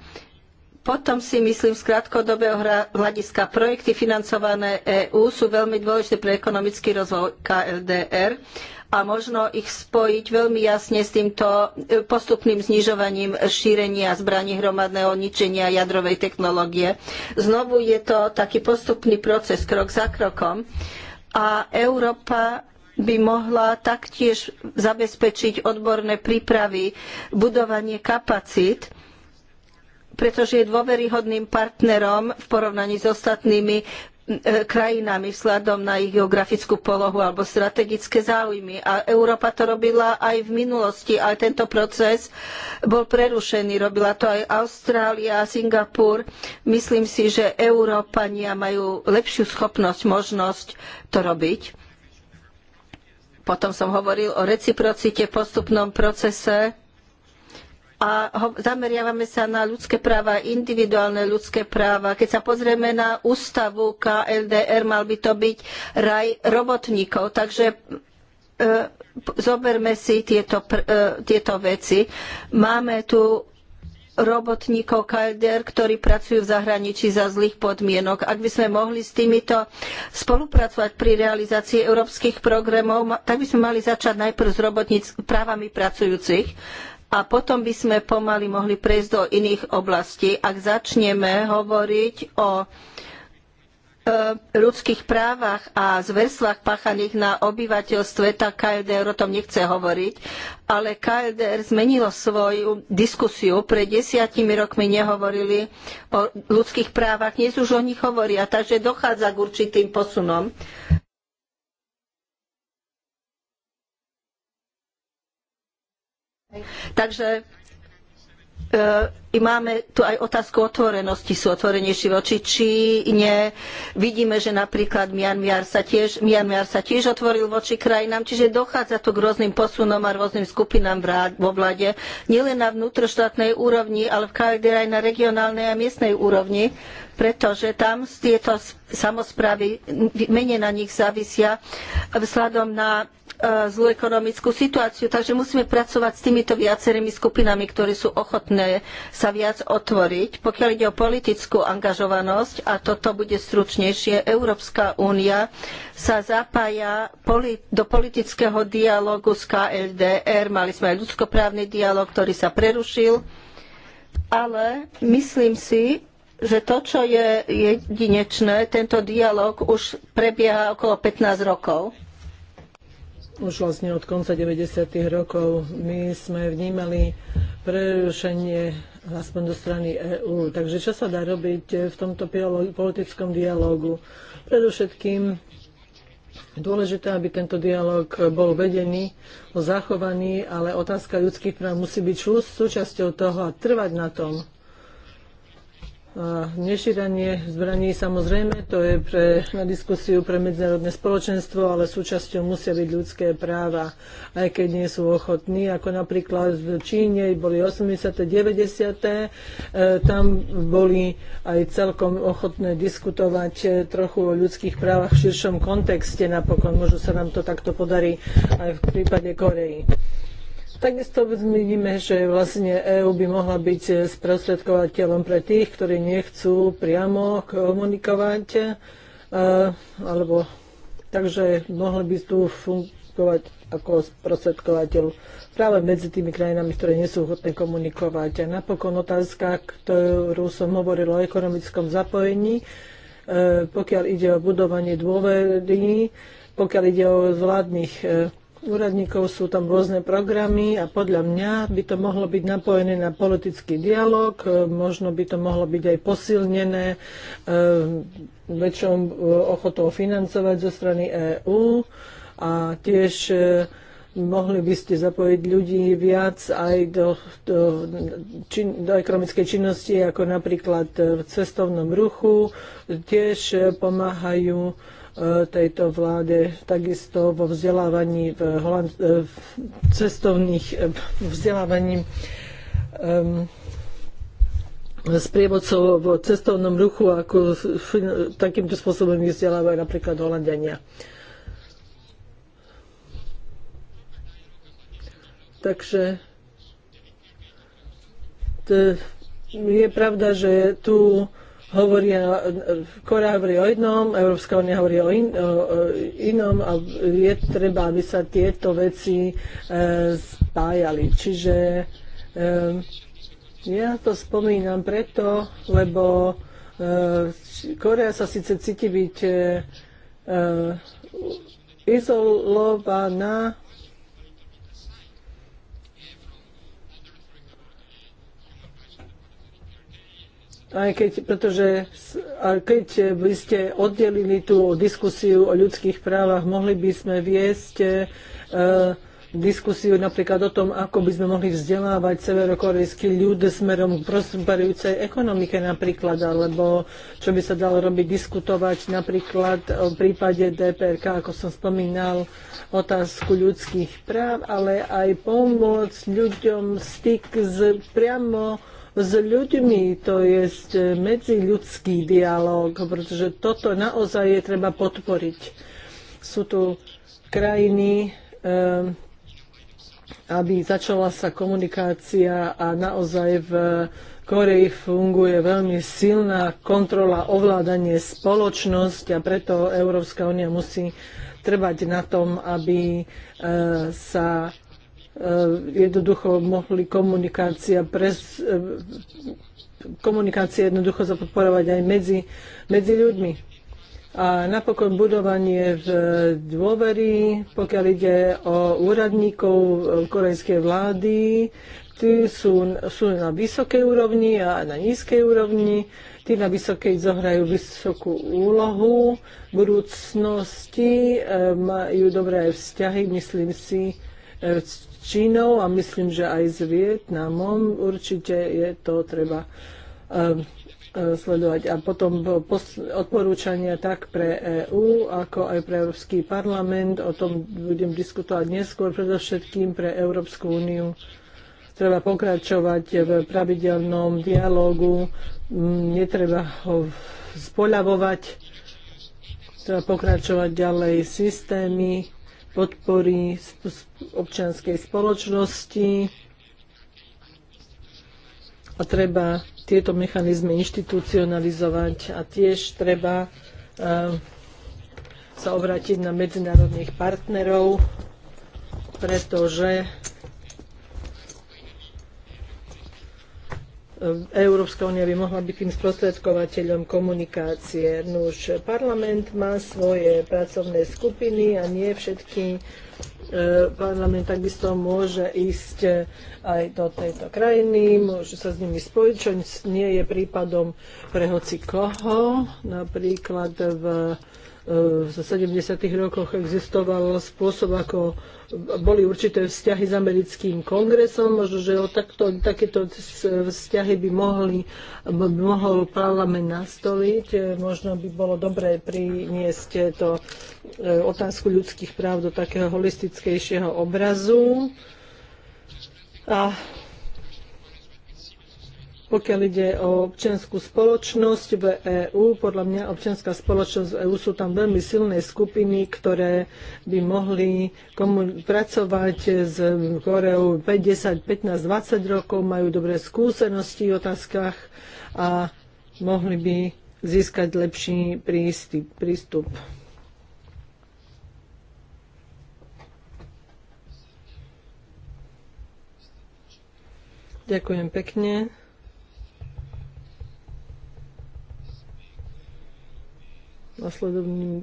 Potom si myslím, z krátkodobého hľadiska projekty financované EÚ sú veľmi dôležité pre ekonomický rozvoj KLDR a možno ich spojiť veľmi jasne s týmto e, postupným znižovaním šírenia zbraní hromadného ničenia jadrovej technológie. Znovu je to taký postupný proces, krok za krokom. A Európa by mohla taktiež zabezpečiť odborné prípravy, budovanie kapacít, pretože je dôveryhodným partnerom v porovnaní s ostatnými E, krajinami vzhľadom na ich geografickú polohu alebo strategické záujmy. A Európa to robila aj v minulosti, ale tento proces bol prerušený. Robila to aj Austrália, Singapur. Myslím si, že Európania majú lepšiu schopnosť, možnosť to robiť. Potom som hovoril o reciprocite, postupnom procese a zameriavame sa na ľudské práva, individuálne ľudské práva. Keď sa pozrieme na ústavu KLDR, mal by to byť raj robotníkov. Takže e, zoberme si tieto, e, tieto veci. Máme tu robotníkov KLDR, ktorí pracujú v zahraničí za zlých podmienok. Ak by sme mohli s týmito spolupracovať pri realizácii európskych programov, tak by sme mali začať najprv s robotníc- právami pracujúcich a potom by sme pomaly mohli prejsť do iných oblastí. Ak začneme hovoriť o e, ľudských právach a zverstvách páchaných na obyvateľstve, tak KLDR o tom nechce hovoriť. Ale KLDR zmenilo svoju diskusiu. Pred desiatimi rokmi nehovorili o ľudských právach, dnes už o nich hovoria, takže dochádza k určitým posunom. Takže e, i máme tu aj otázku otvorenosti, sú otvorenejší voči Číne. Vidíme, že napríklad Myanmar sa tiež, Myanmar sa tiež otvoril voči krajinám, čiže dochádza tu k rôznym posunom a rôznym skupinám vo vláde, nielen na vnútroštátnej úrovni, ale v KDR aj na regionálnej a miestnej úrovni, pretože tam tieto samozprávy, menej na nich závisia vzhľadom na E, zlú ekonomickú situáciu. Takže musíme pracovať s týmito viacerými skupinami, ktoré sú ochotné sa viac otvoriť. Pokiaľ ide o politickú angažovanosť, a toto bude stručnejšie, Európska únia sa zapája do politického dialogu s KLDR. Mali sme aj ľudskoprávny dialog, ktorý sa prerušil. Ale myslím si, že to, čo je jedinečné, tento dialog už prebieha okolo 15 rokov už vlastne od konca 90. rokov my sme vnímali prerušenie aspoň do strany EÚ. Takže čo sa dá robiť v tomto politickom dialógu? Predovšetkým dôležité, aby tento dialog bol vedený, bol zachovaný, ale otázka ľudských práv musí byť súčasťou toho a trvať na tom. Nešíranie zbraní samozrejme, to je pre, na diskusiu pre medzinárodné spoločenstvo, ale súčasťou musia byť ľudské práva, aj keď nie sú ochotní. Ako napríklad v Číne boli 80. 90. E, tam boli aj celkom ochotné diskutovať e, trochu o ľudských právach v širšom kontexte. Napokon možno sa nám to takto podarí aj v prípade Koreji. Takisto vidíme, že vlastne EÚ by mohla byť sprostredkovateľom pre tých, ktorí nechcú priamo komunikovať, e, alebo takže mohla by tu fungovať ako sprostredkovateľ práve medzi tými krajinami, ktoré nie sú hodné komunikovať. A napokon otázka, ktorú som hovoril o ekonomickom zapojení, e, pokiaľ ide o budovanie dôvery, pokiaľ ide o vládnych e, úradníkov sú tam rôzne programy a podľa mňa by to mohlo byť napojené na politický dialog, e, možno by to mohlo byť aj posilnené e, väčšou e, ochotou financovať zo strany EÚ a tiež mohli by ste zapojiť ľudí viac aj do, do, čin, do ekonomickej činnosti, ako napríklad v cestovnom ruchu. Tiež pomáhajú tejto vláde, takisto vo vzdelávaní v, Holand- e, v cestovných e, vzdelávaní um, prievodcov v cestovnom ruchu, ako takýmto spôsobom ich vzdelávajú napríklad Holandiania. Takže je pravda, že tu hovoria Korea hovorí o jednom, Európska únia hovorí o, in, o, inom a je treba, aby sa tieto veci e, spájali. Čiže e, ja to spomínam preto, lebo e, Korea sa síce cíti byť e, e izolovaná, aj keď, pretože keď by ste oddelili tú diskusiu o ľudských právach, mohli by sme viesť e, diskusiu napríklad o tom, ako by sme mohli vzdelávať severokorejský ľud smerom k prosperujúcej ekonomike napríklad, alebo čo by sa dalo robiť, diskutovať napríklad o prípade DPRK, ako som spomínal, otázku ľudských práv, ale aj pomôcť ľuďom styk z priamo s ľuďmi, to je e, medziľudský dialog, pretože toto naozaj je treba podporiť. Sú tu krajiny, e, aby začala sa komunikácia a naozaj v Koreji funguje veľmi silná kontrola, ovládanie spoločnosť a preto Európska únia musí trvať na tom, aby e, sa Eh, jednoducho mohli komunikácia pres, eh, komunikácia jednoducho zapodporovať aj medzi, medzi ľuďmi. A napokon budovanie v eh, dôvery, pokiaľ ide o úradníkov korejskej vlády, tí sú, sú na vysokej úrovni a na nízkej úrovni. Tí na vysokej zohrajú vysokú úlohu v budúcnosti, majú dobré vzťahy, myslím si, Čínou a myslím, že aj s Vietnamom. Určite je to treba eh, eh, sledovať. A potom odporúčania tak pre EÚ, ako aj pre Európsky parlament. O tom budem diskutovať neskôr, predovšetkým pre Európsku úniu. Treba pokračovať v pravidelnom dialogu, mm, netreba ho spoľavovať, treba pokračovať ďalej systémy, podpory občianskej spoločnosti a treba tieto mechanizmy inštitucionalizovať a tiež treba eh, sa obrátiť na medzinárodných partnerov, pretože Ehm, Európska únia by mohla byť tým sprostredkovateľom komunikácie. Nuž, parlament má svoje pracovné skupiny a nie všetky ehm, parlament takisto môže ísť eh, aj do tejto krajiny, môže sa s nimi spojiť, čo nie je prípadom pre hoci koho. Napríklad v eh, v 70. rokoch existoval spôsob, ako boli určité vzťahy s americkým kongresom, možno, že o takto, takéto vzťahy by mohli, mohol parlament nastoliť. Možno by bolo dobré priniesť to e, otázku ľudských práv do takého holistickejšieho obrazu. A pokiaľ ide o občianskú spoločnosť v EÚ, podľa mňa občianská spoločnosť v EÚ sú tam veľmi silné skupiny, ktoré by mohli pracovať s Koreou 50, 15, 20 rokov, majú dobré skúsenosti v otázkach a mohli by získať lepší prístup. Ďakujem pekne. Nasledovným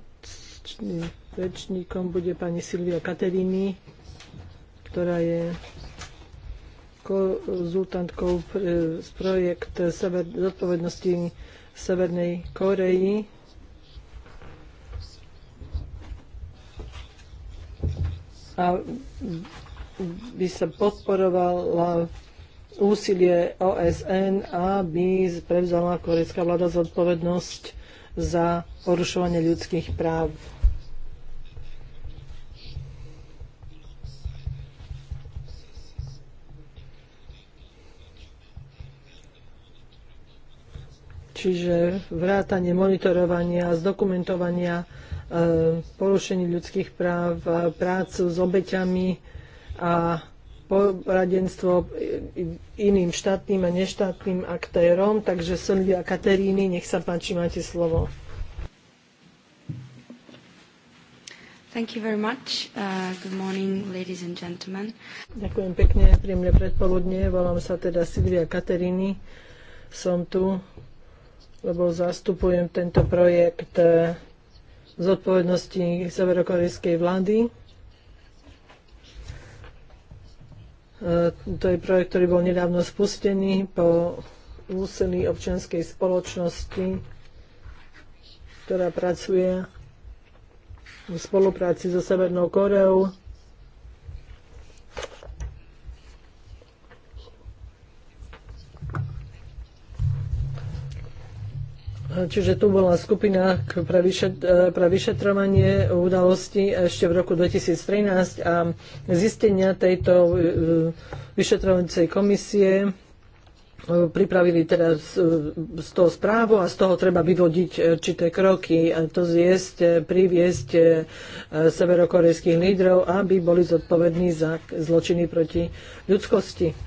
rečníkom bude pani Silvia Katerini, ktorá je konzultantkou z projekt sever, zodpovednosti Severnej Koreji. A by sa podporovala úsilie OSN, aby prevzala korejská vláda zodpovednosť za porušovanie ľudských práv. Čiže vrátanie monitorovania, zdokumentovania e, porušení ľudských práv, e, prácu s obeťami a poradenstvo iným štátnym a neštátnym aktérom. Takže Silvia Kateríny, nech sa páči, máte slovo. Thank you very much. Uh, good morning, ladies and gentlemen. Ďakujem pekne, príjemne predpoludne. Volám sa teda Silvia Kateríny. Som tu, lebo zastupujem tento projekt eh, zodpovednosti severokorejskej vlády E, to je projekt, ktorý bol nedávno spustený po úsilí občianskej spoločnosti, ktorá pracuje v spolupráci so Severnou Koreou Čiže tu bola skupina pre, vyšet, e, pre vyšetrovanie udalosti ešte v roku 2013 a zistenia tejto e, vyšetrovacej komisie e, pripravili teda z toho správu a z toho treba vyvodiť určité kroky a to zjesť, priviesť severokorejských lídrov, aby boli zodpovední za zločiny proti ľudskosti.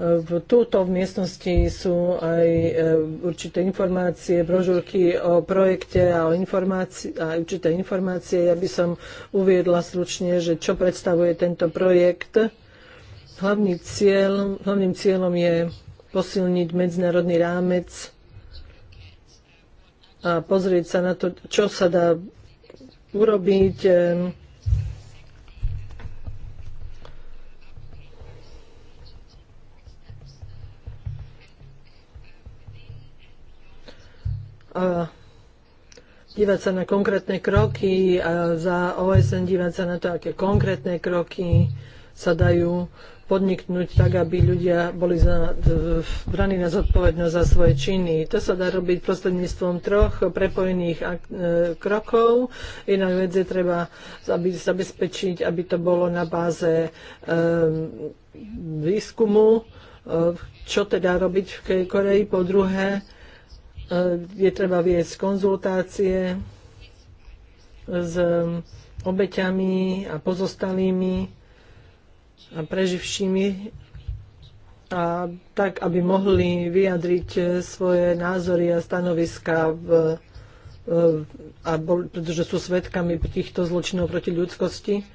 V túto v miestnosti sú aj e, určité informácie, brožúrky o projekte a, o a určité informácie. Ja by som uviedla stručne, že čo predstavuje tento projekt. Hlavný cieľ, hlavným cieľom je posilniť medzinárodný rámec a pozrieť sa na to, čo sa dá urobiť e, a dívať sa na konkrétne kroky a za OSN dívať sa na to, aké konkrétne kroky sa dajú podniknúť tak, aby ľudia boli za, braní na zodpovednosť za svoje činy. To sa dá robiť prostredníctvom troch prepojených ak, e, krokov. Iná vec je treba aby, zabezpečiť, aby to bolo na báze e, výskumu, e, čo teda robiť v Koreji. Po druhé, e, je treba viesť konzultácie s obeťami a pozostalými a preživšími, a tak, aby mohli vyjadriť svoje názory a stanoviska v, v, a bol, pretože sú svetkami týchto zločinov proti ľudskosti.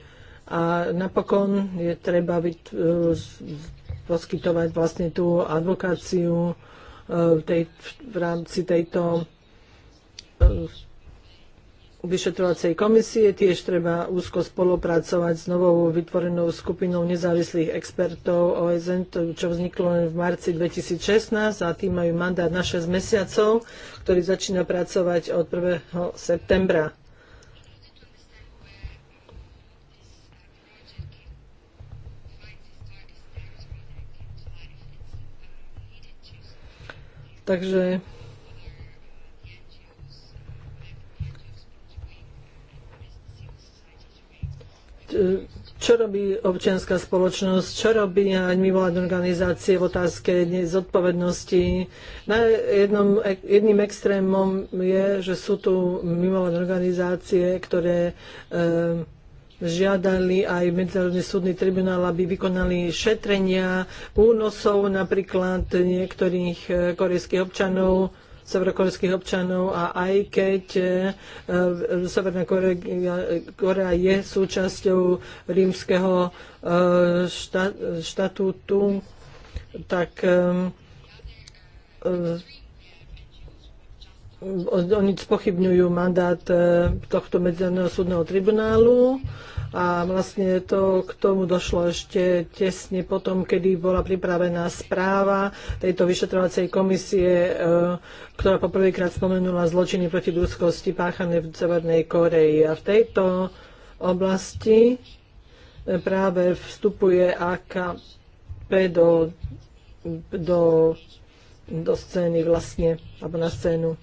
A napokon je treba byť, e, poskytovať vlastne tú advokáciu tej, v rámci tejto eh, vyšetrovacej komisie. Tiež treba úzko spolupracovať s novou vytvorenou skupinou nezávislých expertov OSN, čo vzniklo len v marci 2016 a tým majú mandát na 6 mesiacov, ktorý začína pracovať od 1. septembra. Takže čo robí občianská spoločnosť, čo robí aj mimovládne organizácie v otázke zodpovednosti. Na jednom, jedným extrémom je, že sú tu mimovládne organizácie, ktoré e, žiadali aj Medzinárodný súdny tribunál, aby vykonali šetrenia únosov napríklad niektorých eh, korejských občanov severokorejských občanov a aj keď eh, eh, Severná Korea, Korea je súčasťou rímskeho štatútu, tak oni spochybňujú mandát e, tohto medzinárodného súdneho tribunálu a vlastne to k tomu došlo ešte tesne potom, kedy bola pripravená správa tejto vyšetrovacej komisie, e, ktorá poprvýkrát spomenula zločiny proti ľudskosti páchané v Severnej Koreji. A v tejto oblasti e, práve vstupuje AKP do, do, do scény vlastne, alebo na scénu.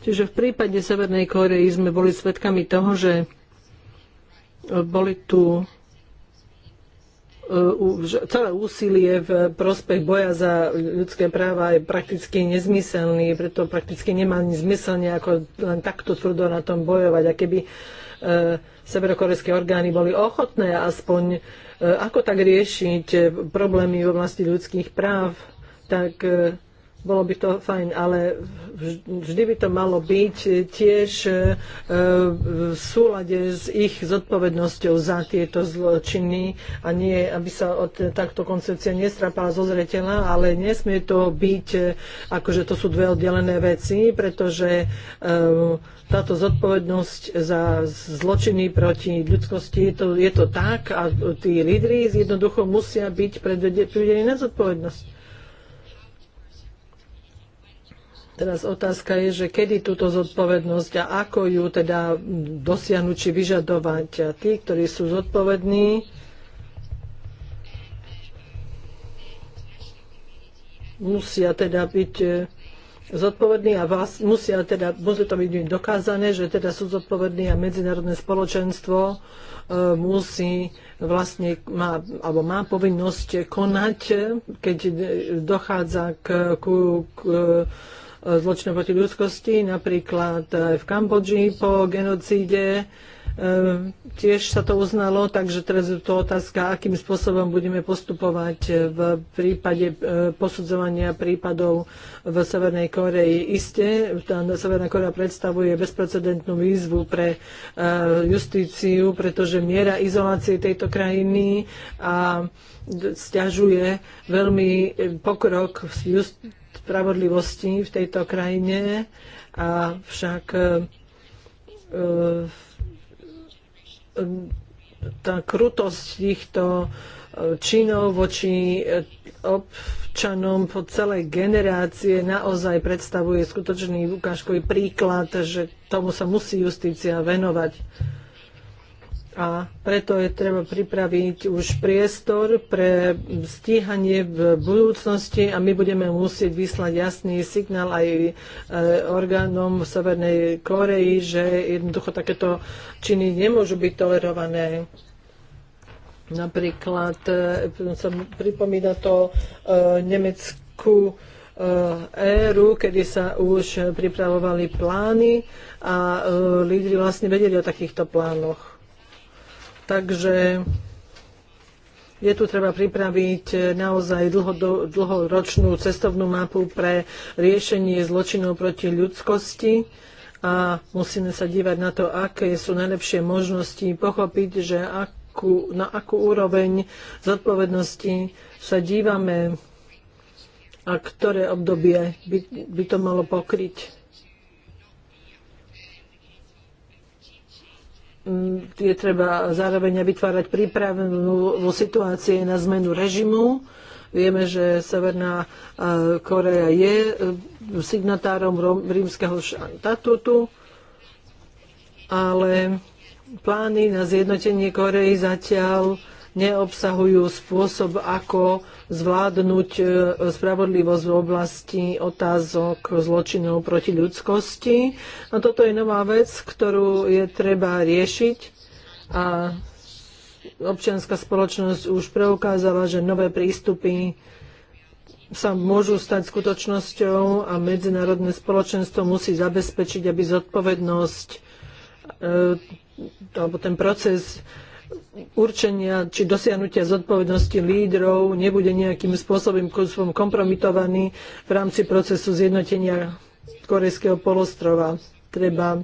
Čiže v prípade Severnej Koreji sme boli svedkami toho, že boli tu e, celé úsilie v prospech boja za ľudské práva je prakticky nezmyselný, preto prakticky nemá ani zmysel nejako len takto tvrdo na tom bojovať. A keby e, severokorejské orgány boli ochotné aspoň e, ako tak riešiť problémy v oblasti ľudských práv, tak bolo by to fajn, ale vždy by to malo byť tiež e, e, v súlade s ich zodpovednosťou za tieto zločiny a nie, aby sa od takto koncepcia nestrapala zo zreteľa, ale nesmie to byť, e, akože to sú dve oddelené veci, pretože táto zodpovednosť za zločiny proti ľudskosti, je to, je to tak a tí lídry jednoducho musia byť predvedení na zodpovednosť. Teraz otázka je, že kedy túto zodpovednosť a ako ju teda dosiahnuť či vyžadovať. A tí, ktorí sú zodpovední, musia teda byť e, zodpovední a vás, musia teda, musí to byť dokázané, že teda sú zodpovední a medzinárodné spoločenstvo e, musí vlastne, má, alebo má povinnosť konať, keď dochádza k, k, k zločinov proti ľudskosti, napríklad e, v Kambodži po genocíde. E, tiež sa to uznalo, takže teraz je to otázka, akým spôsobom budeme postupovať v prípade e, posudzovania prípadov v Severnej Koreji. Isté, tá Severná Korea predstavuje bezprecedentnú výzvu pre justíciu, pretože miera izolácie tejto krajiny a stiažuje veľmi pokrok v spravodlivosti v tejto krajine, a však e, e, tá krutosť týchto e, činov voči občanom po celej generácie naozaj predstavuje skutočný ukážkový príklad, že tomu sa musí justícia venovať a preto je treba pripraviť už priestor pre stíhanie v budúcnosti a my budeme musieť vyslať jasný signál aj e, orgánom v Severnej Koreji, že jednoducho takéto činy nemôžu byť tolerované. Napríklad e, sa pripomína to e, nemeckú éru, kedy sa už pripravovali plány a lídri vlastne vedeli o takýchto plánoch. Takže je tu treba pripraviť naozaj dlhoročnú cestovnú mapu pre riešenie zločinov proti ľudskosti a musíme sa dívať na to, aké sú najlepšie možnosti pochopiť, že akú, na akú úroveň zodpovednosti sa dívame a ktoré obdobie by, by to malo pokryť. je treba zároveň vytvárať prípravnú situácie na zmenu režimu. Vieme, že Severná e, Korea je e, signatárom rímskeho štatútu, ale plány na zjednotenie Korei zatiaľ neobsahujú spôsob, ako zvládnuť e, spravodlivosť v oblasti otázok zločinov proti ľudskosti. A toto je nová vec, ktorú je treba riešiť a občianská spoločnosť už preukázala, že nové prístupy sa môžu stať skutočnosťou a medzinárodné spoločenstvo musí zabezpečiť, aby zodpovednosť e, alebo ten proces určenia či dosiahnutia zodpovednosti lídrov nebude nejakým spôsobom kompromitovaný v rámci procesu zjednotenia Korejského polostrova. Treba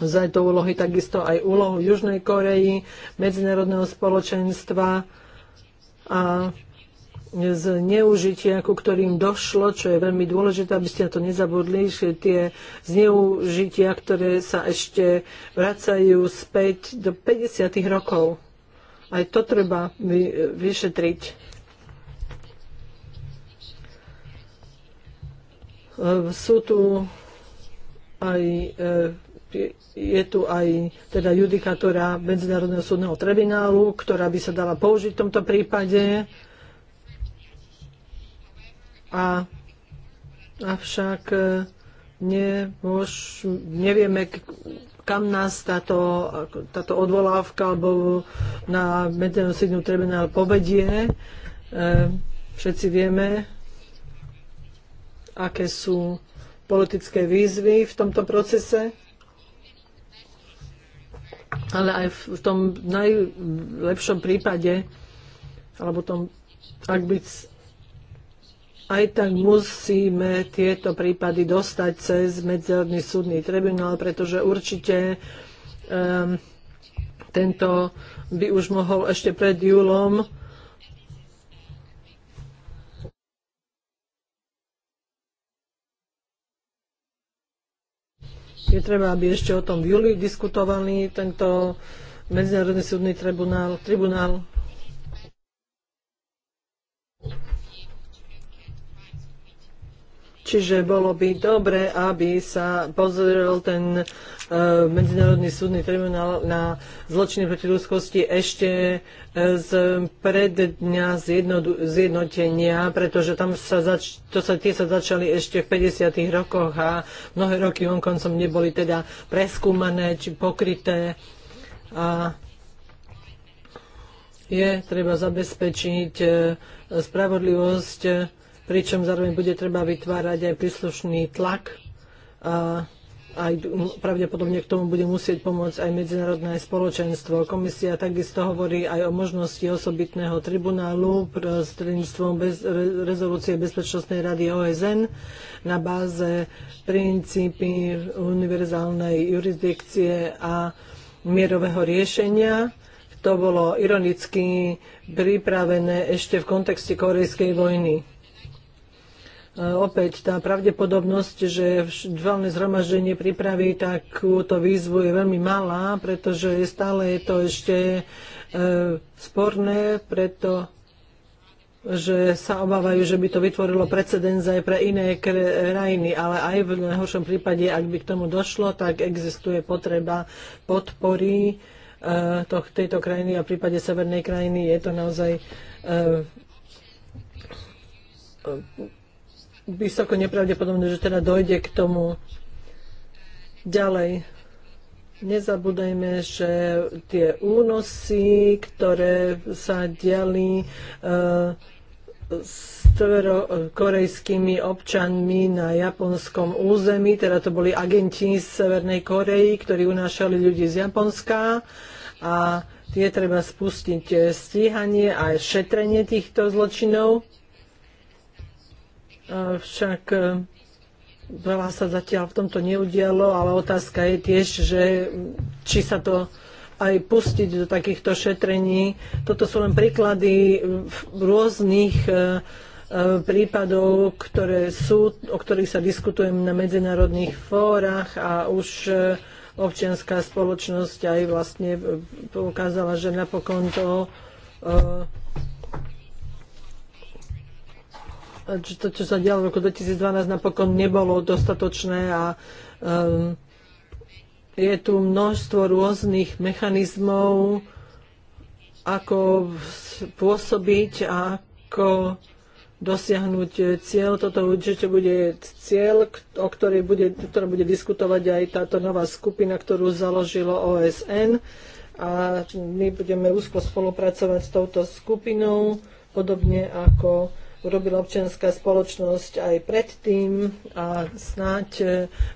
vzať do úlohy takisto aj úlohu Južnej Koreji, medzinárodného spoločenstva a zneužitia, ku ktorým došlo, čo je veľmi dôležité, aby ste na to nezabudli, že tie zneužitia, ktoré sa ešte vracajú späť do 50. rokov. Aj to treba vy, vyšetriť. E, sú tu aj e, je tu aj teda judikatúra Medzinárodného súdneho tribunálu, ktorá by sa dala použiť v tomto prípade. A avšak e, nemôž, nevieme, kam nás táto, táto odvolávka alebo na medzinárodnú tribunál povedie. E, všetci vieme, aké sú politické výzvy v tomto procese, ale aj v tom najlepšom prípade, alebo tom, ak by aj tak musíme tieto prípady dostať cez Medzinárodný súdny tribunál, pretože určite um, tento by už mohol ešte pred júlom je treba, aby ešte o tom v júli diskutovali tento Medzinárodný súdny tribunál, tribunál Čiže bolo by dobre, aby sa pozrel ten e, Medzinárodný súdny tribunál na zločiny proti ľudskosti ešte e, z pred dňa zjedno, zjednotenia, pretože tam sa zač, to sa, tie sa začali ešte v 50. rokoch a mnohé roky vonkoncom neboli teda preskúmané či pokryté. A je treba zabezpečiť e, spravodlivosť e, pričom zároveň bude treba vytvárať aj príslušný tlak a aj pravdepodobne k tomu bude musieť pomôcť aj medzinárodné spoločenstvo. Komisia takisto hovorí aj o možnosti osobitného tribunálu prostredníctvom bez, rezolúcie Bezpečnostnej rady OSN na báze princípy univerzálnej jurisdikcie a mierového riešenia. To bolo ironicky pripravené ešte v kontexte korejskej vojny. E, opäť tá pravdepodobnosť, že valné zhromaždenie pripraví takúto výzvu je veľmi malá, pretože stále je to ešte e, sporné, preto že sa obávajú, že by to vytvorilo precedens aj pre iné krajiny, ale aj v najhoršom prípade, ak by k tomu došlo, tak existuje potreba podpory uh, e, to, tejto krajiny a v prípade severnej krajiny je to naozaj uh, vysoko nepravdepodobné, že teda dojde k tomu ďalej. Nezabúdajme, že tie únosy, ktoré sa diali uh, severokorejskými občanmi na japonskom území, teda to boli agenti z Severnej Korei, ktorí unášali ľudí z Japonska a tie treba spustiť stíhanie a šetrenie týchto zločinov. Však e, veľa sa zatiaľ v tomto neudialo, ale otázka je tiež, že či sa to aj pustiť do takýchto šetrení. Toto sú len príklady rôznych e, e, prípadov, ktoré sú, o ktorých sa diskutujem na medzinárodných fórach a už občianská spoločnosť aj vlastne poukázala, že napokon to to, čo sa dialo v roku 2012, napokon nebolo dostatočné a um, je tu množstvo rôznych mechanizmov, ako pôsobiť a ako dosiahnuť cieľ. Toto určite bude cieľ, o ktorej bude, ktorá bude diskutovať aj táto nová skupina, ktorú založilo OSN. A my budeme úzko spolupracovať s touto skupinou, podobne ako urobila občianská spoločnosť aj predtým a snáď e,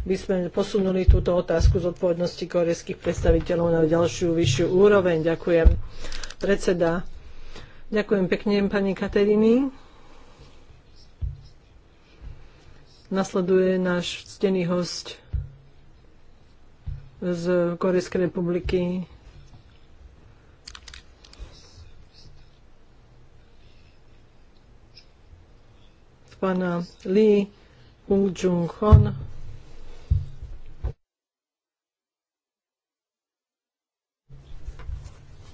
by sme posunuli túto otázku zodpovednosti korejských predstaviteľov na ďalšiu vyššiu úroveň. Ďakujem. Predseda. Ďakujem pekne pani Kateriny. Nasleduje náš ctený host z Korejskej republiky Pana Lee Wu Jung-hon,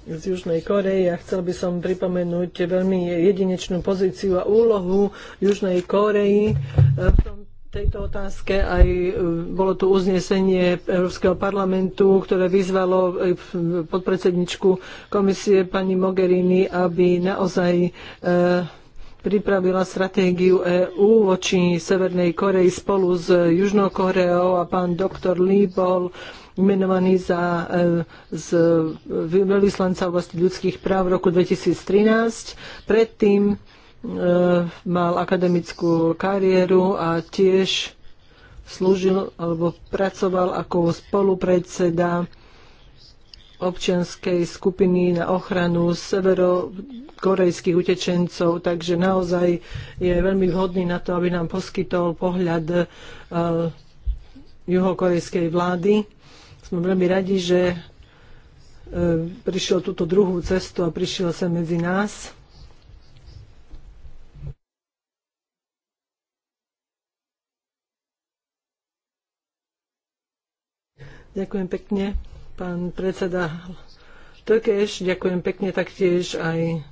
z Južnej Koreje a chcel by som pripomenúť veľmi jedinečnú pozíciu a úlohu Južnej Koreji eh, v tom, tejto otázke. Aj eh, bolo tu uznesenie Európskeho parlamentu, ktoré vyzvalo eh, podpredsedničku komisie pani Mogherini, aby naozaj e, pripravila stratégiu EÚ voči Severnej Koreji spolu s Južnou Koreou a pán doktor Lee bol menovaný za e, z veľvyslanca oblasti ľudských práv v roku 2013. Predtým e, mal akademickú kariéru a tiež slúžil alebo pracoval ako spolupredseda občianskej skupiny na ochranu severokorejských utečencov, takže naozaj je veľmi vhodný na to, aby nám poskytol pohľad uh, juhokorejskej vlády. Sme veľmi radi, že uh, prišiel túto druhú cestu a prišiel sa medzi nás. Ďakujem pekne pán predseda Tökeš. Ďakujem pekne taktiež aj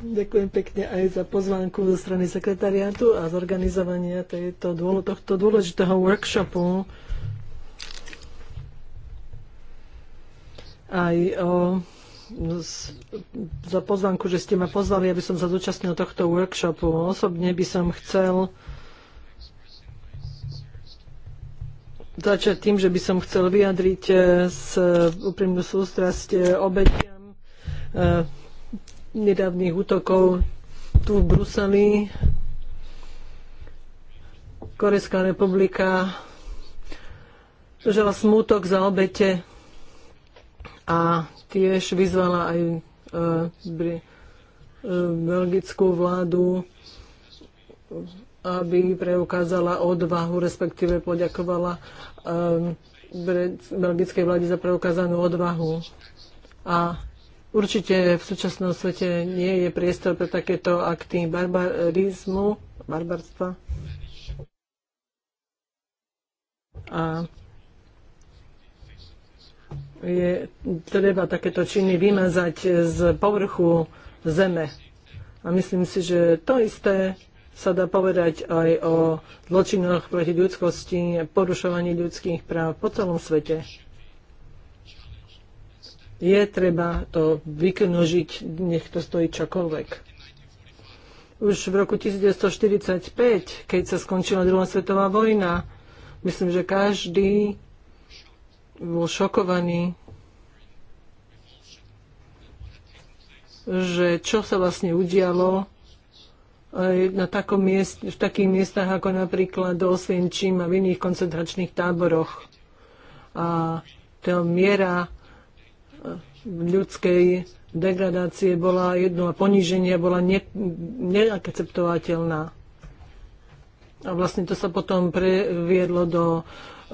Ďakujem pekne aj za pozvánku zo strany sekretariátu a zorganizovania tejto, tohto dôležitého workshopu aj o, za pozvánku, že ste ma pozvali, aby som sa zúčastnil tohto workshopu. Osobne by som chcel začať tým, že by som chcel vyjadriť e, s e, úprimnú sústrasť e, obetiam nedávnych útokov tu v Bruseli. Korejská republika žela smútok za obete a tiež vyzvala aj belgickú vládu, aby preukázala odvahu, respektíve poďakovala Ehm, belgickej vlády za preukázanú odvahu. A určite v súčasnom svete nie je priestor pre takéto akty barbarizmu, barbarstva. A je treba takéto činy vymazať z povrchu zeme. A myslím si, že to isté sa dá povedať aj o zločinoch proti ľudskosti, porušovaní ľudských práv po celom svete. Je treba to vyknožiť, nech to stojí čokoľvek. Už v roku 1945, keď sa skončila druhá svetová vojna, myslím, že každý bol šokovaný, že čo sa vlastne udialo na takom miest, v takých miestach ako napríklad do Osvienčím a v iných koncentračných táboroch. A tá miera eh, ľudskej degradácie bola jedno a poníženie bola ne, neakceptovateľná. A vlastne to sa potom previedlo do eh,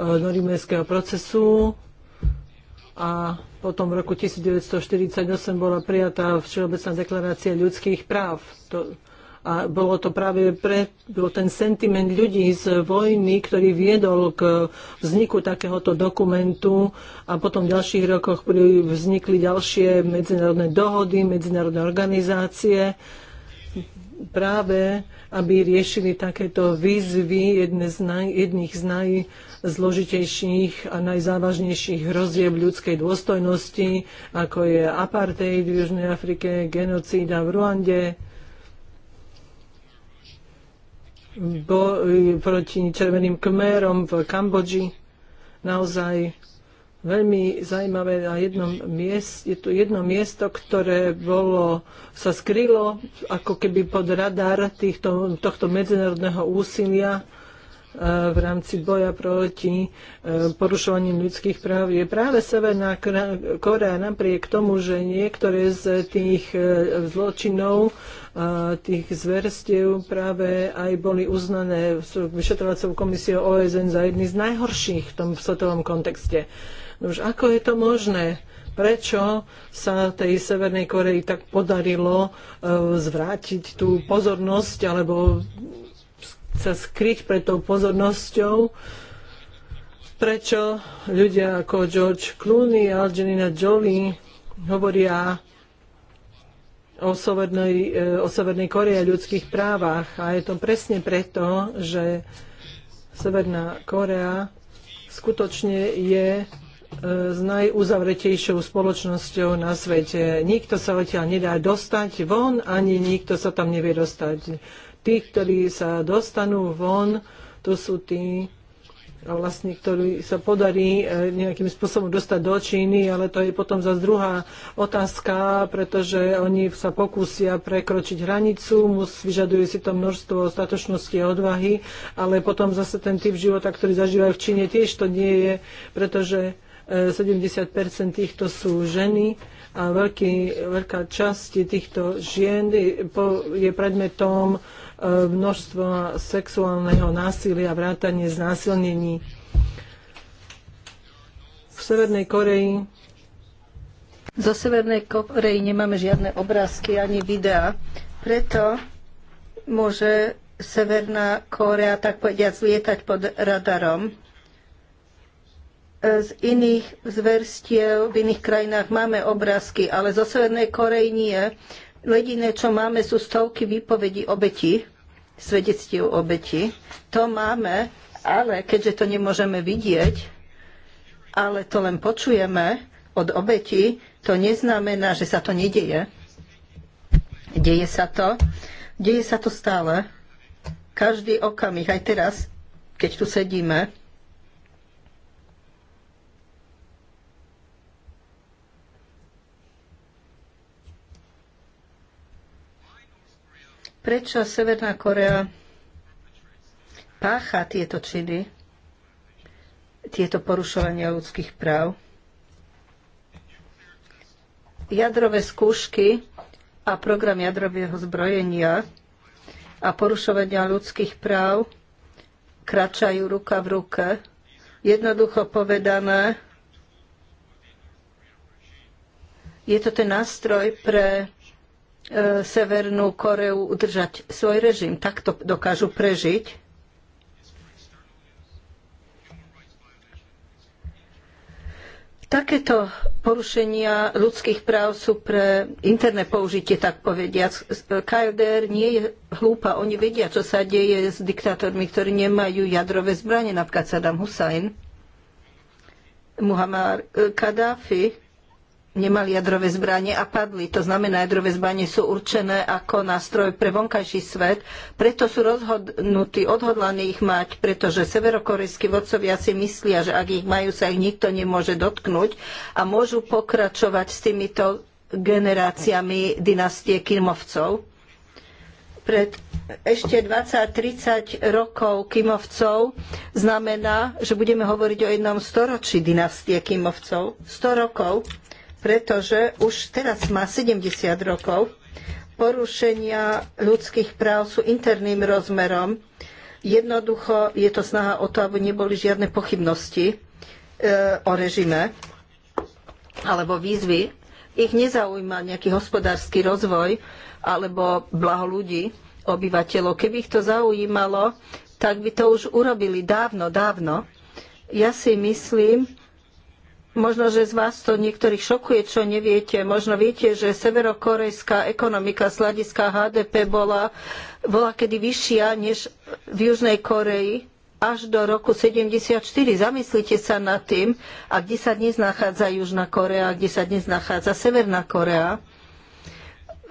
norimerského procesu a potom v roku 1948 bola prijatá Všeobecná deklarácia ľudských práv. To, a bolo to práve pre, bol ten sentiment ľudí z vojny, ktorý viedol k vzniku takéhoto dokumentu a potom v ďalších rokoch vznikli ďalšie medzinárodné dohody, medzinárodné organizácie práve, aby riešili takéto výzvy jedne z naj, jedných z najzložitejších a najzávažnejších hrozieb ľudskej dôstojnosti, ako je apartheid v Južnej Afrike, genocída v Ruande, bo, proti červeným kmerom v Kambodži. Naozaj veľmi zaujímavé a jedno miest, je to jedno miesto, ktoré bolo, sa skrylo ako keby pod radar týchto, tohto medzinárodného úsilia v rámci boja proti e, porušovaním ľudských práv je práve Severná Korea napriek tomu, že niektoré z tých e, zločinov e, tých zverstiev práve aj boli uznané vyšetrovacou komisiou OSN za jedny z najhorších v tom svetovom kontexte. No už ako je to možné? Prečo sa tej Severnej Koreji tak podarilo zvrátiť tú pozornosť alebo sa skryť pred tou pozornosťou, prečo ľudia ako George Clooney a Algenina Jolie hovoria o Severnej, e, o Severnej Korei a ľudských právach. A je to presne preto, že Severná Korea skutočne je e, s najuzavretejšou spoločnosťou na svete. Nikto sa odtiaľ nedá dostať von, ani nikto sa tam nevie dostať tí, ktorí sa dostanú von, to sú tí, vlastne, ktorí sa podarí e, nejakým spôsobom dostať do Číny, ale to je potom zase druhá otázka, pretože oni sa pokúsia prekročiť hranicu, mus, vyžaduje si to množstvo statočnosti a odvahy, ale potom zase ten typ života, ktorý zažívajú v Číne, tiež to nie je, pretože 70 e, týchto sú ženy a veľký, veľká časť týchto žien je predmetom E, množstvo sexuálneho násilia, vrátanie znásilnení. V Severnej Koreji zo Severnej Koreji nemáme žiadne obrázky ani videá. Preto môže Severná Korea tak povediať, lietať pod radarom. E, z iných zverstiev v iných krajinách máme obrázky, ale zo Severnej Korei nie. Jediné, čo máme, sú stovky výpovedí obeti, svedectiev obeti. To máme, ale keďže to nemôžeme vidieť, ale to len počujeme od obeti, to neznamená, že sa to nedieje. Deje sa to. Deje sa to stále. Každý okamih, aj teraz, keď tu sedíme, Prečo Severná Korea pácha tieto činy, tieto porušovania ľudských práv? Jadrové skúšky a program jadrového zbrojenia a porušovania ľudských práv kračajú ruka v ruke. Jednoducho povedané, je to ten nástroj pre E, Severnú Koreu udržať svoj režim. Takto dokážu prežiť. Takéto porušenia ľudských práv sú pre interné použitie, tak povediac. KLDR nie je hlúpa. Oni vedia, čo sa deje s diktátormi, ktorí nemajú jadrové zbranie, napríklad Saddam Hussein, Muhammad Kadáfi nemali jadrové zbranie a padli. To znamená, jadrové zbranie sú určené ako nástroj pre vonkajší svet, preto sú rozhodnutí, odhodlaní ich mať, pretože severokorejskí vodcovia si myslia, že ak ich majú, sa ich nikto nemôže dotknúť a môžu pokračovať s týmito generáciami dynastie Kimovcov. Pred ešte 20-30 rokov Kimovcov znamená, že budeme hovoriť o jednom storočí dynastie Kimovcov. 100 rokov pretože už teraz má 70 rokov. Porušenia ľudských práv sú interným rozmerom. Jednoducho je to snaha o to, aby neboli žiadne pochybnosti e, o režime alebo výzvy. Ich nezaujíma nejaký hospodársky rozvoj alebo blaho ľudí, obyvateľov. Keby ich to zaujímalo, tak by to už urobili dávno, dávno. Ja si myslím, Možno, že z vás to niektorých šokuje, čo neviete. Možno viete, že severokorejská ekonomika z hľadiska HDP bola, bola kedy vyššia než v Južnej Koreji až do roku 74. Zamyslite sa nad tým, a kde sa dnes nachádza Južná Korea, a kde sa dnes nachádza Severná Korea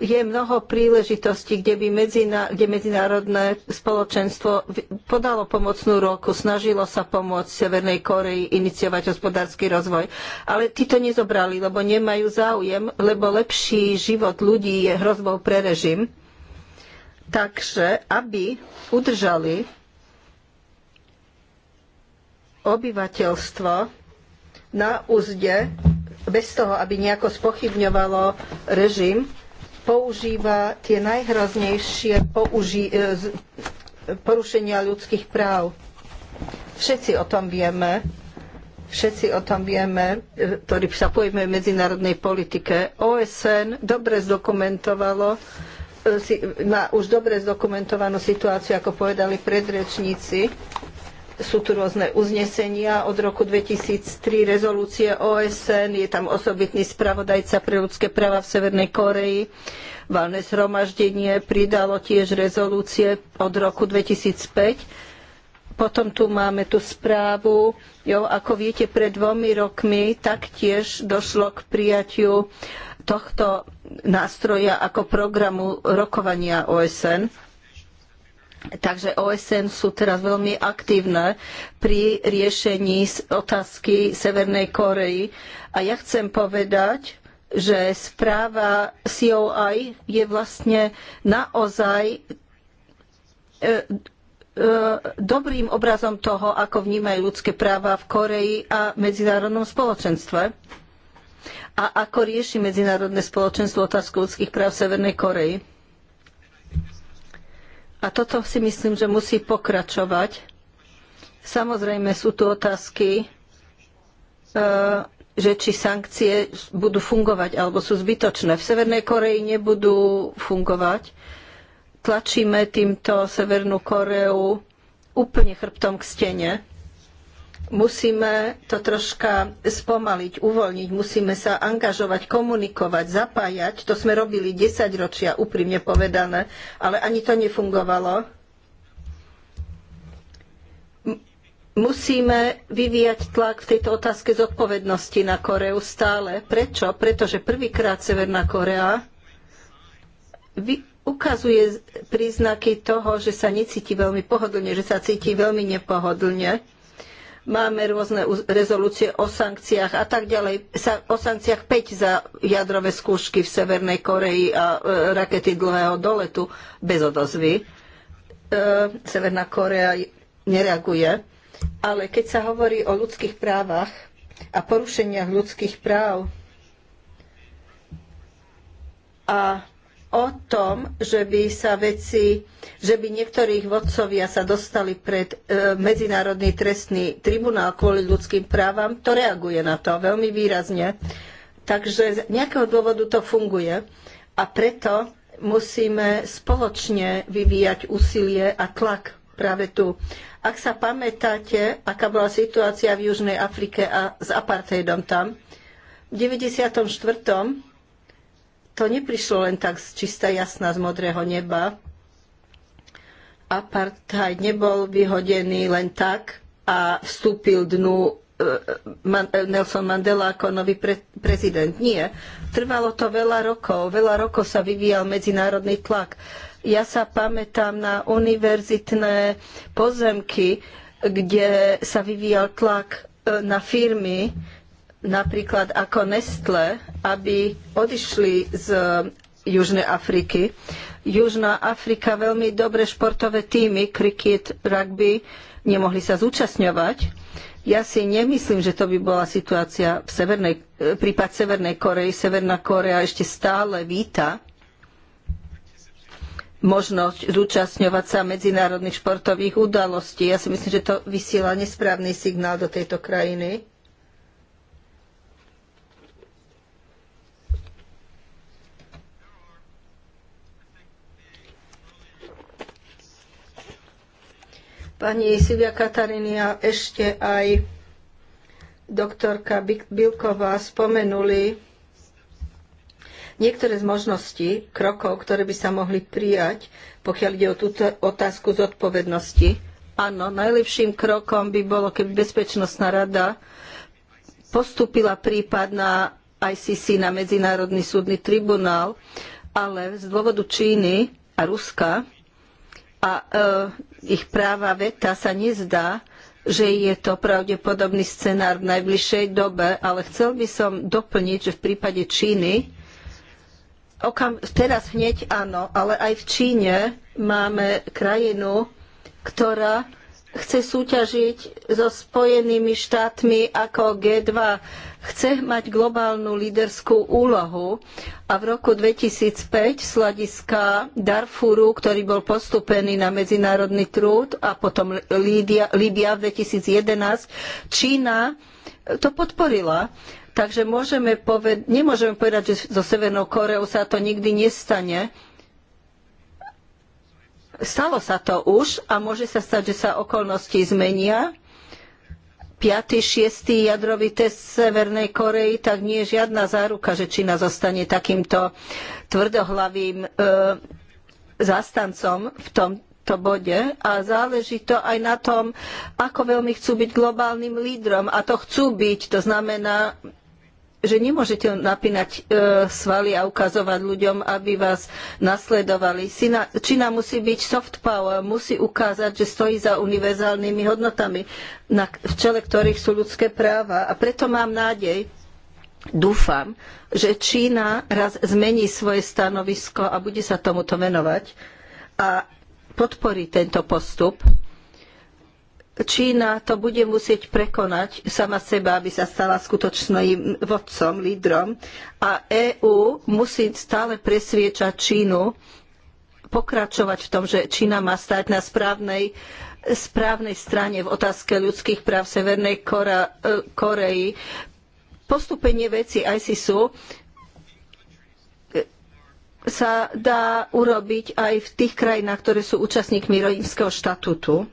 je mnoho príležitostí, kde by medziná, kde medzinárodné spoločenstvo podalo pomocnú roku, snažilo sa pomôcť Severnej Koreji iniciovať hospodársky rozvoj. Ale tí to nezobrali, lebo nemajú záujem, lebo lepší život ľudí je hrozbou pre režim. Takže, aby udržali obyvateľstvo na úzde, bez toho, aby nejako spochybňovalo režim, používa tie najhroznejšie použi- e, porušenia ľudských práv. Všetci o tom vieme. Všetci o tom vieme, e, ktorí sa pojme v medzinárodnej politike. OSN dobre zdokumentovalo, e, má už dobre zdokumentovanú situáciu, ako povedali predrečníci sú tu rôzne uznesenia od roku 2003, rezolúcie OSN, je tam osobitný spravodajca pre ľudské práva v Severnej Kórei. Valné zhromaždenie pridalo tiež rezolúcie od roku 2005 potom tu máme tú správu. Jo, ako viete, pred dvomi rokmi taktiež došlo k prijatiu tohto nástroja ako programu rokovania OSN. Takže OSN sú teraz veľmi aktívne pri riešení otázky Severnej Korei. A ja chcem povedať, že správa COI je vlastne naozaj e, e, dobrým obrazom toho, ako vnímajú ľudské práva v Koreji a medzinárodnom spoločenstve a ako rieši medzinárodné spoločenstvo otázku ľudských práv v Severnej Koreji. A toto si myslím, že musí pokračovať. Samozrejme sú tu otázky, e, že či sankcie budú fungovať alebo sú zbytočné. V Severnej Koreji nebudú fungovať. Tlačíme týmto Severnú Koreu úplne chrbtom k stene. Musíme to troška spomaliť, uvoľniť, musíme sa angažovať, komunikovať, zapájať. To sme robili 10 ročia, úprimne povedané, ale ani to nefungovalo. Musíme vyvíjať tlak v tejto otázke zodpovednosti na Koreu stále. Prečo? Pretože prvýkrát Severná Korea ukazuje príznaky toho, že sa necíti veľmi pohodlne, že sa cíti veľmi nepohodlne. Máme rôzne rezolúcie o sankciách a tak ďalej. O sankciách 5 za jadrové skúšky v Severnej Koreji a e, rakety dlhého doletu bez odozvy. E, Severná Korea nereaguje. Ale keď sa hovorí o ľudských právach a porušeniach ľudských práv a o tom, že by sa veci, že by niektorých vodcovia sa dostali pred e, Medzinárodný trestný tribunál kvôli ľudským právam, to reaguje na to veľmi výrazne. Takže z nejakého dôvodu to funguje a preto musíme spoločne vyvíjať úsilie a tlak práve tu. Ak sa pamätáte, aká bola situácia v Južnej Afrike a s apartheidom tam, v 94 to neprišlo len tak čistá jasná z modrého neba. Apartheid nebol vyhodený len tak a vstúpil dnu e, e, Nelson Mandela ako nový pre- prezident. Nie. Trvalo to veľa rokov. Veľa rokov sa vyvíjal medzinárodný tlak. Ja sa pamätám na univerzitné pozemky, kde sa vyvíjal tlak e, na firmy, napríklad ako Nestle, aby odišli z Južnej Afriky. Južná Afrika veľmi dobré športové týmy, kriket, rugby, nemohli sa zúčastňovať. Ja si nemyslím, že to by bola situácia v Severnej, e, prípad Severnej Korei. Severná Korea ešte stále víta možnosť zúčastňovať sa medzinárodných športových udalostí. Ja si myslím, že to vysiela nesprávny signál do tejto krajiny. pani Silvia a ešte aj doktorka Bilková spomenuli niektoré z možností, krokov, ktoré by sa mohli prijať, pokiaľ ide o túto otázku zodpovednosti. Áno, najlepším krokom by bolo, keby Bezpečnostná rada postúpila prípad na ICC, na Medzinárodný súdny tribunál, ale z dôvodu Číny a Ruska a e, ich práva veta sa nezdá, že je to pravdepodobný scenár v najbližšej dobe, ale chcel by som doplniť, že v prípade Číny, okam, teraz hneď áno, ale aj v Číne máme krajinu, ktorá chce súťažiť so Spojenými štátmi ako G2 chce mať globálnu líderskú úlohu a v roku 2005 z hľadiska Darfuru, ktorý bol postupený na medzinárodný trúd a potom Líbia v 2011, Čína to podporila. Takže môžeme poved- nemôžeme povedať, že so Severnou Koreou sa to nikdy nestane. Stalo sa to už a môže sa stať, že sa okolnosti zmenia 5. 6. jadrový test Severnej Korei, tak nie je žiadna záruka, že Čína zostane takýmto tvrdohlavým e, zastancom v tomto bode a záleží to aj na tom, ako veľmi chcú byť globálnym lídrom a to chcú byť, to znamená že nemôžete napínať e, svaly a ukazovať ľuďom, aby vás nasledovali. Sina, Čína musí byť soft power, musí ukázať, že stojí za univerzálnymi hodnotami, na, v čele ktorých sú ľudské práva. A preto mám nádej, dúfam, že Čína raz zmení svoje stanovisko a bude sa tomuto venovať a podporí tento postup Čína to bude musieť prekonať sama seba, aby sa stala skutočným vodcom, lídrom. A EÚ musí stále presviečať Čínu, pokračovať v tom, že Čína má stať na správnej, správnej strane v otázke ľudských práv Severnej Kora, e, Koreji. Postupenie veci ICSU e, sa dá urobiť aj v tých krajinách, ktoré sú účastníkmi rímskeho štatútu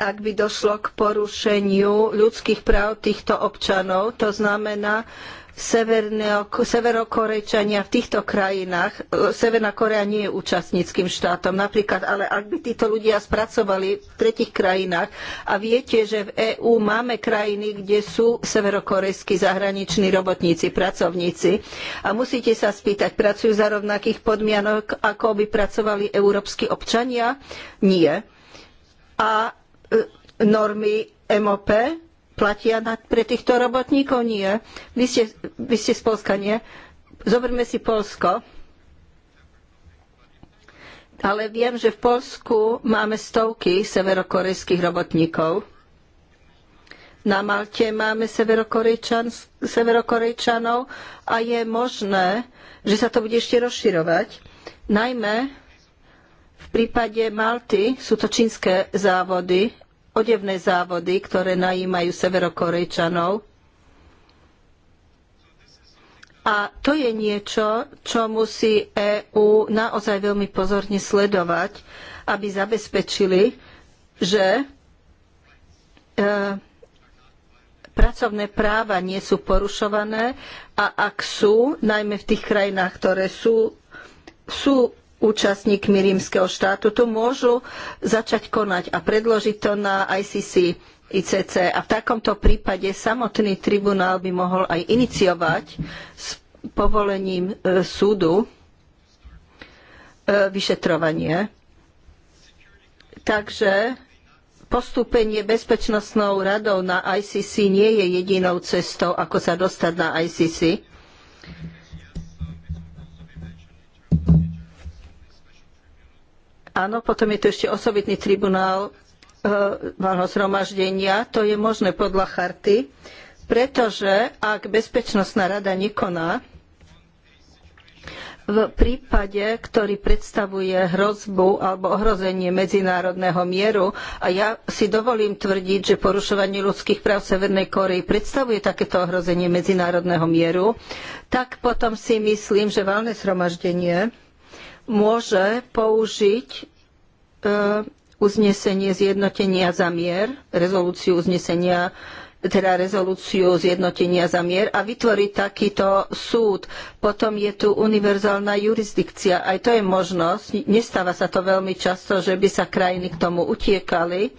ak by došlo k porušeniu ľudských práv týchto občanov. To znamená, severokorejčania v týchto krajinách, Severná Korea nie je účastníckým štátom napríklad, ale ak by títo ľudia spracovali v tretich krajinách a viete, že v EÚ máme krajiny, kde sú severokorejskí zahraniční robotníci, pracovníci a musíte sa spýtať, pracujú za rovnakých podmienok, ako by pracovali európski občania? Nie. A E, normy MOP platia pre týchto robotníkov? Nie. Vy ste, vy ste z Polska, nie? Zoberme si Polsko. Ale viem, že v Polsku máme stovky severokorejských robotníkov. Na Malte máme severokorejčan, severokorejčanov a je možné, že sa to bude ešte rozširovať. Najmä v prípade Malty sú to čínske závody odevné závody, ktoré najímajú severokorejčanov. A to je niečo, čo musí EÚ naozaj veľmi pozorne sledovať, aby zabezpečili, že e, pracovné práva nie sú porušované a ak sú, najmä v tých krajinách, ktoré sú, sú účastníkmi rímskeho štátu, to môžu začať konať a predložiť to na ICC, ICC. A v takomto prípade samotný tribunál by mohol aj iniciovať s povolením e, súdu e, vyšetrovanie. Takže postúpenie bezpečnostnou radou na ICC nie je jedinou cestou, ako sa dostať na ICC. Áno, potom je tu ešte osobitný tribunál e, valného zhromaždenia. To je možné podľa charty, pretože ak Bezpečnostná rada nekoná, v prípade, ktorý predstavuje hrozbu alebo ohrozenie medzinárodného mieru a ja si dovolím tvrdiť, že porušovanie ľudských práv v Severnej Kórei predstavuje takéto ohrozenie medzinárodného mieru, tak potom si myslím, že valné zhromaždenie môže použiť e, uznesenie zjednotenia za mier, rezolúciu uznesenia teda rezolúciu zjednotenia za mier a vytvoriť takýto súd. Potom je tu univerzálna jurisdikcia. Aj to je možnosť. Nestáva sa to veľmi často, že by sa krajiny k tomu utiekali.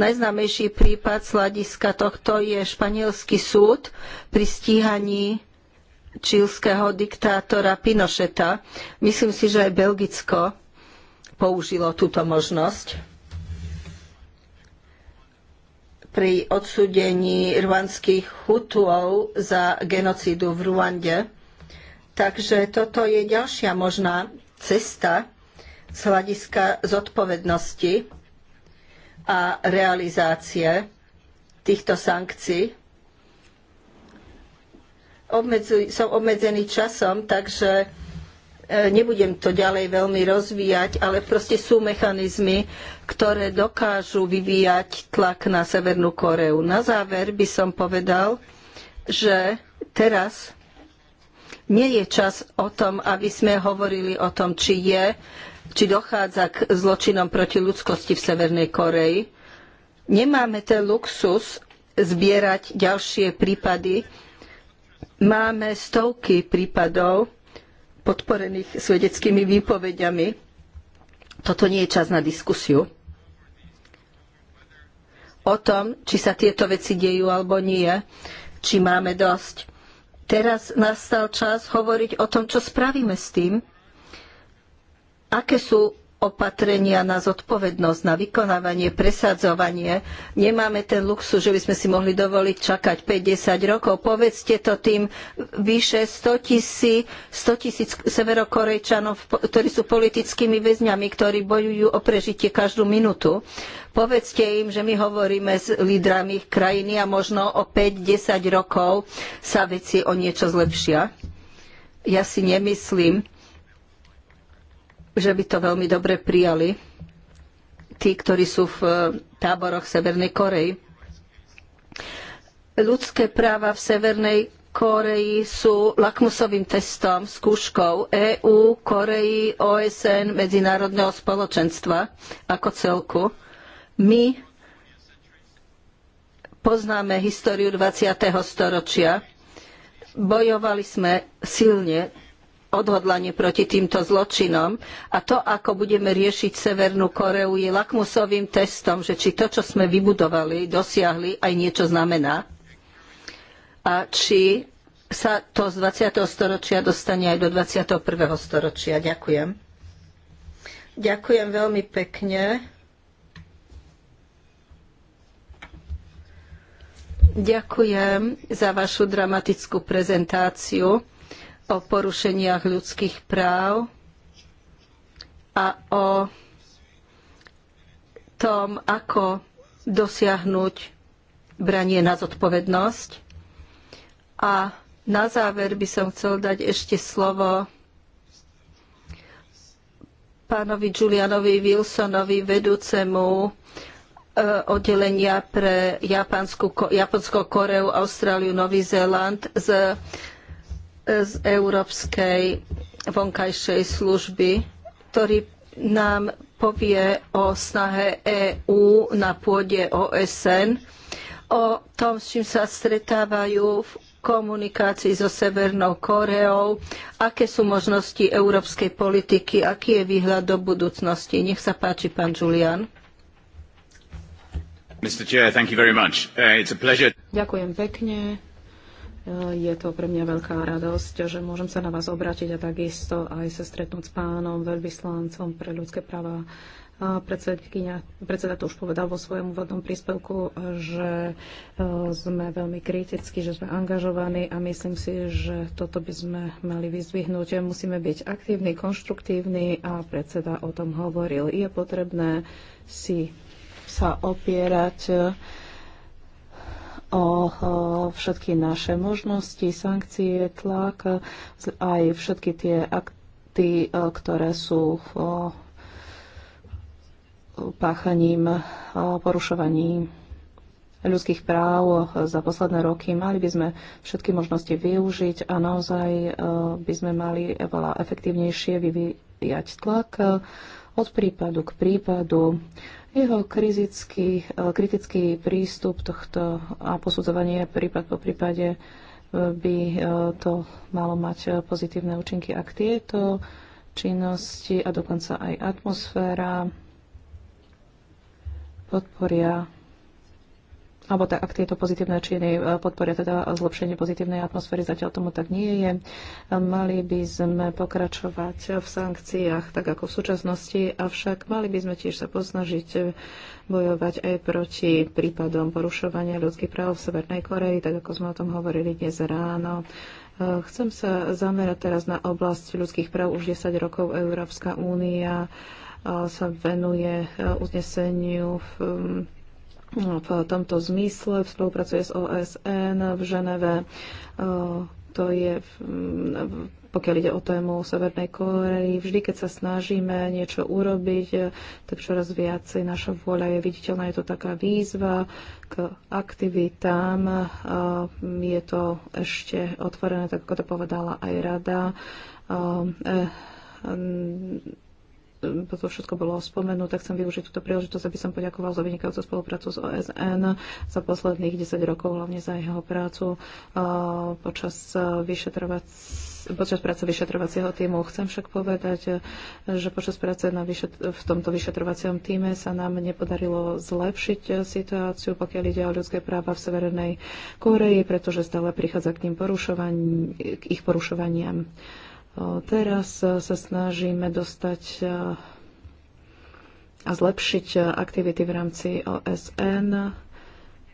Najznámejší prípad z hľadiska tohto je španielský súd pri stíhaní čílskeho diktátora Pinocheta. Myslím si, že aj Belgicko použilo túto možnosť pri odsúdení rwanských hutuov za genocídu v Ruande. Takže toto je ďalšia možná cesta z hľadiska zodpovednosti a realizácie týchto sankcií obmedzuj, som obmedzený časom, takže e, nebudem to ďalej veľmi rozvíjať, ale proste sú mechanizmy, ktoré dokážu vyvíjať tlak na Severnú Koreu. Na záver by som povedal, že teraz nie je čas o tom, aby sme hovorili o tom, či je, či dochádza k zločinom proti ľudskosti v Severnej Koreji. Nemáme ten luxus zbierať ďalšie prípady, Máme stovky prípadov podporených svedeckými výpovediami. Toto nie je čas na diskusiu o tom, či sa tieto veci dejú alebo nie, či máme dosť. Teraz nastal čas hovoriť o tom, čo spravíme s tým, aké sú opatrenia na zodpovednosť, na vykonávanie, presadzovanie. Nemáme ten luxus, že by sme si mohli dovoliť čakať 50 rokov. Povedzte to tým vyše 100 tisíc, 100 severokorejčanov, ktorí sú politickými väzňami, ktorí bojujú o prežitie každú minútu. Povedzte im, že my hovoríme s lídrami ich krajiny a možno o 5-10 rokov sa veci o niečo zlepšia. Ja si nemyslím, že by to veľmi dobre prijali tí, ktorí sú v eh, táboroch Severnej Korei. Ľudské práva v Severnej Koreji sú lakmusovým testom, skúškou EÚ, Koreji, OSN, medzinárodného spoločenstva ako celku. My poznáme históriu 20. storočia. Bojovali sme silne odhodlanie proti týmto zločinom. A to, ako budeme riešiť Severnú Koreu, je lakmusovým testom, že či to, čo sme vybudovali, dosiahli, aj niečo znamená. A či sa to z 20. storočia dostane aj do 21. storočia. Ďakujem. Ďakujem veľmi pekne. Ďakujem za vašu dramatickú prezentáciu o porušeniach ľudských práv a o tom, ako dosiahnuť branie na zodpovednosť. A na záver by som chcel dať ešte slovo pánovi Julianovi Wilsonovi, vedúcemu e, oddelenia pre Japonsko, Koreu, Austráliu, Nový Zéland z z Európskej vonkajšej služby, ktorý nám povie o snahe EÚ na pôde OSN, o tom, s čím sa stretávajú v komunikácii so Severnou Kóreou, aké sú možnosti európskej politiky, aký je výhľad do budúcnosti. Nech sa páči, pán Julian. Chair, uh, Ďakujem pekne. Je to pre mňa veľká radosť, že môžem sa na vás obrátiť a takisto aj sa stretnúť s pánom veľvyslancom pre ľudské práva. Predseda to už povedal vo svojom úvodnom príspevku, že e, sme veľmi kritickí, že sme angažovaní a myslím si, že toto by sme mali vyzvihnúť. Musíme byť aktívni, konštruktívni a predseda o tom hovoril. Je potrebné si sa opierať o všetky naše možnosti, sankcie, tlak, aj všetky tie akty, ktoré sú páchaním, porušovaním ľudských práv za posledné roky. Mali by sme všetky možnosti využiť a naozaj by sme mali veľa efektívnejšie vyvíjať tlak od prípadu k prípadu jeho kritický, eh, kritický prístup tohto a posudzovanie prípad po prípade eh, by eh, to malo mať pozitívne účinky. Ak tieto činnosti a dokonca aj atmosféra podporia alebo tak, ak tieto pozitívne činy e, podporia teda zlepšenie pozitívnej atmosféry, zatiaľ tomu tak nie je. E, mali by sme pokračovať v sankciách, tak ako v súčasnosti, avšak mali by sme tiež sa posnažiť bojovať aj proti prípadom porušovania ľudských práv v Severnej Koreji, tak ako sme o tom hovorili dnes ráno. E, chcem sa zamerať teraz na oblasť ľudských práv. Už 10 rokov Európska únia sa venuje uzneseniu v v tomto zmysle, spolupracuje s OSN v Ženeve. To je, pokiaľ ide o tému Severnej Koreji, vždy, keď sa snažíme niečo urobiť, e, tak čoraz viacej naša vôľa je viditeľná. Je to taká výzva k aktivitám. Je to ešte otvorené, tak ako to povedala aj rada e, toto všetko bolo spomenuté, chcem využiť túto príležitosť, aby som poďakoval za vynikajúcu spoluprácu s OSN za posledných 10 rokov, hlavne za jeho prácu počas vyšetrovacích počas práce vyšetrovacieho týmu. Chcem však povedať, že počas práce na vyšet- v tomto vyšetrovacom týme sa nám nepodarilo zlepšiť situáciu, pokiaľ ide o ľudské práva v Severnej Koreji, pretože stále prichádza k, ním porušovan- k ich porušovaniam. Uh, Teraz e, sa snažíme dostať e, a zlepšiť e, aktivity v rámci OSN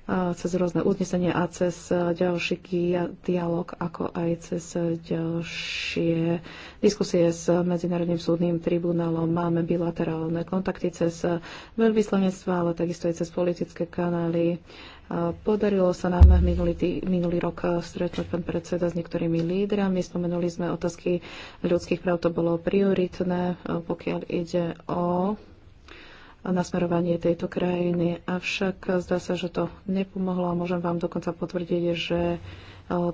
cez rôzne uznesenia a cez e, ďalší dialog, ako aj cez e, ďalšie diskusie s Medzinárodným súdnym tribunálom. Máme bilaterálne kontakty cez veľvyslanectva, ale takisto aj cez politické kanály. E, podarilo sa nám minulý, tý, minulý rok stretnúť pán predseda s niektorými lídrami. Spomenuli sme otázky ľudských práv, to bolo prioritné, pokiaľ ide o nasmerovanie tejto krajiny. Avšak zdá sa, že to nepomohlo a môžem vám dokonca potvrdiť, že e,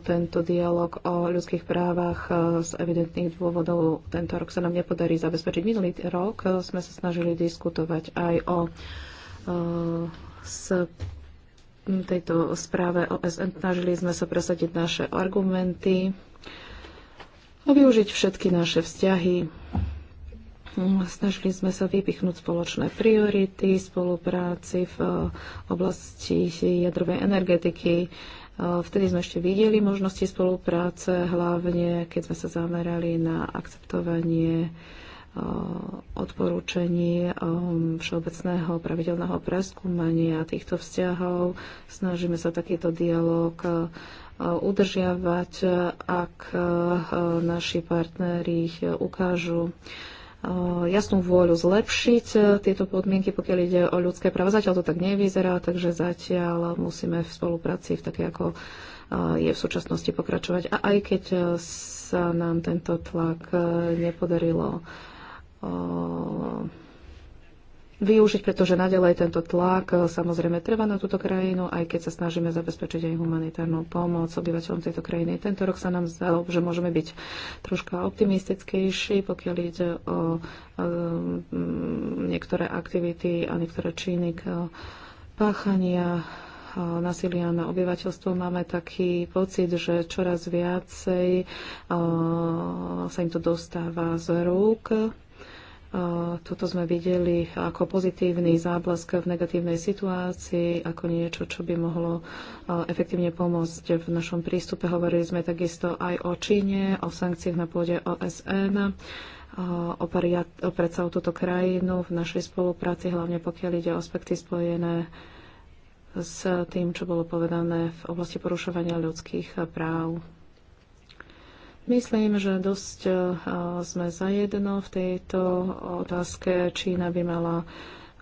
tento dialog o ľudských právach e, z evidentných dôvodov tento rok sa nám nepodarí zabezpečiť. Minulý rok e, sme sa snažili diskutovať aj o s tejto správe OSN. Snažili sme sa presadiť naše argumenty a využiť všetky naše vzťahy Snažili sme sa vypichnúť spoločné priority, spolupráci v eh, oblasti jadrovej energetiky. Eh, vtedy sme ešte videli možnosti spolupráce, hlavne keď sme sa zamerali na akceptovanie eh, odporúčaní všeobecného pravidelného preskúmania týchto vzťahov. Snažíme sa takýto dialog udržiavať, ak naši partneri ich ukážu jasnú vôľu zlepšiť e, tieto podmienky, pokiaľ ide o ľudské práva. Zatiaľ to tak nevyzerá, takže zatiaľ musíme v spolupráci v také ako je v súčasnosti pokračovať. A aj keď e, sa nám tento tlak e, nepodarilo využiť, pretože nadalej tento tlak e, samozrejme trvá na túto krajinu, aj keď sa snažíme zabezpečiť aj humanitárnu pomoc obyvateľom tejto krajiny. Tento rok sa nám zdalo, že môžeme byť troška optimistickejší, pokiaľ ide o e, niektoré aktivity a niektoré činy k e, páchania násilia na obyvateľstvo, máme taký pocit, že čoraz viacej sa im to dostáva z rúk toto sme videli ako pozitívny záblask v negatívnej situácii, ako niečo, čo by mohlo efektívne pomôcť v našom prístupe. Hovorili sme takisto aj o Číne, o sankciách na pôde OSN o predstavu túto krajinu v našej spolupráci, hlavne pokiaľ ide o aspekty spojené s tým, čo bolo povedané v oblasti porušovania ľudských práv. Myslím, že dosť eh, sme zajedno v tejto otázke. Čína by mala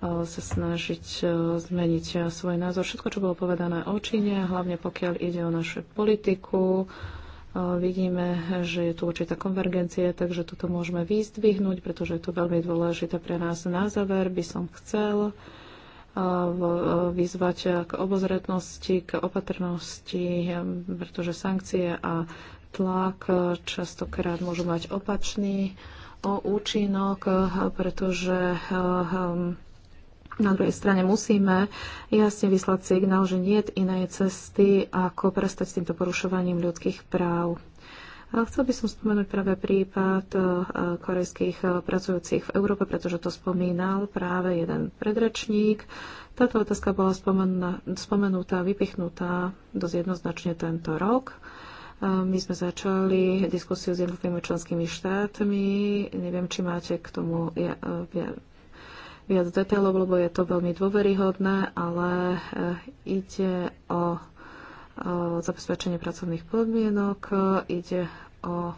eh, sa snažiť eh, zmeniť svoj názor. Všetko, čo bolo povedané o Číne, hlavne pokiaľ ide o našu politiku, vidíme, že je tu určitá konvergencia, takže toto môžeme vyzdvihnúť, pretože je to veľmi dôležité pre nás. Na záver by som chcel vyzvať k obozretnosti, k opatrnosti, pretože sankcie a tlak častokrát môžu mať opačný účinok, pretože e, e, na druhej strane musíme jasne vyslať signál, že nie je inej cesty, ako prestať s týmto porušovaním ľudských práv. chcel by som spomenúť práve prípad e, korejských pracujúcich v Európe, pretože to spomínal práve jeden predrečník. Táto otázka bola spomenutá, vypichnutá dosť jednoznačne tento rok. My sme začali diskusiu s jednotlivými členskými štátmi. Neviem, či máte k tomu e, viac detailov, lebo je to veľmi dôveryhodné, ale e, ide o zabezpečenie pracovných podmienok, ide o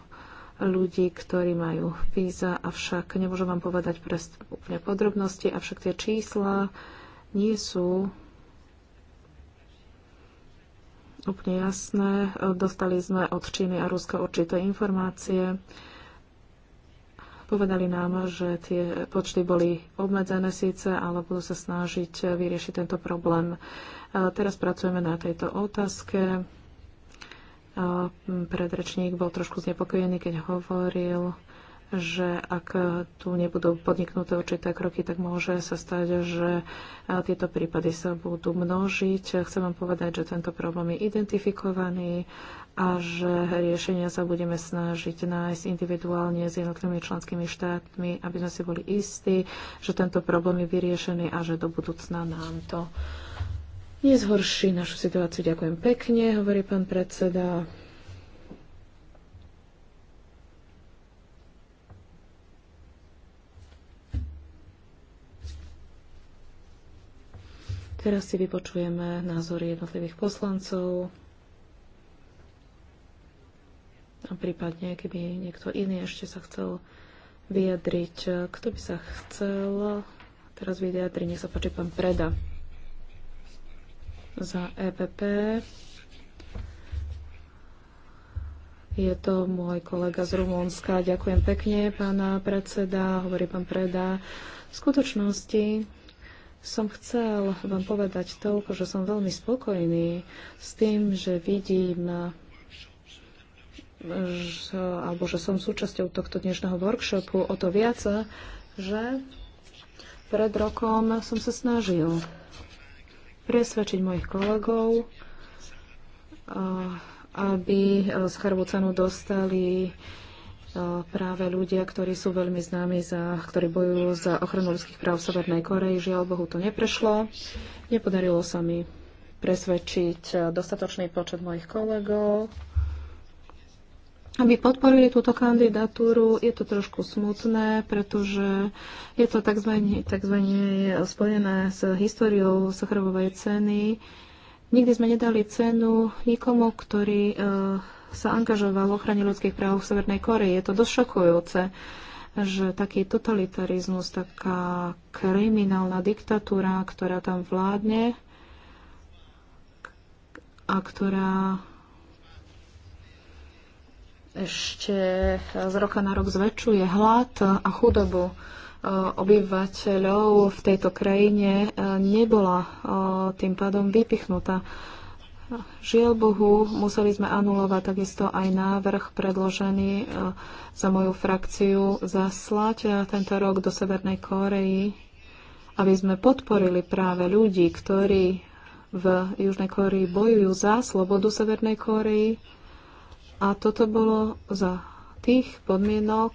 ľudí, ktorí majú víza, avšak nemôžem vám povedať úplne podrobnosti, avšak tie čísla nie sú úplne jasné. Dostali sme od Číny a Ruska určité informácie. Povedali nám, že tie počty boli obmedzené síce, ale budú sa snažiť vyriešiť tento problém. Teraz pracujeme na tejto otázke. Predrečník bol trošku znepokojený, keď hovoril že ak tu nebudú podniknuté určité kroky, tak môže sa stať, že eh, tieto prípady sa budú množiť. Chcem vám povedať, že tento problém je identifikovaný a že riešenia sa budeme snažiť nájsť individuálne s jednotlivými členskými štátmi, aby sme si boli istí, že tento problém je vyriešený a že do budúcna nám to nezhorší našu situáciu. Ďakujem pekne, hovorí pán predseda. Teraz si vypočujeme názory jednotlivých poslancov a prípadne, keby niekto iný ešte sa chcel vyjadriť, kto by sa chcel teraz vyjadriť, nech sa páči pán Preda za EPP. Je to môj kolega z Rumúnska. Ďakujem pekne, pána predseda, hovorí pán Preda. V skutočnosti som chcel vám povedať toľko, že som veľmi spokojný s tým, že vidím že, alebo že som súčasťou tohto dnešného workshopu o to viac, že pred rokom som sa snažil presvedčiť mojich kolegov, eh, aby z cenu dostali E, práve ľudia, ktorí sú veľmi známi, za, ktorí bojujú za ochranu ľudských práv v Severnej Koreji. Žiaľ Bohu, to neprešlo. Nepodarilo sa mi presvedčiť e, dostatočný počet mojich kolegov, aby podporili túto kandidatúru. Je to trošku smutné, pretože je to tzv. tzv. spojené s históriou Sacharovej ceny. Nikdy sme nedali cenu nikomu, ktorý e, sa angažoval v ochrane ľudských práv v Severnej Koreji. Je to dosť šokujúce, že taký totalitarizmus, taká kriminálna diktatúra, ktorá tam vládne a ktorá ešte z roka na rok zväčšuje hlad a chudobu e, obyvateľov v tejto krajine e, nebola e, tým pádom vypichnutá Žiaľ Bohu, museli sme anulovať takisto aj návrh predložený e, za moju frakciu zaslať e, tento rok do Severnej Kóreji, aby sme podporili práve ľudí, ktorí v Južnej Kórii bojujú za slobodu Severnej Kóreji. A toto bolo za tých podmienok,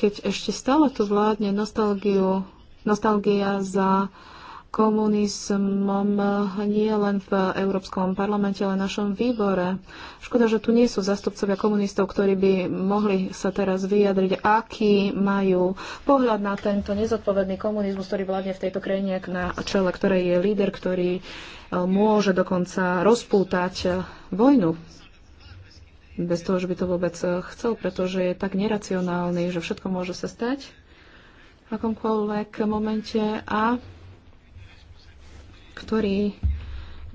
keď ešte stále tu vládne nostalgia za komunizmom nie len v Európskom parlamente, ale v našom výbore. Škoda, že tu nie sú zastupcovia komunistov, ktorí by mohli sa teraz vyjadriť, aký majú pohľad na tento nezodpovedný komunizmus, ktorý vládne v tejto krajine na čele, ktorý je líder, ktorý e, môže dokonca rozpútať e, vojnu bez toho, že by to vôbec e, chcel, pretože je tak neracionálny, že všetko môže sa stať v akomkoľvek momente a ktorý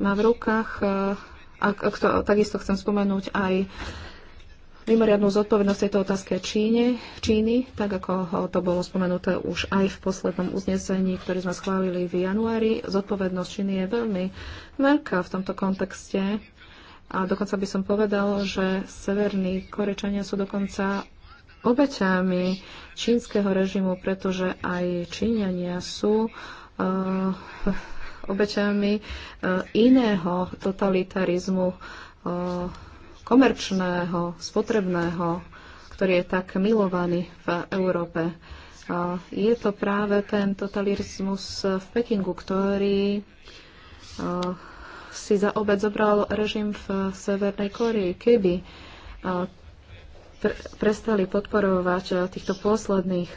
má v rukách, e, a, a to, takisto chcem spomenúť aj mimoriadnú zodpovednosť tejto otázke Číne, Číny, tak ako to bolo spomenuté už aj v poslednom uznesení, ktoré sme schválili v januári. Zodpovednosť Číny je veľmi veľká v tomto kontexte. A dokonca by som povedal, že severní korečania sú dokonca obeťami čínskeho režimu, pretože aj Číňania sú uh, obeťami e, iného totalitarizmu e, komerčného, spotrebného, ktorý je tak milovaný v Európe. E, je to práve ten totalitarizmus v Pekingu, ktorý si za obec zobral režim v Severnej Koreji. Keby prestali podporovať týchto posledných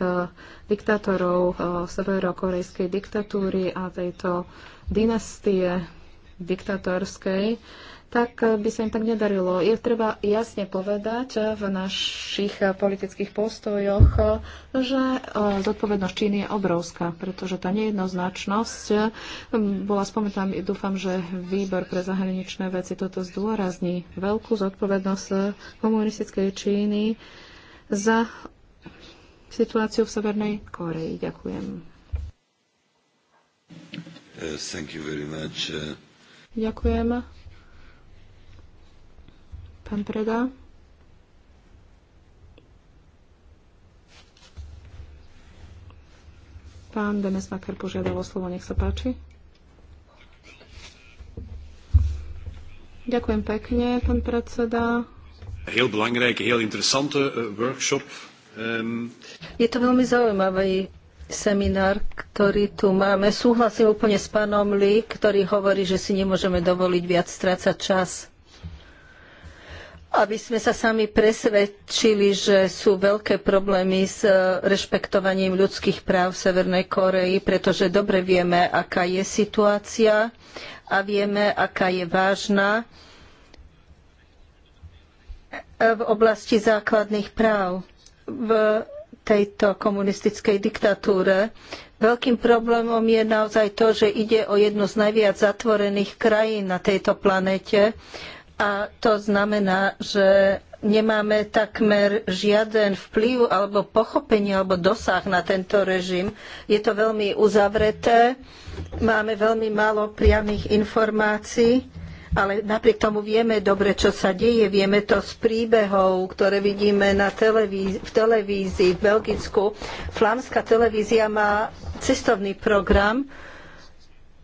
diktátorov severokorejskej diktatúry a tejto dynastie diktatorskej, tak by sa im tak nedarilo. Je treba jasne povedať v našich politických postojoch, že e, zodpovednosť Číny je obrovská, pretože tá nejednoznačnosť bola spomenutá, dúfam, že výbor pre zahraničné veci toto zdôrazní. Veľkú zodpovednosť e, komunistickej Číny za situáciu v Severnej Koreji. Ďakujem. Uh, thank you very much. Uh, Ďakujem. Pán Preda. Pán Demesmaker požiadal o slovo, nech sa páči. Ďakujem pekne, pán predseda. Heel belangrijke, heel interessante eh, workshop. Ehm, Je to veľmi zaujímavý seminár, ktorý tu máme. Súhlasím úplne s pánom Lee, ktorý hovorí, že si nemôžeme dovoliť viac strácať čas. Aby sme sa sami presvedčili, že sú veľké problémy s e, rešpektovaním ľudských práv v Severnej Koreji, pretože dobre vieme, aká je situácia a vieme, aká je vážna e, v oblasti základných práv. V tejto komunistickej diktatúre. Veľkým problémom je naozaj to, že ide o jednu z najviac zatvorených krajín na tejto planete a to znamená, že nemáme takmer žiaden vplyv alebo pochopenie alebo dosah na tento režim. Je to veľmi uzavreté, máme veľmi málo priamých informácií ale napriek tomu vieme dobre, čo sa deje. Vieme to z príbehov, ktoré vidíme na televíz- v televízii v Belgicku. Flámska televízia má cestovný program,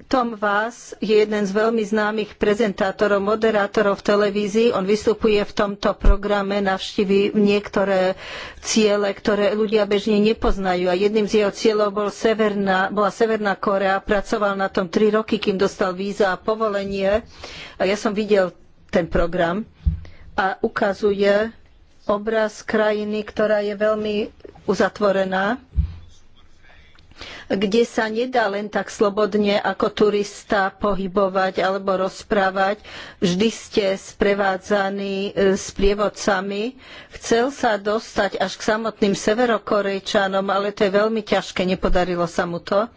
tom Vás je jeden z veľmi známych prezentátorov, moderátorov v televízii. On vystupuje v tomto programe, navštívi niektoré ciele, ktoré ľudia bežne nepoznajú. A jedným z jeho cieľov bol Severná, bola Severná Korea. Pracoval na tom tri roky, kým dostal víza a povolenie. A ja som videl ten program a ukazuje obraz krajiny, ktorá je veľmi uzatvorená kde sa nedá len tak slobodne ako turista pohybovať alebo rozprávať. Vždy ste sprevádzani e, s prievodcami. Chcel sa dostať až k samotným severokorejčanom, ale to je veľmi ťažké, nepodarilo sa mu to.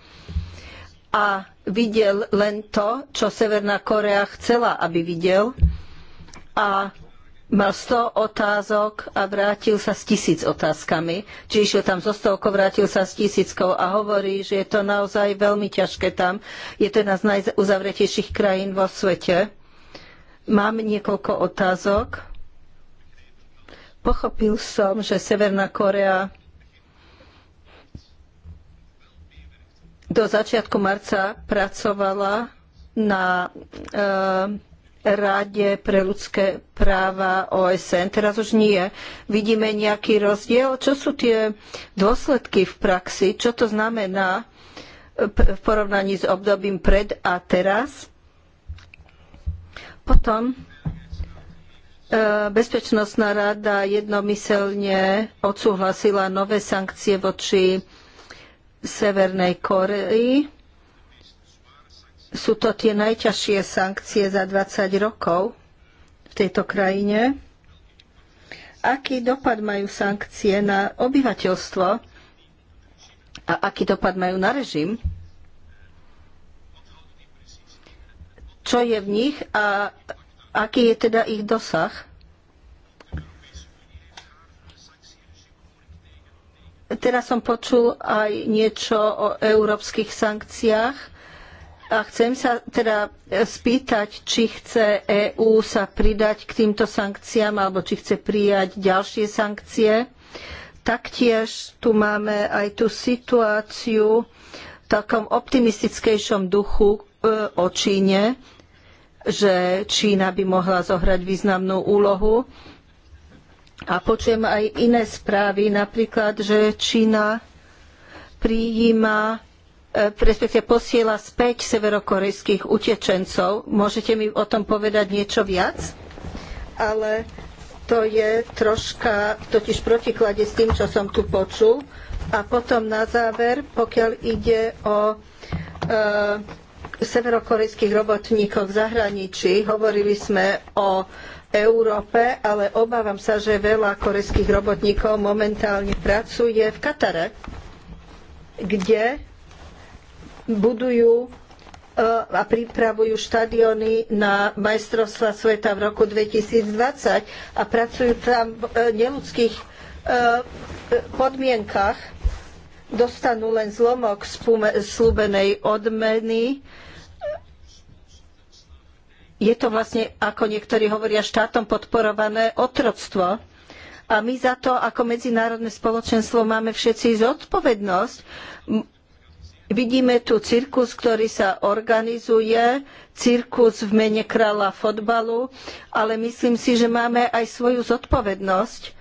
A videl len to, čo Severná Korea chcela, aby videl. A mal 100 otázok a vrátil sa s tisíc otázkami. Čiže išiel tam zo stovkou, vrátil sa s tisíckou a hovorí, že je to naozaj veľmi ťažké tam. Je to jedna z najuzavretejších krajín vo svete. Mám niekoľko otázok. Pochopil som, že Severná Korea do začiatku marca pracovala na uh, Rade pre ľudské práva OSN. Teraz už nie. Vidíme nejaký rozdiel. Čo sú tie dôsledky v praxi? Čo to znamená eh, v porovnaní s obdobím pred a teraz? Potom eh, Bezpečnostná rada jednomyselne odsúhlasila nové sankcie voči Severnej Koreji sú to tie najťažšie sankcie za 20 rokov v tejto krajine. Aký dopad majú sankcie na obyvateľstvo a aký dopad majú na režim? Čo je v nich a aký je teda ich dosah? Teraz som počul aj niečo o európskych sankciách a chcem sa teda e, spýtať, či chce EÚ sa pridať k týmto sankciám alebo či chce prijať ďalšie sankcie. Taktiež tu máme aj tú situáciu v takom optimistickejšom duchu e, o Číne, že Čína by mohla zohrať významnú úlohu. A počujem aj iné správy, napríklad, že Čína prijíma E, respektive posiela späť severokorejských utečencov. Môžete mi o tom povedať niečo viac? Ale to je troška totiž protiklade s tým, čo som tu počul. A potom na záver, pokiaľ ide o e, severokorejských robotníkov v zahraničí, hovorili sme o Európe, ale obávam sa, že veľa korejských robotníkov momentálne pracuje v Katare, kde budujú e, a pripravujú štadióny na majstrovstva sveta v roku 2020 a pracujú tam v e, neludských e, podmienkach. Dostanú len zlomok slúbenej odmeny. Je to vlastne, ako niektorí hovoria, štátom podporované otroctvo. A my za to ako medzinárodné spoločenstvo máme všetci zodpovednosť Vidíme tu cirkus, ktorý sa organizuje, cirkus v mene kráľa fotbalu, ale myslím si, že máme aj svoju zodpovednosť.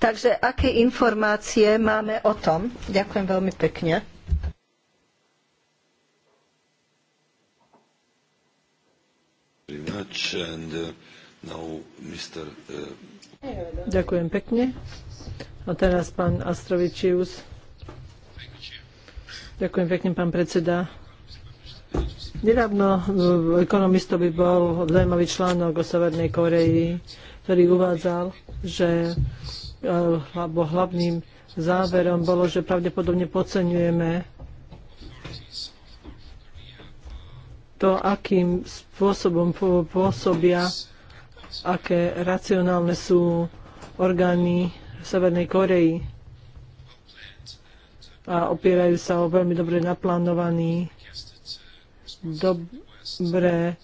Takže aké informácie máme o tom? Ďakujem veľmi pekne. Uh, uh, Ďakujem pekne. A teraz pán Astrovičius. Ďakujem pekne, pán predseda. Nedávno v e, ekonomistovi bol zaujímavý článok o Severnej Koreji, ktorý uvádzal, že e, alebo hlavným záverom bolo, že pravdepodobne podceňujeme to, akým spôsobom pôsobia, aké racionálne sú orgány Severnej Koreji a opierajú sa o veľmi dobre naplánovaný, dobre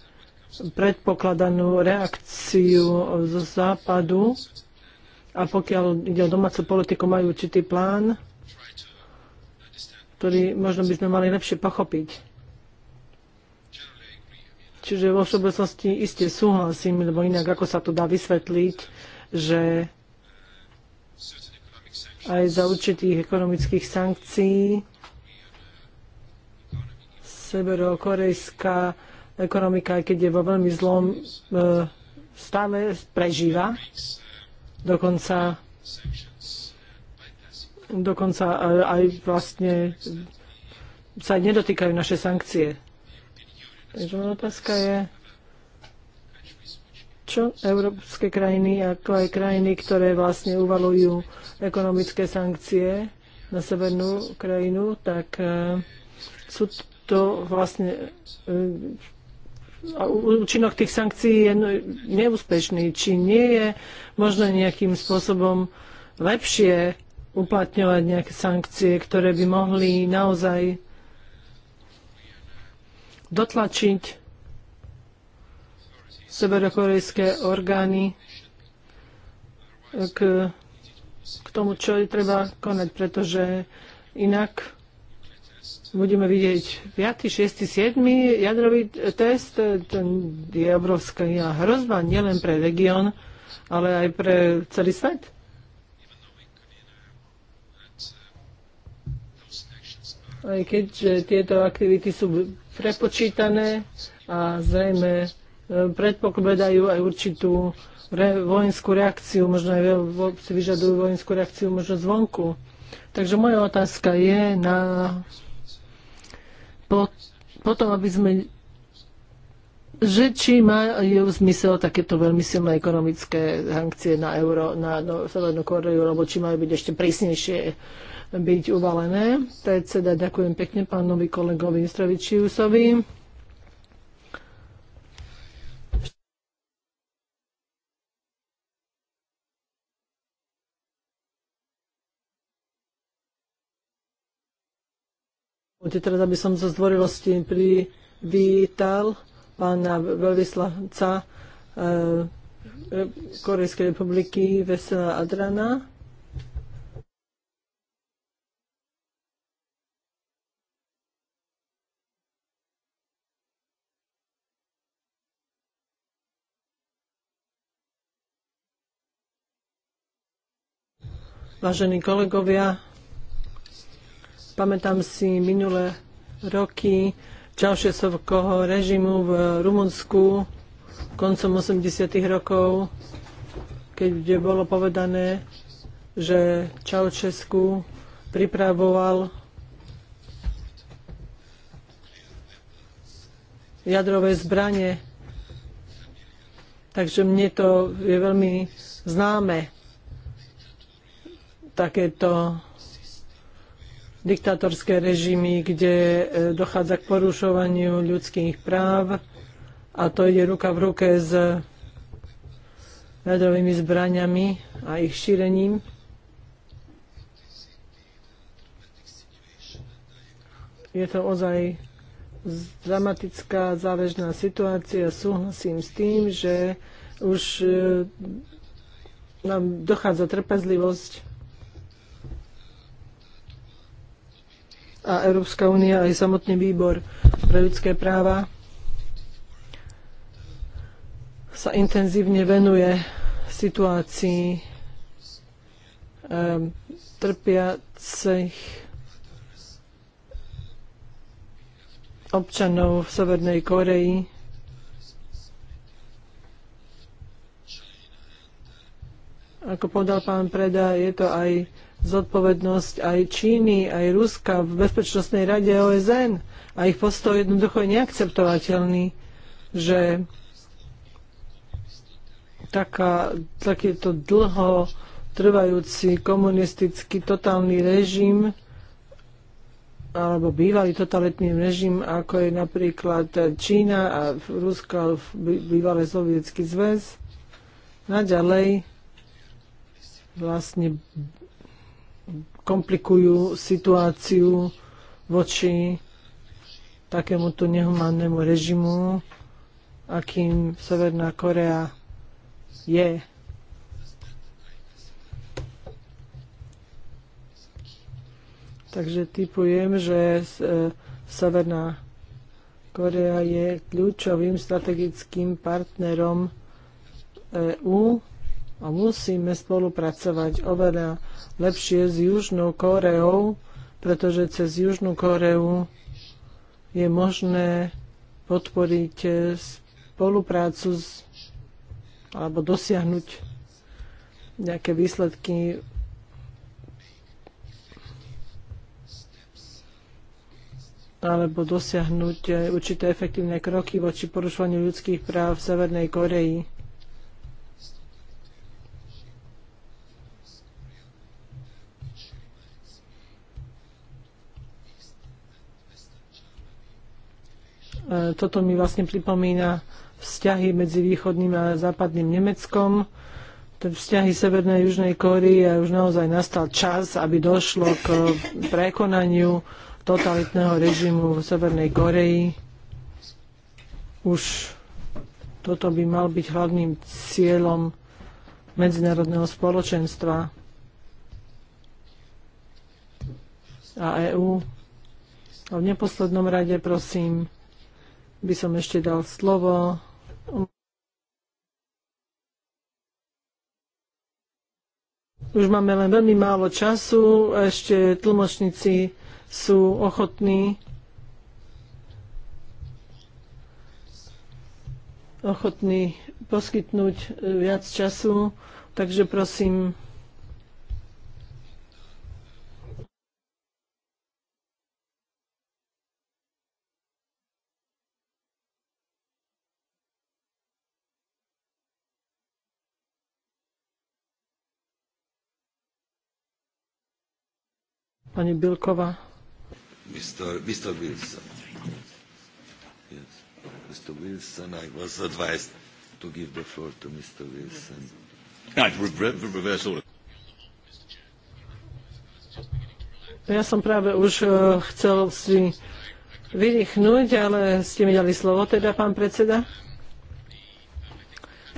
predpokladanú reakciu zo západu a pokiaľ ide o domácu politiku, majú určitý plán, ktorý možno by sme mali lepšie pochopiť. Čiže vo všeobecnosti iste súhlasím, lebo inak ako sa to dá vysvetliť, že aj za určitých ekonomických sankcií. Severokorejská ekonomika, keď je vo veľmi zlom e, stále prežíva. Dokonca, dokonca e, aj vlastne sa nedotýkajú naše sankcie. Takže otázka je, čo európske krajiny, ako aj krajiny, ktoré vlastne uvalujú ekonomické sankcie na severnú krajinu, tak e, sú to vlastne e, a účinok tých sankcií je neúspešný. Či nie je možno nejakým spôsobom lepšie uplatňovať nejaké sankcie, ktoré by mohli naozaj dotlačiť severokorejské orgány k, k tomu, čo je treba konať, pretože inak budeme vidieť 5., 6., 7. jadrový test. to je obrovská hrozba nielen pre región, ale aj pre celý svet. Aj keďže tieto aktivity sú prepočítané a zrejme predpokladajú aj určitú re, vojenskú reakciu, možno aj si vyžadujú vojenskú reakciu možno zvonku. Takže moja otázka je na po, potom, aby sme že či majú zmysel takéto veľmi silné ekonomické sankcie na euro, na no, Severnú Koreju, alebo či majú byť ešte prísnejšie byť uvalené. Predseda, ďakujem pekne pánovi kolegovi Stravičiusovi. Dovolte teraz, aby som zo zdvorilosti privítal pána veľvyslanca eh, Korejskej republiky Vesela Adrana. Vážení kolegovia, Pamätám si minulé roky Čaušesovkoho režimu v Rumunsku koncom 80. rokov, keď bolo povedané, že Čaušesku pripravoval jadrové zbranie. Takže mne to je veľmi známe. Takéto diktátorské režimy, kde e, dochádza k porušovaniu ľudských práv a to ide ruka v ruke s jadrovými zbraniami a ich šírením. Je to ozaj dramatická záležná situácia. Súhlasím s tým, že už e, nám dochádza trpezlivosť a Európska únia aj samotný výbor pre ľudské práva sa intenzívne venuje situácii um, trpiacich občanov v Severnej Koreji. Ako povedal pán Preda, je to aj zodpovednosť aj Číny, aj Ruska v Bezpečnostnej rade OSN a ich postoj jednoducho je neakceptovateľný, že taká, takýto dlho trvajúci komunistický totálny režim alebo bývalý totalitný režim, ako je napríklad Čína a Rusko, bývalý sovietský zväz, naďalej vlastne komplikujú situáciu voči takémuto nehumánnemu režimu, akým Severná Korea je. Takže typujem, že e, Severná Korea je kľúčovým strategickým partnerom EU a musíme spolupracovať oveľa lepšie s Južnou Kóreou, pretože cez Južnú Kóreu je možné podporiť eh, spoluprácu s, alebo dosiahnuť nejaké výsledky alebo dosiahnuť eh, určité efektívne kroky voči porušovaniu ľudských práv v Severnej Koreji. E, toto mi vlastne pripomína vzťahy medzi východným a západným Nemeckom. Vzťahy Severnej a Južnej Kórii a už naozaj nastal čas, aby došlo k prekonaniu totalitného režimu v Severnej Koreji. Už toto by mal byť hlavným cieľom medzinárodného spoločenstva a EÚ. A v neposlednom rade prosím, by som ešte dal slovo Už máme len veľmi málo času, ešte tlmočníci sú ochotní ochotní poskytnúť viac času, takže prosím, Pani Bilková. Mr. Mr. Wilson. Yes. Mr. Wilson, I was advised to give the floor to Mr. Wilson. Ja som práve už e, chcel si vyrýchnuť, ale ste mi dali slovo, teda pán predseda.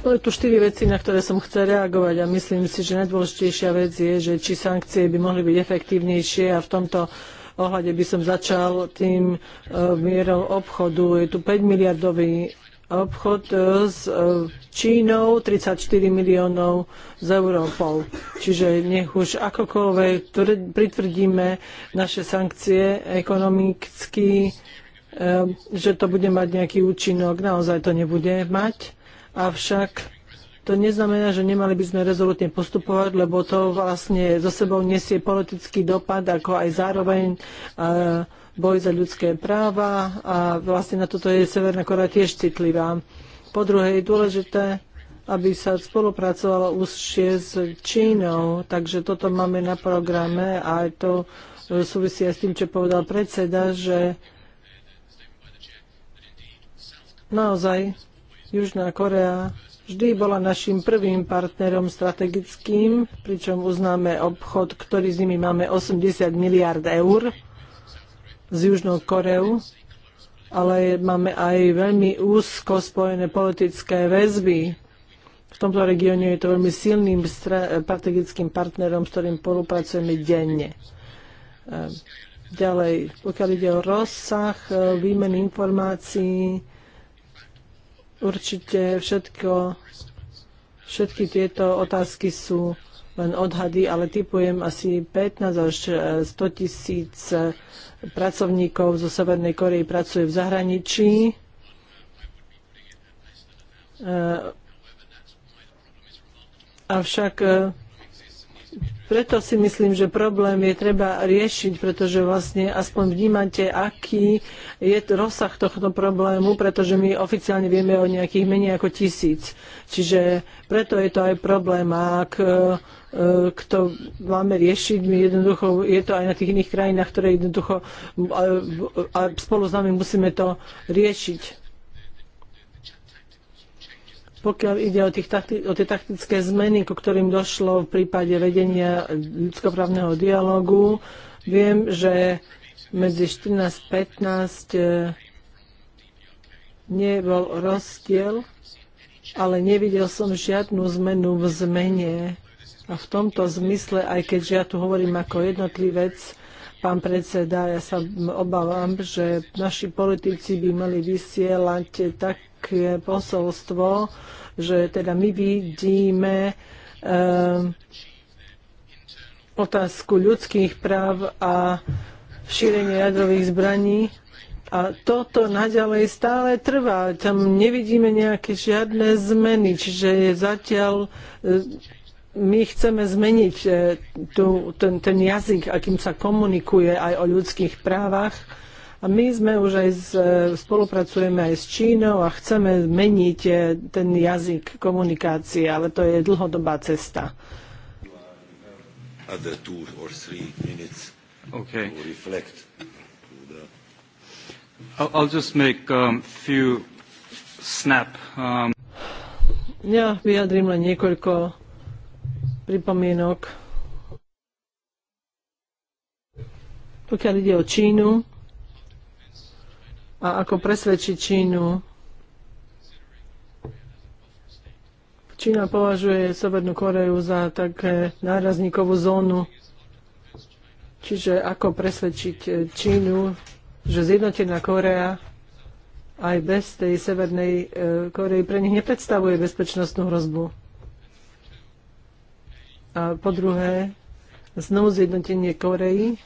Boli tu štyri veci, na ktoré som chcel reagovať a myslím si, že najdôležitejšia vec je, že či sankcie by mohli byť efektívnejšie a v tomto ohľade by som začal tým e, mierou obchodu. Je tu 5 miliardový obchod e, s e, Čínou 34 miliónov z Európou. Čiže nech už akokoľvek pritvrdíme naše sankcie ekonomicky, že to bude mať nejaký účinok, naozaj to nebude mať. Avšak to neznamená, že nemali by sme rezolutne postupovať, lebo to vlastne zo sebou nesie politický dopad, ako aj zároveň boj za ľudské práva a vlastne na toto je Severná Korea tiež citlivá. Po druhé je dôležité, aby sa spolupracovalo už s Čínou, takže toto máme na programe a aj to e, súvisí aj s tým, čo povedal predseda, že naozaj Južná Korea vždy bola našim prvým partnerom strategickým, pričom uznáme obchod, ktorý s nimi máme 80 miliard eur z Južnou Koreou, ale máme aj veľmi úzko spojené politické väzby. V tomto regióne je to veľmi silným strategickým partnerom, s ktorým spolupracujeme denne. Ďalej, pokiaľ ide o rozsah eh, výmen informácií, určite všetko, všetky tieto otázky sú len odhady, ale typujem asi 15 až 100 e, tisíc e, pracovníkov zo Severnej Korei pracuje v zahraničí. E, avšak preto si myslím, že problém je treba riešiť, pretože vlastne aspoň vnímate, aký je rozsah tohto problému, pretože my oficiálne vieme o nejakých menej ako tisíc. Čiže preto je to aj problém, ak e, e, kto máme riešiť, my jednoducho, je to aj na tých iných krajinách, ktoré jednoducho a, a spolu s nami musíme to riešiť. Pokiaľ ide o, tých, o tie taktické zmeny, ku ktorým došlo v prípade vedenia ľudskoprávneho dialogu, viem, že medzi 14-15 a e, nebol rozdiel, ale nevidel som žiadnu zmenu v zmene. A v tomto zmysle, aj keď ja tu hovorím ako jednotlivec, pán predseda, ja sa obávam, že naši politici by mali vysielať tak také posolstvo, že teda my vidíme um, otázku ľudských práv a šírenie jadrových zbraní. A toto naďalej stále trvá. Tam nevidíme nejaké žiadne zmeny, čiže zatiaľ eh, my chceme zmeniť eh, tu, ten, ten jazyk, akým sa komunikuje aj o ľudských právach. A my sme už aj z, e, spolupracujeme aj s Čínou a chceme meniť e, ten jazyk komunikácie, ale to je dlhodobá cesta. Okay. I'll just make um, few snap. Um... Ja vyjadrím len niekoľko pripomienok. Pokiaľ ide o Čínu, a ako presvedčiť Čínu. Čína považuje Severnú Koreju za také nárazníkovú zónu. Čiže ako presvedčiť Čínu, že zjednotená Korea aj bez tej Severnej e, Korei pre nich nepredstavuje bezpečnostnú hrozbu. A po druhé, znovu zjednotenie Koreji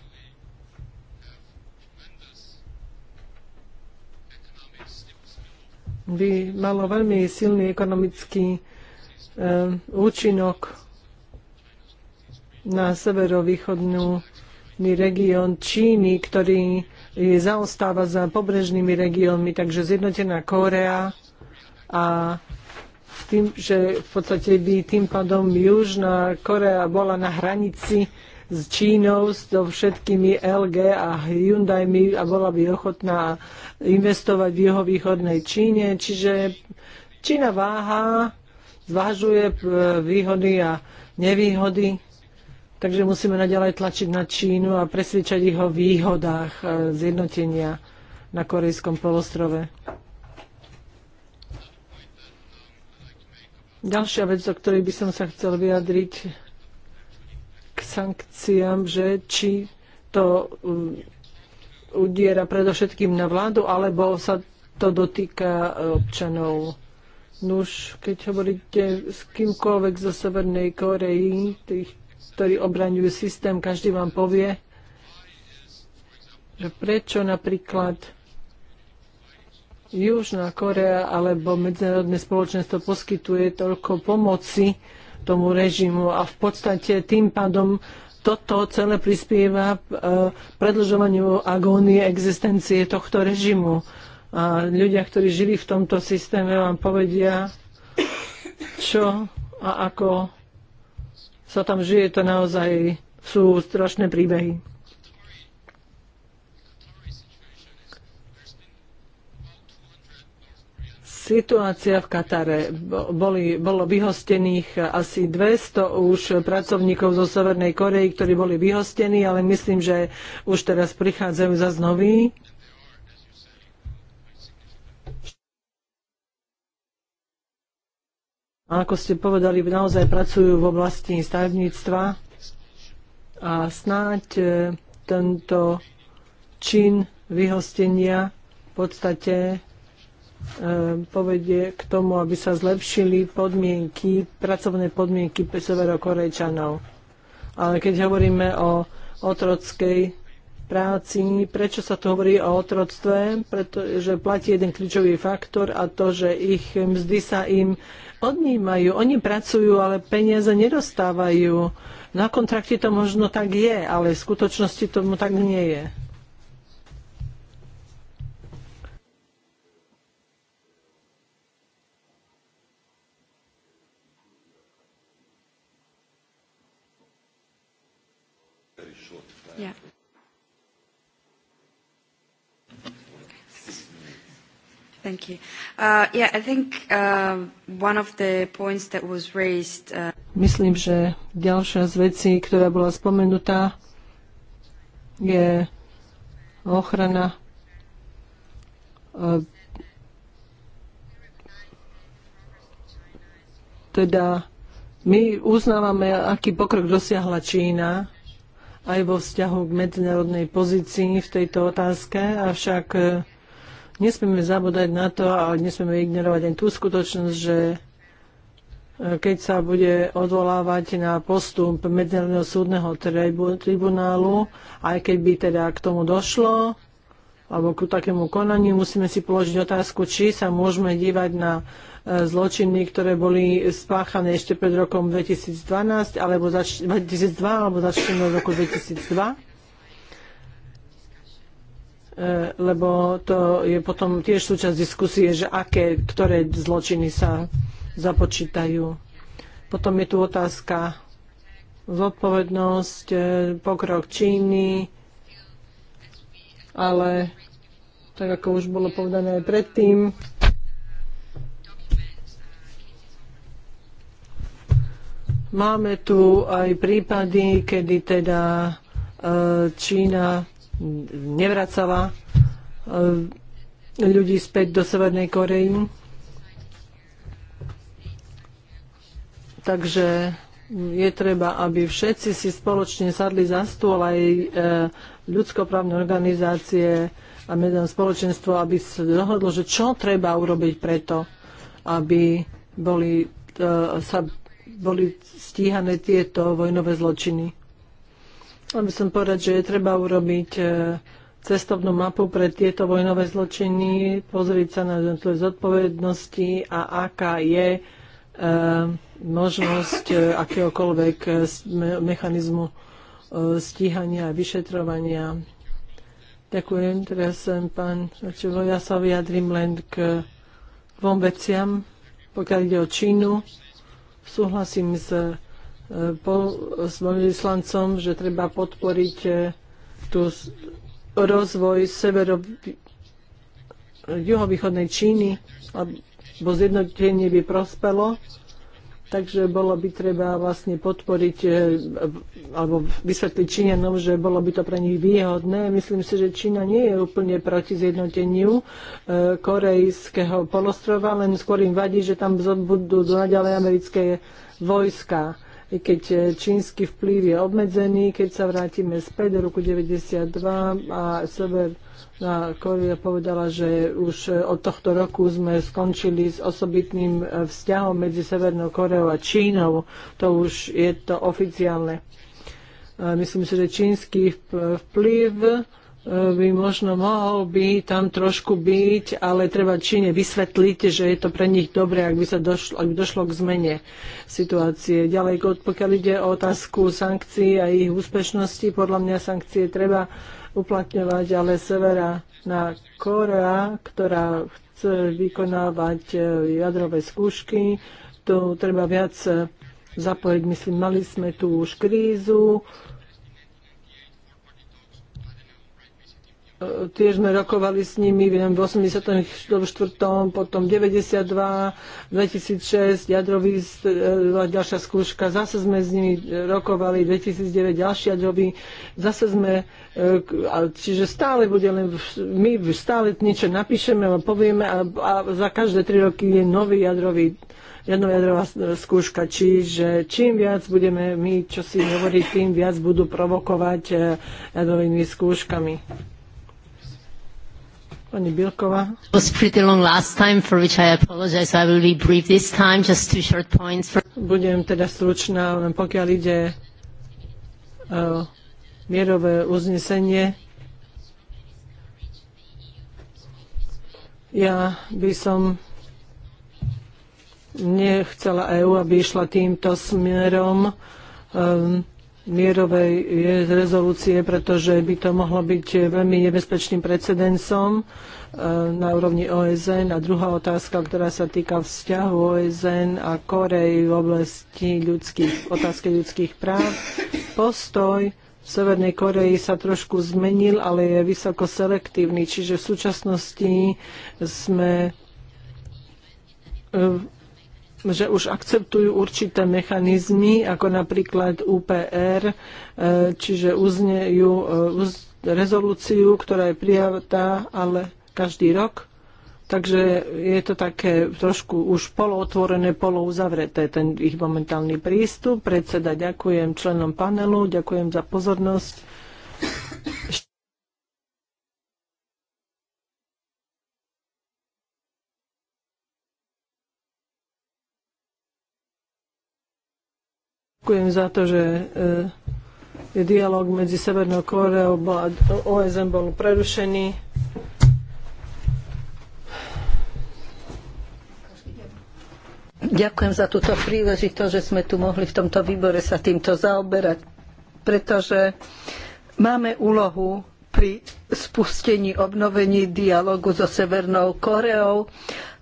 by malo veľmi silný ekonomický eh, účinok na severovýchodnú región Číny, ktorý zaostáva za pobrežnými regiónmi, takže zjednotená Kórea a tým, že v podstate by tým pádom Južná Korea bola na hranici s Čínou, so všetkými LG a Hyundaimi a bola by ochotná investovať v jeho východnej Číne. Čiže Čína váha, zvážuje e, výhody a nevýhody. Takže musíme naďalej tlačiť na Čínu a presvedčať ich o výhodách e, zjednotenia na Korejskom polostrove. Ďalšia vec, o ktorej by som sa chcel vyjadriť, k sankciám, že či to um, udiera predovšetkým na vládu, alebo sa to dotýka e, občanov. Nuž, keď hovoríte s kýmkoľvek zo Severnej Koreji, tých, ktorí obraňujú systém, každý vám povie, že prečo napríklad Južná Korea alebo medzinárodné spoločenstvo poskytuje toľko pomoci tomu režimu a v podstate tým pádom toto celé prispieva e, predlžovaniu agónie existencie tohto režimu. A ľudia, ktorí žili v tomto systéme, vám povedia, čo a ako sa tam žije, to naozaj sú strašné príbehy. situácia v Katare. Boli, bolo vyhostených asi 200 už pracovníkov zo Severnej Korei, ktorí boli vyhostení, ale myslím, že už teraz prichádzajú za noví. A ako ste povedali, naozaj pracujú v oblasti stavebníctva a snáď e, tento čin vyhostenia v podstate Ehm, povedie k tomu, aby sa zlepšili podmienky, pracovné podmienky severokorejčanov. Ale keď hovoríme o otrockej práci, prečo sa tu hovorí o otroctve? Pretože platí jeden kľúčový faktor a to, že ich mzdy sa im odnímajú. Oni pracujú, ale peniaze nedostávajú. Na kontrakte to možno tak je, ale v skutočnosti tomu tak nie je. Thank you. Uh, yeah, I think uh, one of the points that was raised. Uh, Myslím, že ďalšia z vecí, ktorá bola spomenutá, je ochrana teda my uznávame, aký pokrok dosiahla Čína aj vo vzťahu k medzinárodnej pozícii v tejto otázke, avšak Nesmieme zabúdať na to, ale nesmieme ignorovať ani tú skutočnosť, že e, keď sa bude odvolávať na postup Medzinárodného súdneho tribunálu, aj keď by teda k tomu došlo, alebo ku takému konaniu, musíme si položiť otázku, či sa môžeme dívať na e, zločiny, ktoré boli spáchané ešte pred rokom 2012, alebo zač- 2002, alebo začneme v roku 2002 E, lebo to je potom tiež súčasť diskusie, že aké, ktoré zločiny sa započítajú. Potom je tu otázka zodpovednosť, e, pokrok Číny, ale tak ako už bolo povedané aj predtým, máme tu aj prípady, kedy teda e, Čína nevracala e, ľudí späť do Severnej Korei. Takže je treba, aby všetci si spoločne sadli za stôl aj e, ľudskoprávne organizácie a medzinárodné spoločenstvo, aby sa dohodlo, že čo treba urobiť preto, aby boli, e, sa boli stíhané tieto vojnové zločiny. Mal by som povedať, že je treba urobiť e, cestovnú mapu pre tieto vojnové zločiny, pozrieť sa na jednotlivé zodpovednosti a aká je e, možnosť e, akéhokoľvek e, me mechanizmu e, stíhania a vyšetrovania. Ďakujem. Teraz som e, pán Čilo. Ja sa vyjadrím len k dvom veciam. Pokiaľ ide o Čínu, súhlasím s s vyslancom, že treba podporiť e, tú rozvoj severo juhovýchodnej Číny, lebo zjednotenie by prospelo. Takže bolo by treba vlastne podporiť e, alebo vysvetliť Číňanom, že bolo by to pre nich výhodné. Myslím si, že Čína nie je úplne proti zjednoteniu e, korejského polostrova, len skôr im vadí, že tam budú naďalej americké vojska. I keď e, čínsky vplyv je obmedzený, keď sa vrátime späť do roku 1992 a sever na Korea povedala, že už e, od tohto roku sme skončili s osobitným e, vzťahom medzi Severnou Koreou a Čínou. To už je to oficiálne. Myslím si, že čínsky vplyv E, by možno mohol by tam trošku byť, ale treba Číne vysvetliť, že je to pre nich dobre, ak by, sa došlo, ak by došlo k zmene situácie. Ďalej, pokiaľ ide o otázku sankcií a ich úspešnosti, podľa mňa sankcie treba uplatňovať, ale severa na Korea, ktorá chce vykonávať e, jadrové skúšky, to treba viac e, zapojiť. Myslím, mali sme tu už krízu, E, tiež sme rokovali s nimi v 84., potom 92, 2006, jadrový, e, ďalšia skúška, zase sme s nimi rokovali, 2009 ďalší jadrový, zase sme, e, čiže stále bude len, my stále niečo napíšeme a povieme a, a za každé tri roky je nový jadrový jednojadrová skúška, čiže čím viac budeme my čo si hovoriť, tým viac budú provokovať jadrovými skúškami. Pani Bilková. It was pretty long last time, for which I apologize. I will be brief this time, just two short points. For... Budem teda stručná, len pokiaľ ide o mierové uznesenie. Ja by som nechcela EÚ, aby išla týmto smerom. Um, mierovej rezolúcie, pretože by to mohlo byť veľmi nebezpečným precedensom e, na úrovni OSN. A druhá otázka, ktorá sa týka vzťahu OSN a Korei v oblasti ľudských, otázky ľudských práv. Postoj v Severnej Koreji sa trošku zmenil, ale je vysoko selektívny. Čiže v súčasnosti sme že už akceptujú určité mechanizmy, ako napríklad UPR, e, čiže uznejú e, rezolúciu, ktorá je prijatá, ale každý rok. Takže je to také trošku už polootvorené, polouzavreté ten ich momentálny prístup. Predseda, ďakujem členom panelu, ďakujem za pozornosť. Ďakujem za to, že e, dialog medzi Severnou Koreou a OSN bol prerušený. Ďakujem za túto príležitosť, že sme tu mohli v tomto výbore sa týmto zaoberať, pretože máme úlohu pri spustení, obnovení dialogu so Severnou Koreou.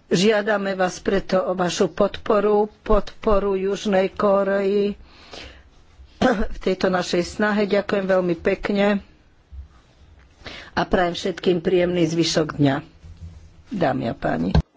Žiadame vás preto o vašu podporu, podporu Južnej Koreji. v tejto našej snahe. Ďakujem veľmi pekne a prajem všetkým príjemný zvyšok dňa. Dámy a páni.